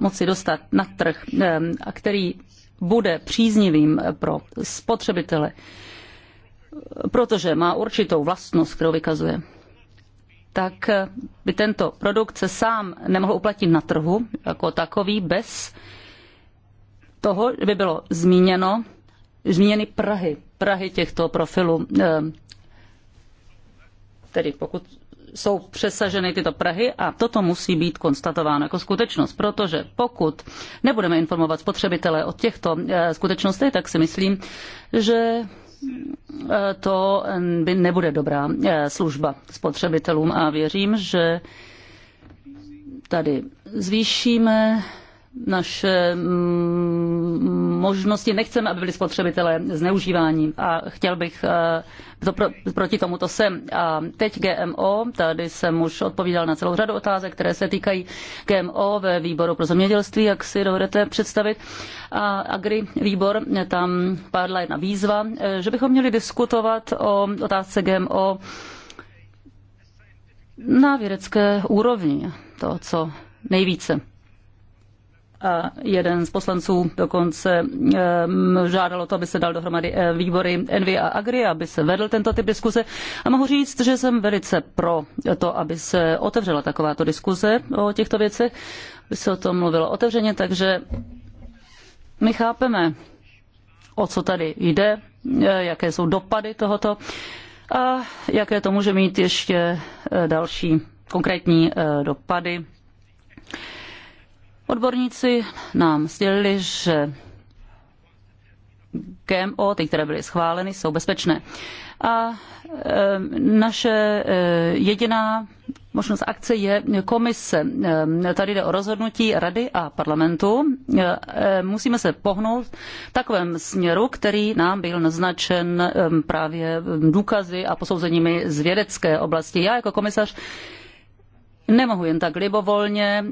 moci dostat na trh eh, a který bude příznivým pro spotřebitele, protože má určitou vlastnost, kterou vykazuje, tak by tento produkt se sám nemohl uplatnit na trhu jako takový bez toho, že by bylo zmíněno, zmíněny Prahy, Prahy těchto profilů. Eh, tedy pokud jsou přesaženy tyto Prahy a toto musí být konstatováno jako skutečnost, protože pokud nebudeme informovat spotřebitele o těchto eh, skutečnostech, tak si myslím, že to by nebude dobrá eh, služba spotřebitelům a věřím, že tady zvýšíme naše mm, možnosti. Nechceme, aby byli spotřebitelé zneužívání a chtěl bych eh, to pro, proti tomuto sem. A teď GMO, tady jsem už odpovídal na celou řadu otázek, které se týkají GMO ve výboru pro zemědělství, jak si dovedete představit. A Agri výbor, tam padla jedna výzva, eh, že bychom měli diskutovat o otázce GMO na vědecké úrovni, to, co nejvíce a jeden z poslanců dokonce ehm, žádalo to, aby se dal dohromady eh, výbory Envy a Agri, aby se vedl tento typ diskuze. A mohu říct, že jsem velice pro to, aby se otevřela takováto diskuze o těchto věcech, aby se o tom mluvilo otevřeně, takže my chápeme, o co tady jde, eh, jaké jsou dopady tohoto a jaké to může mít ještě eh, další konkrétní dopady Odborníci nám sdělili, že GMO, ty, které byly schváleny, jsou bezpečné. A e, naše e, jediná možnost akce je komise. E, tady jde o rozhodnutí rady a parlamentu. Musíme se pohnout v takovém směru, který nám byl naznačen právě důkazy a posouzeními z vědecké oblasti. Já jako komisař Nemohu jen tak libovolně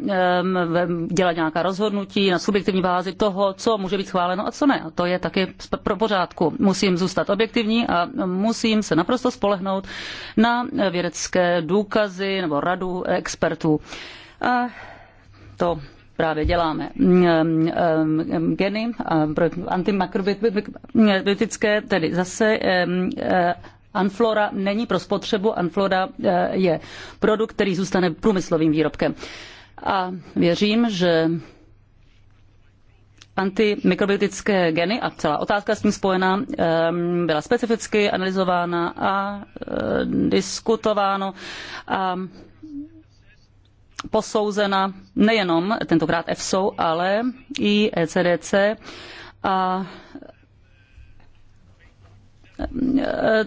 dělat nějaká rozhodnutí na subjektivní bázi toho, co může být schváleno a co ne. A to je taky pro pořádku. Musím zůstat objektivní a musím se naprosto spolehnout na vědecké důkazy nebo radu expertů. A to právě děláme. Geny antimakrobiotické, tedy zase Anflora není pro spotřebu, Anflora eh, je produkt, který zůstane průmyslovým výrobkem. A věřím, že antimikrobiotické geny a celá otázka s tím spojená ehm, byla specificky analyzována a eh, diskutováno a posouzena nejenom tentokrát EFSO, ale i ECDC a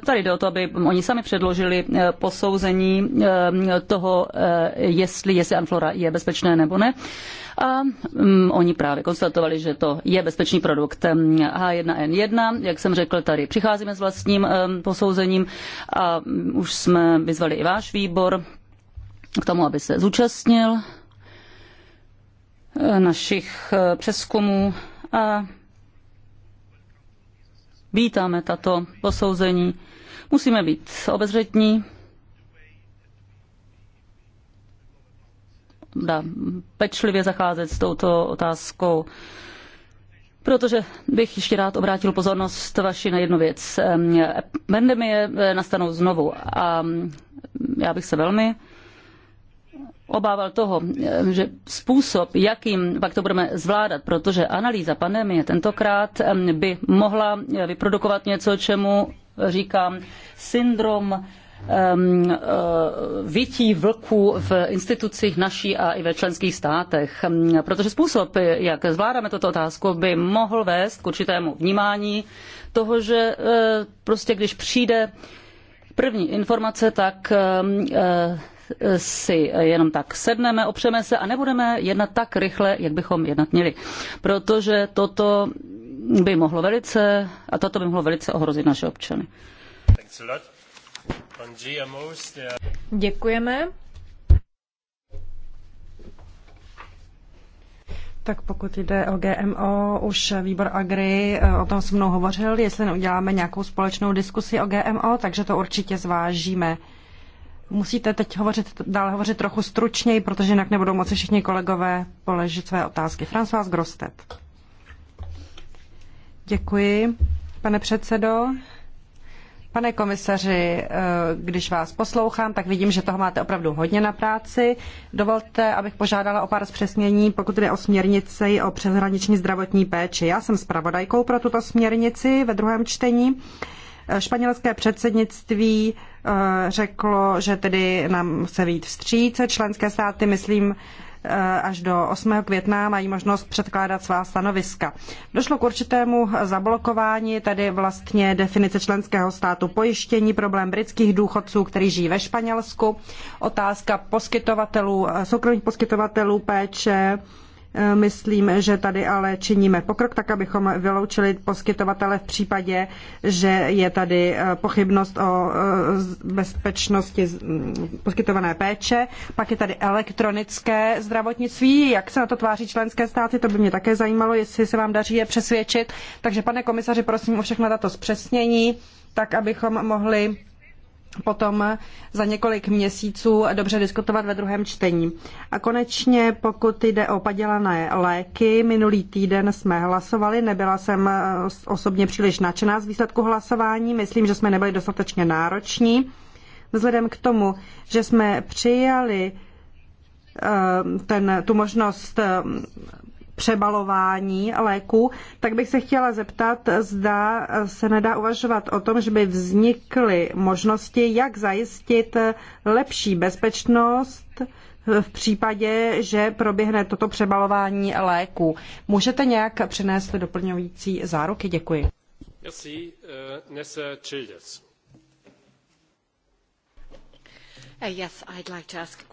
Tady jde o to, aby oni sami předložili eh, posouzení eh, toho, eh, jestli, jestli Anflora je bezpečné nebo ne. A um, oni právě konstatovali, že to je bezpečný produkt H1N1. Jak jsem řekl, tady přicházíme s vlastním um, posouzením a mm, už jsme vyzvali i váš výbor k tomu, aby se zúčastnil našich přeskumů a Vítáme tato posouzení. Musíme být obezřetní. Dá pečlivě zacházet s touto otázkou. Protože bych ještě rád obrátil pozornost vaši na jednu věc. Pandemie eh, nastanou znovu a mm, já bych se velmi obával toho, eh, že způsob, jakým pak to budeme zvládat, protože analýza pandemie tentokrát eh, by mohla eh, vyprodukovat něco, čemu říkám syndrom vytí vlků v institucích naší a i ve členských státech. Protože způsob, jak zvládáme tuto otázku, by mohl vést k určitému vnímání toho, že prostě když přijde první informace, tak si jenom tak sedneme, opřeme se a nebudeme jednat tak rychle, jak bychom jednat měli. Protože toto by mohlo velice, a toto by mohlo velice ohrozit naše občany. Děkujeme. Tak pokud jde o GMO, už výbor Agri eh, o tom s mnou hovořil, jestli neuděláme nějakou společnou diskusi o GMO, takže to určitě zvážíme. Musíte teď hovořit, dál hovořit trochu stručněji, protože jinak nebudou moci všichni kolegové položit své otázky. François Grostet. Děkuji, pane předsedo. Pane komisaři, eh, když vás poslouchám, tak vidím, že toho máte opravdu hodně na práci. Dovolte, abych požádala o pár zpřesnění, pokud jde o směrnici o přeshraniční zdravotní péči. Já jsem zpravodajkou pro tuto směrnici ve druhém čtení. Eh, španělské předsednictví Eh, řeklo, že tedy nám se vít vstříc. Členské státy, myslím, eh, až do 8. května mají možnost předkládat svá stanoviska. Došlo k určitému zablokování tady vlastně definice členského státu pojištění, problém britských důchodců, který žijí ve Španělsku, otázka poskytovatelů, eh, soukromých poskytovatelů péče, Eh, myslím, že tady ale činíme pokrok, tak abychom vyloučili poskytovatele v případě, že je tady eh, pochybnost o eh, bezpečnosti mm, poskytované péče. Pak je tady elektronické zdravotnictví. Jak se na to tváří členské státy, to by mě také zajímalo, jestli se vám daří je přesvědčit. Takže pane komisaři, prosím o všechna tato zpřesnění, tak abychom mohli potom za několik měsíců dobře diskutovat ve druhém čtení. A konečně, pokud jde o padělané léky, minulý týden jsme hlasovali, nebyla jsem eh, osobně příliš nadšená z výsledku hlasování, myslím, že jsme nebyli dostatečně nároční. Vzhledem k tomu, že jsme přijali eh, ten, tu možnost přebalování léků, tak bych se chtěla zeptat, zda se nedá uvažovat o tom, že by vznikly možnosti, jak zajistit lepší bezpečnost v případě, že proběhne toto přebalování léků. Můžete nějak přinést doplňující záruky? Děkuji. Eh,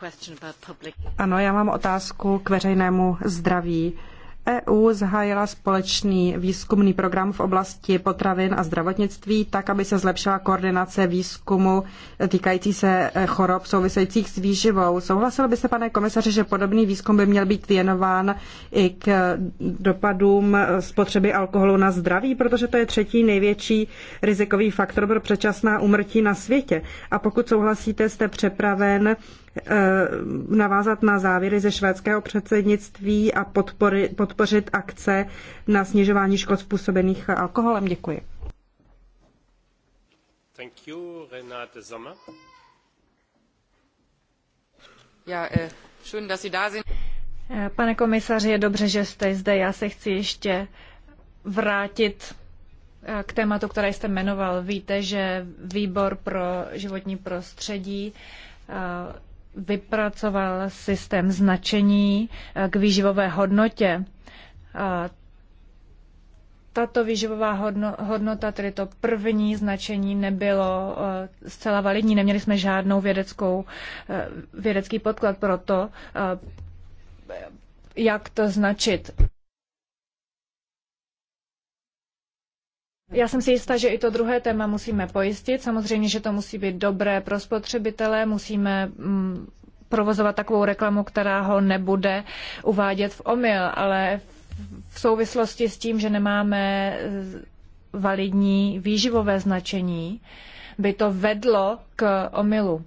uh, ano, já mám otázku k veřejnému zdraví. EU zahájila společný výzkumný program v oblasti potravin a zdravotnictví, tak aby se zlepšila koordinace výzkumu týkající se chorob souvisejících s výživou. Souhlasil byste, pane komisaři, že podobný výzkum by měl být věnován i k dopadům spotřeby alkoholu na zdraví, protože to je třetí největší rizikový faktor pro předčasná úmrtí na světě. A pokud souhlasíte, jste přepraven Eh, navázat na závěry ze švédského předsednictví a podpory, podpořit akce na snižování škod způsobených alkoholem. Děkuji. Thank you, Renate Sommer. Ja, eh, schön, dass Sie da sind. Eh, pane komisaři, je dobře, že jste zde. Já se chci ještě vrátit eh, k tématu, které jste jmenoval. Víte, že výbor pro životní prostředí vypracoval systém značení eh, k výživové hodnotě. tato výživová hodnota, tedy to první značení, nebylo eh, zcela validní. Neměli jsme žádnou vědeckou, eh, vědecký podklad pro to, jak to značit. Já jsem si jistá, že i to druhé téma musíme pojistit. Samozřejmě, že to musí být dobré pro spotřebitele, musíme mm, provozovat takovou reklamu, která ho nebude uvádět v omyl, ale v souvislosti s tím, že nemáme validní výživové značení, by to vedlo k omylu.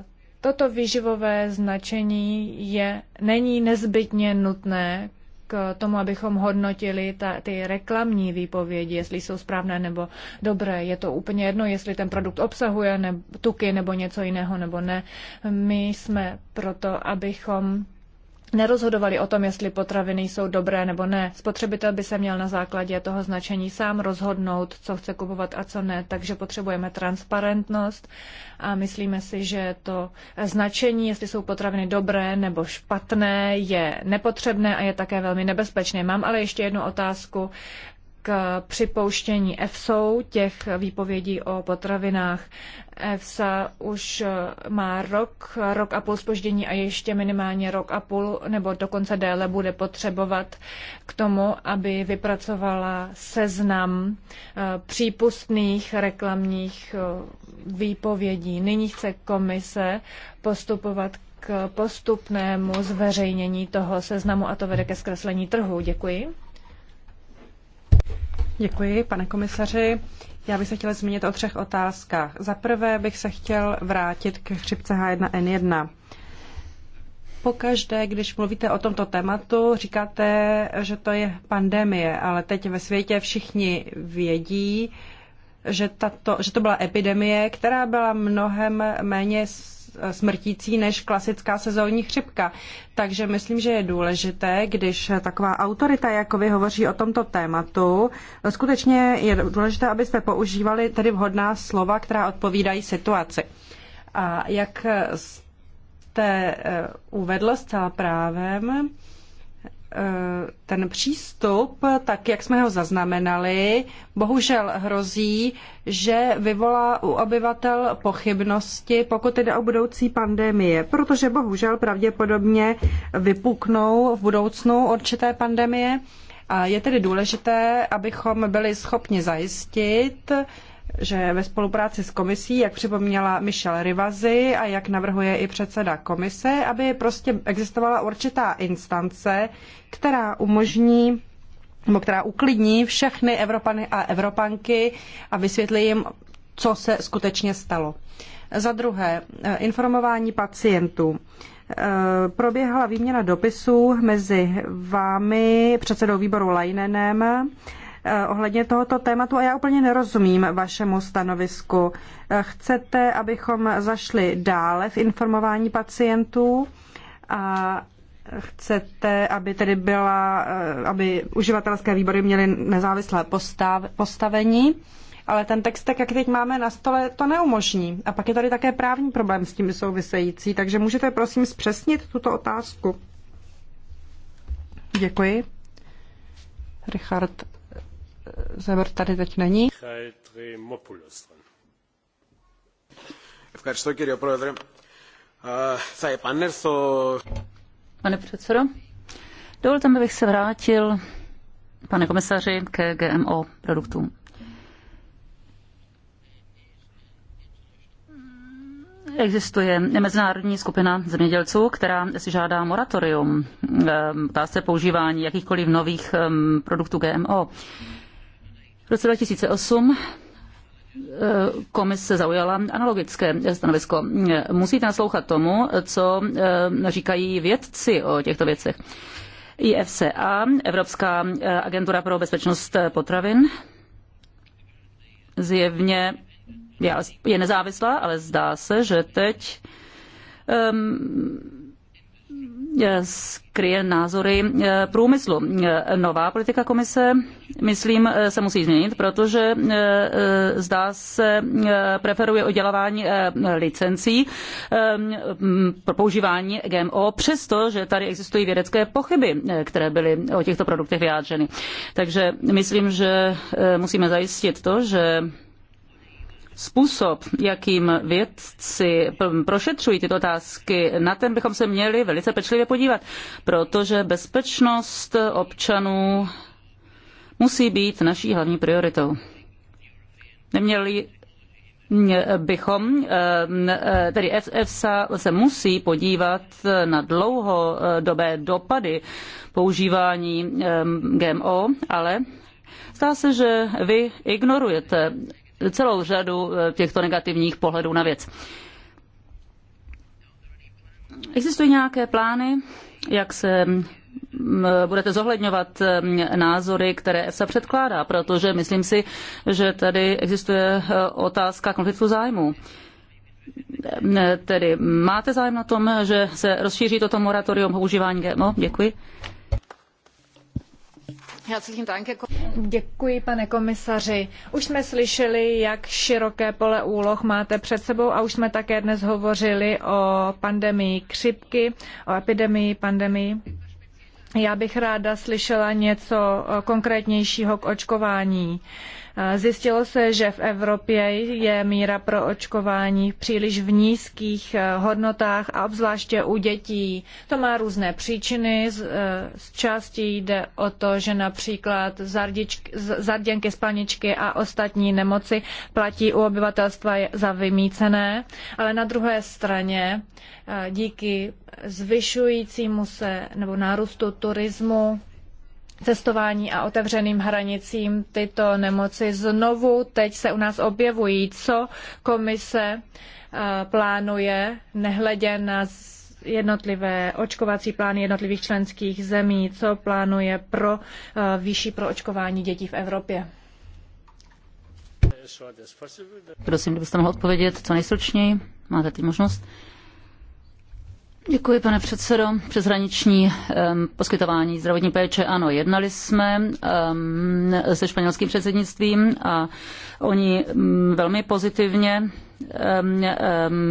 E, toto výživové značení je, není nezbytně nutné k tomu, abychom hodnotili ta, ty reklamní výpovědi, jestli jsou správné nebo dobré. Je to úplně jedno, jestli ten produkt obsahuje ne, tuky nebo něco jiného nebo ne. My jsme proto, abychom nerozhodovali o tom, jestli potraviny jsou dobré nebo ne. Spotřebitel by se měl na základě toho značení sám rozhodnout, co chce kupovat a co ne, takže potřebujeme transparentnost a myslíme si, že to značení, jestli jsou potraviny dobré nebo špatné, je nepotřebné a je také velmi nebezpečné. Mám ale ještě jednu otázku k připouštění EFSOU těch výpovědí o potravinách. EFSA už eh, má rok, rok a půl spoždění a ještě minimálně rok a půl nebo dokonce déle bude potřebovat k tomu, aby vypracovala seznam eh, přípustných reklamních eh, výpovědí. Nyní chce komise postupovat k postupnému zveřejnění toho seznamu a to vede ke zkreslení trhu. Děkuji. Děkuji, pane komisaři. Já bych se chtěla zmínit o třech otázkách. Za prvé bych se chtěl vrátit k chřipce H1N1. Pokaždé, když mluvíte o tomto tématu, říkáte, že to je pandemie, ale teď ve světě všichni vědí, že, tato, že to byla epidemie, která byla mnohem méně smrtící než klasická sezónní chřipka. Takže myslím, že je důležité, když taková autorita, jako vy hovoří o tomto tématu, skutečně je důležité, abyste používali tedy vhodná slova, která odpovídají situaci. A jak jste eh, uvedl zcela právem, Eh, ten přístup, tak jak jsme ho zaznamenali, bohužel hrozí, že vyvolá u obyvatel pochybnosti, pokud jde o budoucí pandemie, protože bohužel pravděpodobně vypuknou v budoucnu určité pandemie. A je tedy důležité, abychom byli schopni zajistit, že ve spolupráci s komisí, jak připomněla Michelle Rivazi a jak navrhuje i předseda komise, aby prostě existovala určitá instance, která umožní nebo která uklidní všechny Evropany a Evropanky a vysvětlí jim, co se skutečně stalo. Za druhé, informování pacientů. Eh, proběhla výměna dopisů mezi vámi, předsedou výboru Lajnenem Eh, ohledně tohoto tématu a já úplně nerozumím vašemu stanovisku. Eh, chcete, abychom zašli dále v informování pacientů a chcete, aby tedy byla, eh, aby uživatelské výbory měly nezávislé postav, postavení, ale ten text, tak jak teď máme na stole, to neumožní. A pak je tady také právní problém s tím související, takže můžete prosím zpřesnit tuto otázku. Děkuji. Richard Zebr tady teď není. Pane předsedo, dovolte mi, abych se vrátil, pane komisaři, k GMO produktům. Existuje mezinárodní skupina zemědělců, která si žádá moratorium. Ptá ehm, se používání jakýchkoliv nových ehm, produktů GMO. V roce 2008 eh, komise zaujala analogické stanovisko. Musíte naslouchat tomu, co eh, říkají vědci o těchto věcech. IFCA, Evropská eh, agentura pro bezpečnost potravin, zjevně je nezávislá, ale zdá se, že teď um, E, skryje názory e, průmyslu. E, nová politika komise, myslím, se musí změnit, protože zdá se preferuje oddělování licencí pro používání GMO, přestože tady existují vědecké pochyby, které byly o těchto produktech vyjádřeny. Takže myslím, že musíme zajistit to, že Způsob, jakým vědci prošetřují tyto otázky, na ten bychom se měli velice pečlivě podívat, protože bezpečnost občanů musí být naší hlavní prioritou. Neměli bychom, eh, eh, tedy EFSA se musí podívat na dlouhodobé dopady používání eh, GMO, ale zdá se, že vy ignorujete celou řadu eh, těchto negativních pohledů na věc. Existují nějaké plány, jak se mm, eh, budete zohledňovat mm, názory, které se předkládá, protože myslím si, že tady existuje eh, otázka konfliktu zájmu. Tedy máte zájem na tom, že se rozšíří toto moratorium používání GMO? Děkuji. Děkuji, pane komisaři. Už jsme slyšeli, jak široké pole úloh máte před sebou a už jsme také dnes hovořili o pandemii křipky, o epidemii pandemii. Já bych ráda slyšela něco konkrétnějšího k očkování. Uh, Zjistilo se, že v Evropě je míra pro očkování v příliš v nízkých eh, hodnotách a obzvláště u dětí. To má různé příčiny. Z eh, části jde o to, že například zarděnky, spalničky a ostatní nemoci platí u obyvatelstva za vymícené, ale na druhé straně eh, díky zvyšujícímu se nebo nárůstu turismu cestování a otevřeným hranicím tyto nemoci znovu teď se u nás objevují. Co komise eh, plánuje, nehledě na jednotlivé očkovací plány jednotlivých členských zemí, co plánuje pro eh, výši pro očkování dětí v Evropě? Prosím, kdybyste mohl odpovědět co nejstručněji. Máte teď možnost. Děkuji, pane předsedo. Přeshraniční poskytování zdravotní péče, ano, jednali jsme se španělským předsednictvím a oni mm, velmi pozitivně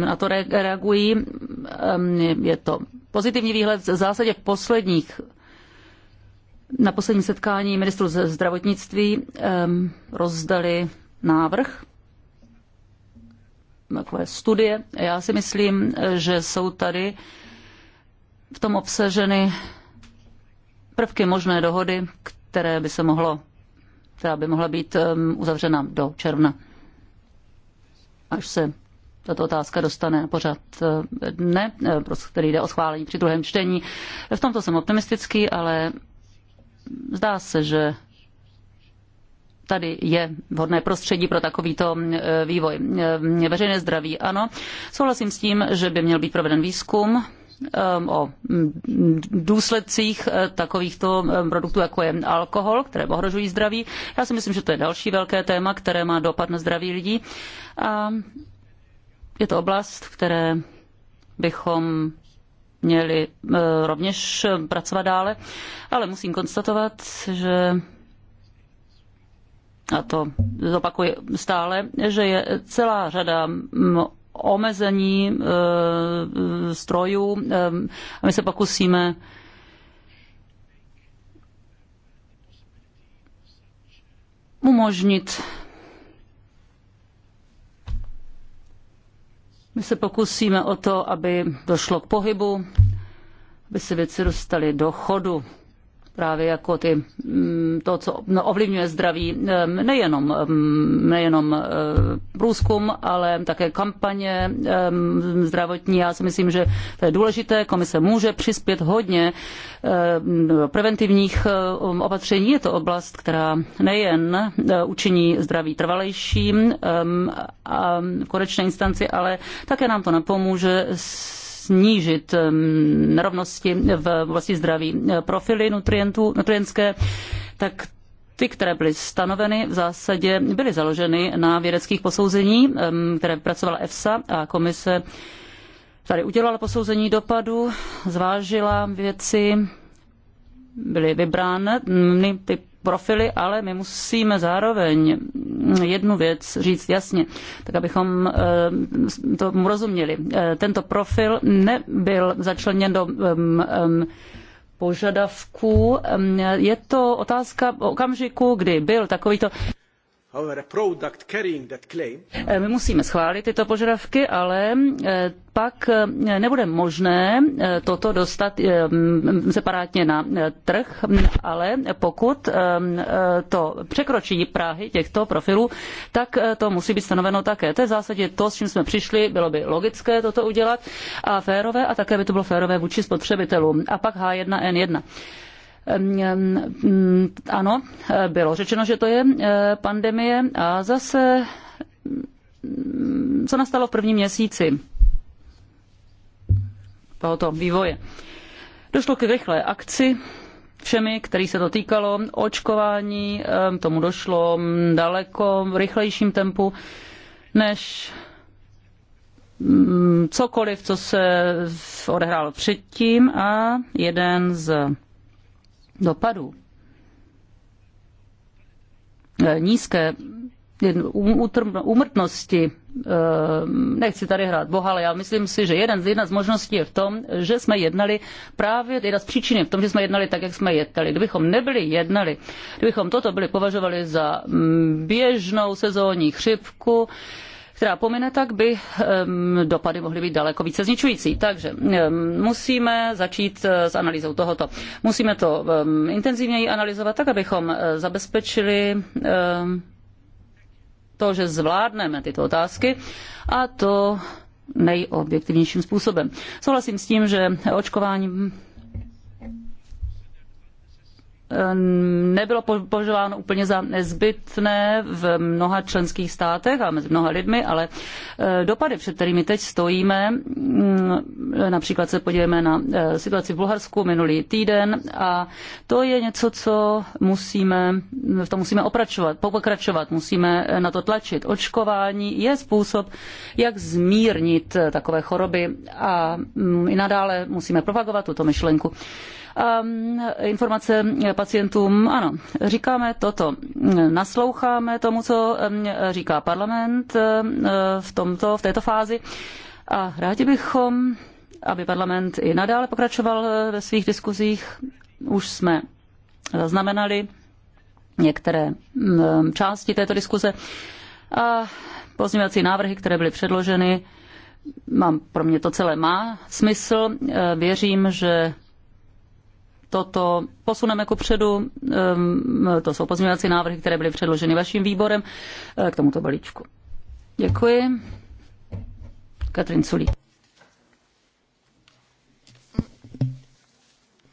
na to reagují. je to pozitivní výhled. V zásadě posledních na poslední setkání ministru zdravotnictví rozdali návrh takové studie. Já si myslím, že jsou tady v tom obsaženy prvky možné dohody, které by se mohlo, která by mohla být um, uzavřena do června, až se tato otázka dostane na pořad uh, dne, uh, který jde o schválení při druhém čtení. V tomto jsem optimistický, ale zdá se, že tady je vhodné prostředí pro takovýto uh, vývoj. Veřejné zdraví, ano. Souhlasím s tím, že by měl být proveden výzkum Um, o mm, důsledcích eh, takovýchto eh, produktů, jako je alkohol, které ohrožují zdraví. Já si myslím, že to je další velké téma, které má dopad na zdraví lidí. A je to oblast, v které bychom měli eh, rovněž pracovat dále, ale musím konstatovat, že a to zopakuji stále, že je celá řada mm, omezení eh, strojů eh, a my se pokusíme umožnit My se pokusíme o to, aby došlo k pohybu, aby se věci dostaly do chodu, právě jako ty mm, to, co no, ovlivňuje zdraví, nejenom, nejenom e, průzkum, ale také kampaně zdravotní. Já si myslím, že to je důležité. Komise může přispět hodně preventivních opatření. Je to oblast, která nejen e, učiní zdraví trvalejším a v konečné instanci, ale také nám to napomůže snížit nerovnosti v oblasti zdraví. Profily nutrientů, nutrientské tak ty, které byly stanoveny, v zásadě byly založeny na vědeckých posouzení, které pracovala EFSA a komise tady udělala posouzení dopadu, zvážila věci, byly vybrány mm, ty profily, ale my musíme zároveň jednu věc říct jasně, tak abychom eh, to rozuměli. Eh, tento profil nebyl začleněn do požadavků. Je to otázka okamžiku, kdy byl takovýto Eh, my musíme schválit tyto požadavky, ale eh, pak eh, nebude možné toto dostat mm, separátně na trh, ale pokud to překročí práhy těchto profilů, tak to musí být stanoveno také. To je v zásadě to, s čím jsme přišli, bylo by logické toto udělat a férové a také by to bylo férové vůči spotřebitelům. A pak H1N1. Ehm, ano, bylo řečeno, že to je eh, pandemie a zase mm, co nastalo v prvním měsíci tohoto vývoje. Došlo k rychlé akci všemi, který se to týkalo, očkování, ehm, tomu došlo mm, daleko v rychlejším tempu, než mm, cokoliv, co se odehrálo předtím a jeden z dopadů. E, nízké um- no, úmrtnosti, e, nechci tady hrát boha, ale já myslím si, že jeden z, jedna z možností je v tom, že jsme jednali právě, jedna z příčin je v tom, že jsme jednali tak, jak jsme jednali. Kdybychom nebyli jednali, kdybychom toto byli považovali za mm, běžnou sezónní chřipku, která pomine, tak by dopady mohly být daleko více zničující. Takže musíme začít eh, s analýzou tohoto. Musíme to intenzivněji analyzovat tak, abychom eh, zabezpečili to, že zvládneme tyto otázky a to nejobjektivnějším způsobem. Souhlasím s tím, že očkování Ehm, nebylo považováno úplně za nezbytné v mnoha členských státech a mezi mnoha lidmi, ale eh, dopady, před kterými teď stojíme, mm, například se podívejme na eh, situaci v Bulharsku minulý týden a to je něco, co musíme, v tom musíme opračovat, pokračovat, musíme eh, na to tlačit. Očkování je způsob, jak zmírnit takové choroby a mm, i nadále musíme propagovat tuto myšlenku. Ehm, informace pacientům. Ano, říkáme toto. Nasloucháme tomu, co ehm, říká parlament ehm, v, tomto, v této fázi a rádi bychom, aby parlament i nadále pokračoval eh, ve svých diskuzích. Už jsme zaznamenali některé části této diskuze a pozměňovací návrhy, které byly předloženy, mám, pro mě to celé má smysl. Věřím, že toto posuneme ku předu. Ehm, to jsou pozměňovací návrhy, které byly předloženy vaším výborem eh, k tomuto balíčku. Děkuji. Katrin Sulí.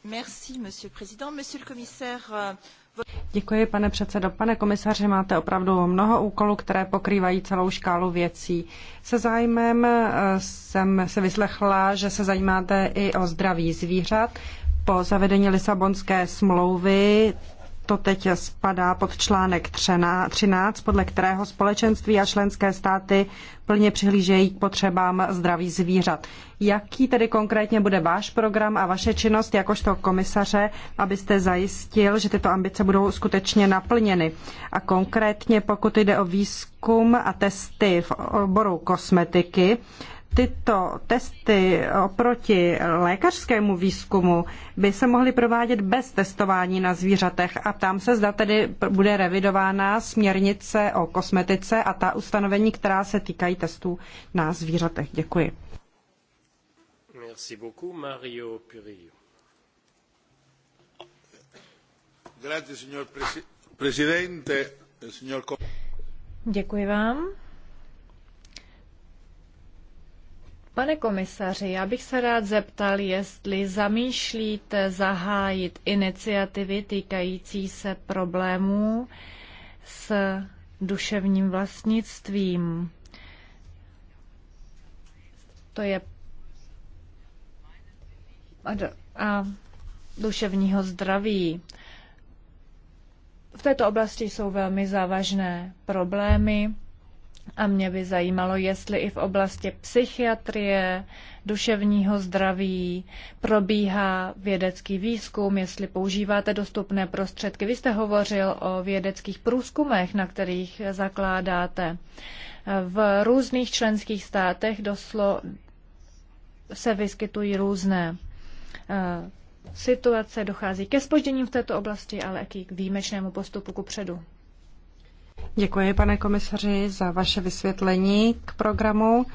Merci, monsieur président. Monsieur le commissaire, euh, Děkuji, pane předsedo. Pane komisaři, máte opravdu mnoho úkolů, které pokrývají celou škálu věcí. Se zájmem eh, jsem se vyslechla, že se zajímáte i o zdraví zvířat po zavedení Lisabonské smlouvy to teď spadá pod článek 13, podle kterého společenství a členské státy plně přihlížejí k potřebám zdraví zvířat. Jaký tedy konkrétně bude váš program a vaše činnost jakožto komisaře, abyste zajistil, že tyto ambice budou skutečně naplněny? A konkrétně pokud jde o výzkum a testy v oboru kosmetiky, tyto testy oproti lékařskému výzkumu by se mohly provádět bez testování na zvířatech a tam se zda tedy bude revidována směrnice o kosmetice a ta ustanovení, která se týkají testů na zvířatech. Děkuji. Merci beaucoup, Mario Pirillo. Grazie, signor presidente, signor... Děkuji vám. Pane komisaři, já bych se rád zeptal, jestli zamýšlíte zahájit iniciativy týkající se problémů s duševním vlastnictvím. To je a duševního zdraví. V této oblasti jsou velmi závažné problémy a mě by zajímalo, jestli i v oblasti psychiatrie, duševního zdraví probíhá vědecký výzkum, jestli používáte dostupné prostředky. Vy jste hovořil o vědeckých průzkumech, na kterých zakládáte. V různých členských státech doslo se vyskytují různé eh, situace, dochází ke spožděním v této oblasti, ale i k výjimečnému postupu ku předu. Děkuji, pane komisaři, za vaše vysvětlení k programu.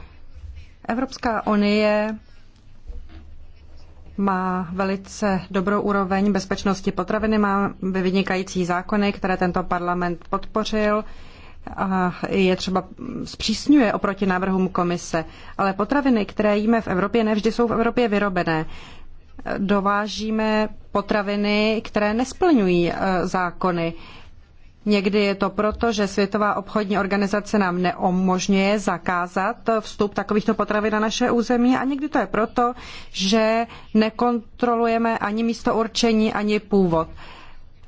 Evropská unie má velice dobrou úroveň bezpečnosti potraviny, má vynikající zákony, které tento parlament podpořil a je třeba zpřísňuje oproti návrhům komise. Ale potraviny, které jíme v Evropě, nevždy jsou v Evropě vyrobené. Dovážíme potraviny, které nesplňují e, zákony Někdy je to proto, že Světová obchodní organizace nám neumožňuje zakázat vstup takovýchto potravin na naše území a někdy to je proto, že nekontrolujeme ani místo určení, ani původ.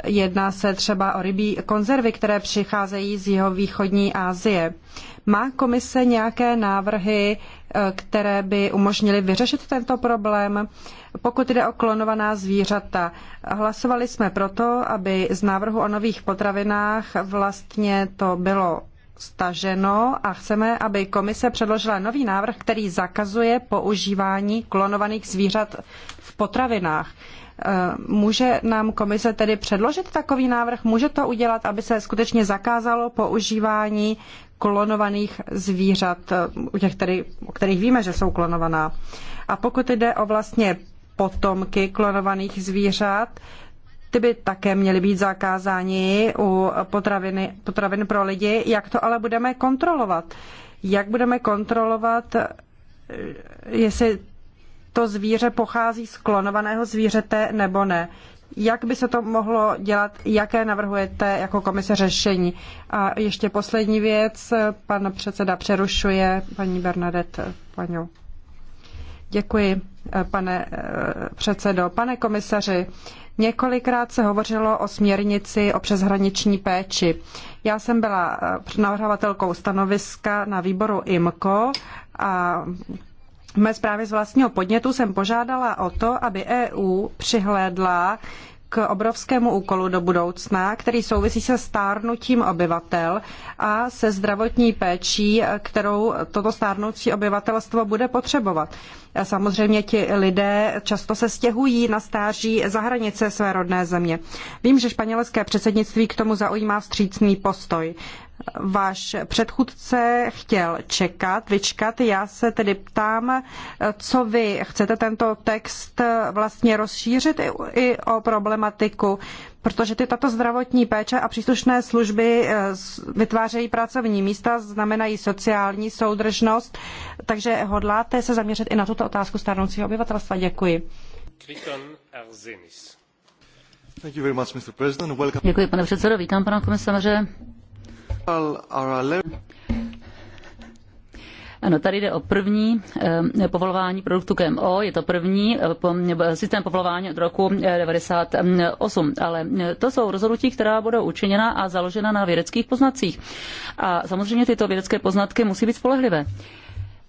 Jedná se třeba o rybí konzervy, které přicházejí z jeho východní Asie. Má komise nějaké návrhy, e, které by umožnily vyřešit tento problém? Pokud jde o klonovaná zvířata, hlasovali jsme proto, aby z návrhu o nových potravinách vlastně to bylo staženo a chceme, aby komise předložila nový návrh, který zakazuje používání klonovaných zvířat v potravinách. E, může nám komise tedy předložit takový návrh? Může to udělat, aby se skutečně zakázalo používání klonovaných zvířat, u těch, který, o kterých víme, že jsou klonovaná. A pokud jde o vlastně potomky klonovaných zvířat, ty by také měly být zakázáni u potraviny, potravin pro lidi. Jak to ale budeme kontrolovat? Jak budeme kontrolovat, jestli to zvíře pochází z klonovaného zvířete nebo ne? Jak by se to mohlo dělat? Jaké navrhujete jako komise řešení? A ještě poslední věc. Pan předseda přerušuje paní Bernadette Paní. Děkuji, pane eh, předsedo. Pane komisaři, několikrát se hovořilo o směrnici o přeshraniční péči. Já jsem byla eh, navrhovatelkou stanoviska na výboru IMCO a v mé zprávě z vlastního podnětu jsem požádala o to, aby EU přihlédla k obrovskému úkolu do budoucna, který souvisí se stárnutím obyvatel a se zdravotní péčí, kterou toto stárnoucí obyvatelstvo bude potřebovat. Samozřejmě ti lidé často se stěhují na stáří za hranice své rodné země. Vím, že španělské předsednictví k tomu zaujímá vstřícný postoj váš předchůdce chtěl čekat, vyčkat. Já se tedy ptám, co vy chcete tento text vlastně rozšířit i, o problematiku, protože ty tato zdravotní péče a příslušné služby eh, vytvářejí pracovní místa, znamenají sociální soudržnost, takže hodláte se zaměřit i na tuto otázku starnoucího obyvatelstva. Děkuji. Děkuji, pane předsedo. Vítám pana komisaře. Ano, tady jde o první eh, povolování produktu GMO, je to první eh, eh, systém povolování od roku 1998, ale to jsou rozhodnutí, která budou učiněna a založena na vědeckých poznatcích. A samozřejmě tyto vědecké poznatky musí být spolehlivé.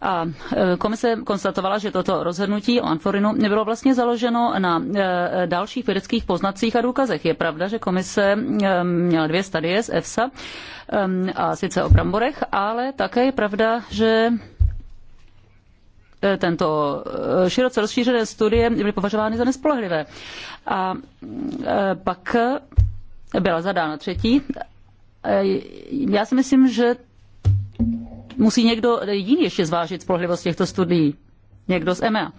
A e, komise konstatovala, že toto rozhodnutí o Anforinu bylo vlastně založeno na e, dalších vědeckých poznacích a důkazech. Je pravda, že komise e, měla dvě studie z EFSA, a sice o bramborech, ale také je pravda, že tento široce rozšířené studie byly považovány za nespolehlivé. A pak byla zadána třetí. Já si myslím, že musí někdo jiný ještě zvážit spolehlivost těchto studií, někdo z EMEA.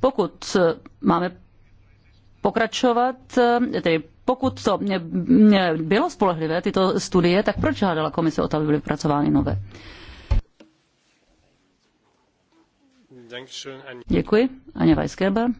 Pokud eh, máme pokračovat, eh, tedy pokud to eh, bylo spolehlivé, tyto studie, tak proč žádala komise o to, aby byly vypracovány nové? Děkuji. Aně Weisgerber.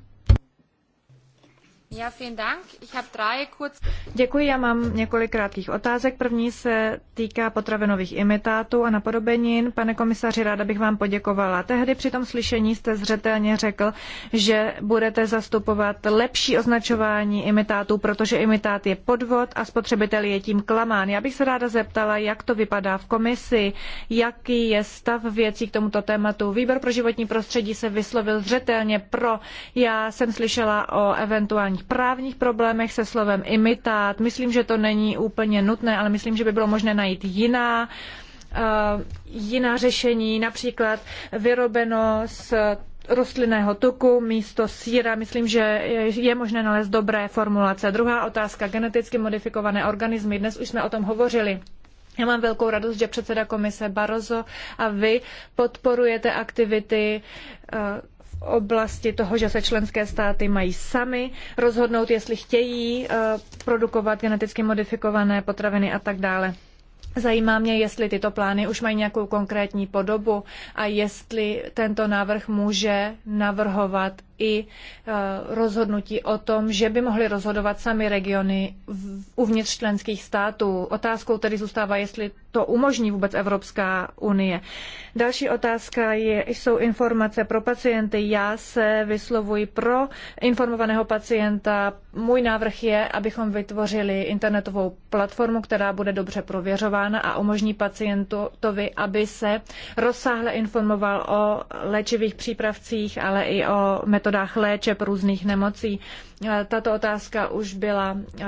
Děkuji, já mám několik krátkých otázek. První se týká potravinových imitátů a napodobenin. Pane komisaři, ráda bych vám poděkovala. Tehdy při tom slyšení jste zřetelně řekl, že budete zastupovat lepší označování imitátů, protože imitát je podvod a spotřebitel je tím klamán. Já bych se ráda zeptala, jak to vypadá v komisi, jaký je stav věcí k tomuto tématu. Výbor pro životní prostředí se vyslovil zřetelně pro. Já jsem slyšela o eventuální různých právních problémech se slovem imitát. Myslím, že to není úplně nutné, ale myslím, že by bylo možné najít jiná eh, jiná řešení, například vyrobeno z rostlinného tuku místo síra. Myslím, že je možné nalézt dobré formulace. Druhá otázka, geneticky modifikované organismy. Dnes už jsme o tom hovořili. Já mám velkou radost, že předseda komise Barroso a vy podporujete aktivity eh, oblasti toho, že se členské státy mají sami rozhodnout, jestli chtějí eh, produkovat geneticky modifikované potraviny a tak dále. Zajímá mě, jestli tyto plány už mají nějakou konkrétní podobu a jestli tento návrh může navrhovat i e, rozhodnutí o tom, že by mohly rozhodovat sami regiony uvnitř členských států. Otázkou tedy zůstává, jestli to umožní vůbec Evropská unie. Další otázka je, jsou informace pro pacienty. Já se vyslovuji pro informovaného pacienta. Můj návrh je, abychom vytvořili internetovou platformu, která bude dobře prověřována a umožní pacientovi, aby se rozsáhle informoval o léčivých přípravcích, ale i o metodách metodách léčeb různých nemocí. Eh, tato otázka už byla eh,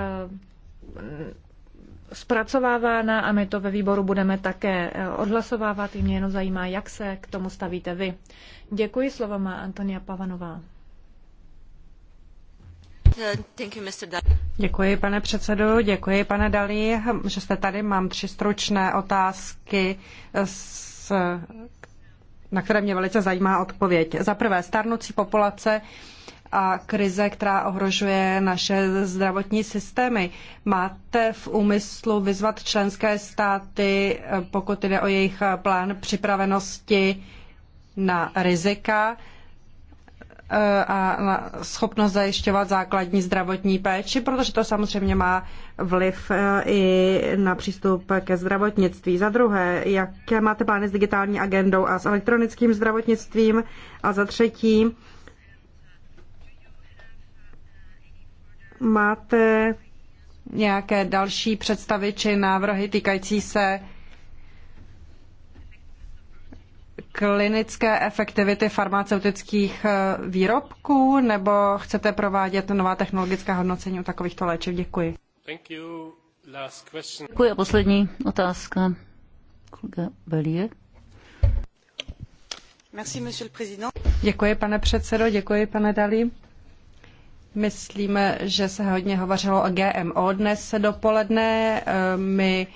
zpracovávána a my to ve výboru budeme také eh, odhlasovávat. I mě jenom zajímá, jak se k tomu stavíte vy. Děkuji, slovo má Antonia Pavanová. Děkuji, pane předsedo, děkuji, pane Dalí, že jste tady. Mám tři stručné otázky, na které mě velice zajímá odpověď. Za prvé, starnoucí populace a krize, která ohrožuje naše zdravotní systémy. Máte v úmyslu vyzvat členské státy, eh, pokud jde o jejich plán připravenosti na rizika Eh, a na schopnost zajišťovat základní zdravotní péči, protože to samozřejmě má vliv eh, i na přístup ke zdravotnictví. Za druhé, jaké máte plány s digitální agendou a s elektronickým zdravotnictvím? A za třetí, máte nějaké další představy či návrhy týkající se klinické efektivity farmaceutických eh, výrobků, nebo chcete provádět nová technologická hodnocení u takovýchto léčiv? Děkuji. Děkuji a poslední otázka. Kolega Belie. Děkuji, pane předsedo, děkuji, pane Dalí. Myslíme, že se hodně hovořilo o GMO dnes dopoledne. Eh, my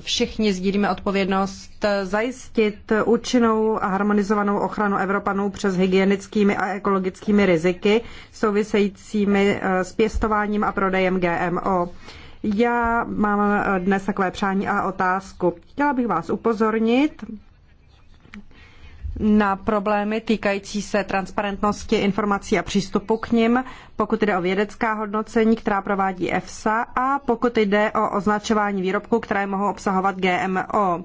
všichni sdílíme odpovědnost zajistit účinnou a harmonizovanou ochranu Evropanů přes hygienickými a ekologickými riziky souvisejícími eh, s pěstováním a prodejem GMO. Já mám dnes takové přání a otázku. Chtěla bych vás upozornit, na problémy týkající se transparentnosti informací a přístupu k nim, pokud jde o vědecká hodnocení, která provádí EFSA a pokud jde o označování výrobků, které mohou obsahovat GMO.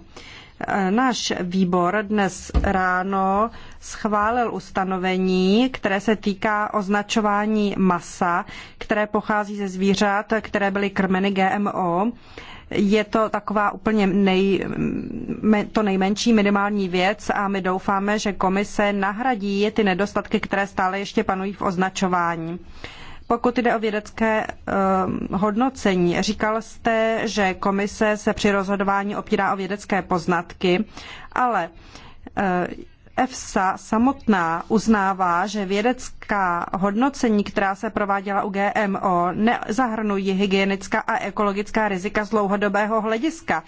Náš výbor dnes ráno schválil ustanovení, které se týká označování masa, které pochází ze zvířat, které byly krmeny GMO je to taková úplně nej, to nejmenší minimální věc a my doufáme, že komise nahradí ty nedostatky, které stále ještě panují v označování. Pokud jde o vědecké uh, hodnocení, říkal jste, že komise se při rozhodování opírá o vědecké poznatky, ale uh, EFSA samotná uznává, že vědecká hodnocení, která se prováděla u GMO, nezahrnují hygienická a ekologická rizika z dlouhodobého hlediska,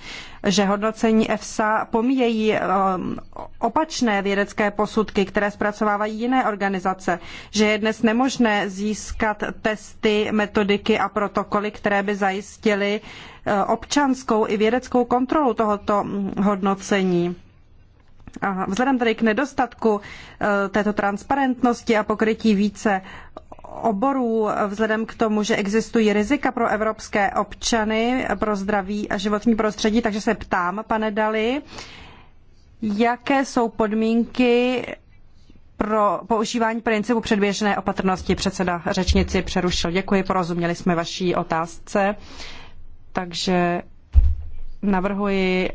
že hodnocení EFSA pomíjejí um, opačné vědecké posudky, které zpracovávají jiné organizace, že je dnes nemožné získat testy, metodiky a protokoly, které by zajistily uh, občanskou i vědeckou kontrolu tohoto hm, hodnocení a vzhledem tedy k nedostatku e, této transparentnosti a pokrytí více oborů, vzhledem k tomu, že existují rizika pro evropské občany, pro zdraví a životní prostředí, takže se ptám, pane Dali, jaké jsou podmínky pro používání principu předběžné opatrnosti. Předseda řečnici přerušil. Děkuji, porozuměli jsme vaší otázce. Takže navrhuji,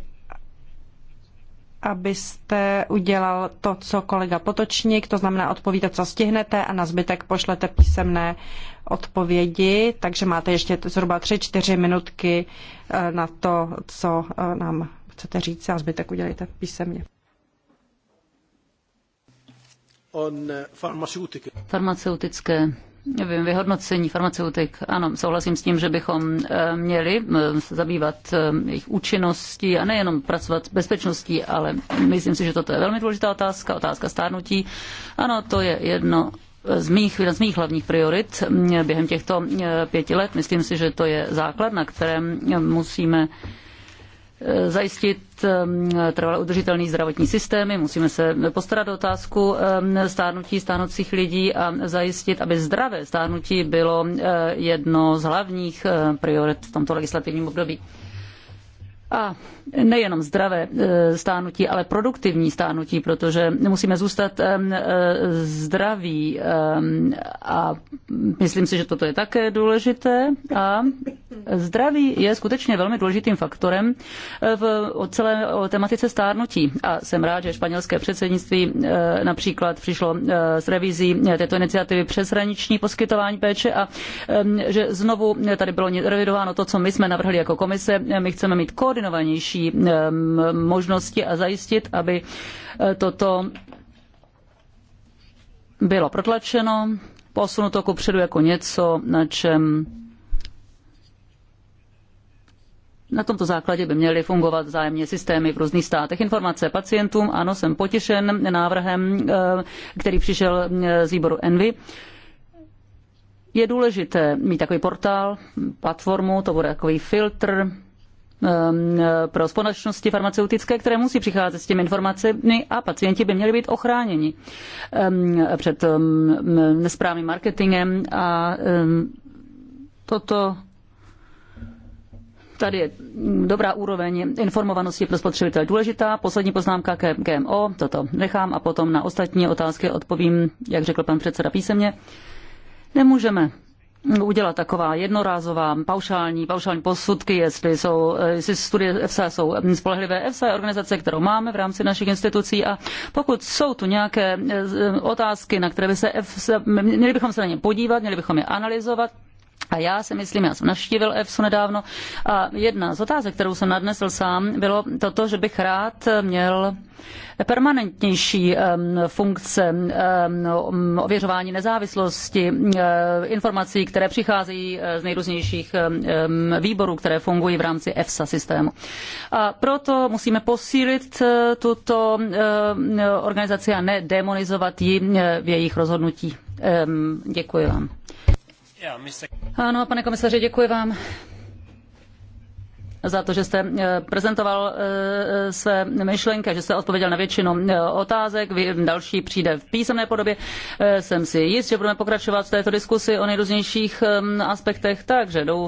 abyste udělal to, co kolega Potočník, to znamená odpovídat, co stihnete a na zbytek pošlete písemné odpovědi, takže máte ještě zhruba 3-4 minutky eh, na to, co eh, nám chcete říct a zbytek udělejte písemně. On eh, farmaceutické. Farmaceutické vyhodnocení farmaceutik. Ano, souhlasím s tím, že bychom eh, měli eh, zabývat eh, jejich účinností a nejenom pracovat s bezpečností, ale myslím si, že toto je velmi důležitá otázka, otázka stárnutí. Ano, to je jedno z mých, z mých hlavních priorit mm, během těchto pěti let. Myslím si, že to je základ, na kterém musíme Eh, zajistit eh, trvale udržitelný zdravotní systémy, musíme se postarat o otázku eh, stárnutí stárnoucích lidí a zajistit, aby zdravé stárnutí bylo jedno z hlavních priorit v tomto legislativním období a nejenom zdravé e, stánutí, ale produktivní stánutí, protože musíme zůstat e, e, zdraví a myslím si, že toto je také důležité a zdraví je skutečně velmi důležitým faktorem v celé tematice stárnutí a jsem rád, že španělské předsednictví například přišlo s revizí této iniciativy přeshraniční poskytování péče a že znovu tady bylo revidováno to, co my jsme navrhli jako komise. My chceme mít koordinaci koordinovanější eh, možnosti a zajistit, aby eh, toto bylo protlačeno, posunuto kupředu jako něco, na čem na tomto základě by měly fungovat vzájemně systémy v různých státech. Informace pacientům, ano, jsem potěšen návrhem, eh, který přišel z výboru Envy. Je důležité mít takový portál, platformu, to bude takový filtr, Um, pro společnosti farmaceutické, které musí přicházet s těmi informacemi a pacienti by měli být ochráněni um, před um, nesprávným marketingem a toto Tady je dobrá úroveň informovanosti pro spotřebitele důležitá. Poslední poznámka k GMO, toto nechám a potom na ostatní otázky odpovím, jak řekl pan předseda písemně. Nemůžeme udělat taková jednorázová paušální, paušální posudky, jestli, jsou, jestli studie EFSA jsou spolehlivé. EFSA organizace, kterou máme v rámci našich institucí a pokud jsou tu nějaké e, e, otázky, na které by se EFSA, měli bychom se na ně podívat, měli bychom je analyzovat, a já si myslím, já jsem navštívil EFSU nedávno a jedna z otázek, kterou jsem nadnesl sám, bylo toto, že bych rád měl permanentnější funkce no, ověřování nezávislosti informací, které přicházejí eh, z nejrůznějších výborů, které fungují v rámci EFSA systému. A proto musíme posílit eh, tuto organizaci a ne demonizovat ji eh, v jejich rozhodnutí. Děkuji vám. Ano, pane komisaři, děkuji vám za to, že jste eh, prezentoval eh, své myšlenky, že jste odpověděl na většinu eh, otázek. Další přijde v písemné podobě. Jsem si jist, že budeme pokračovat v této diskusi o nejrůznějších ehm, aspektech, takže doufám,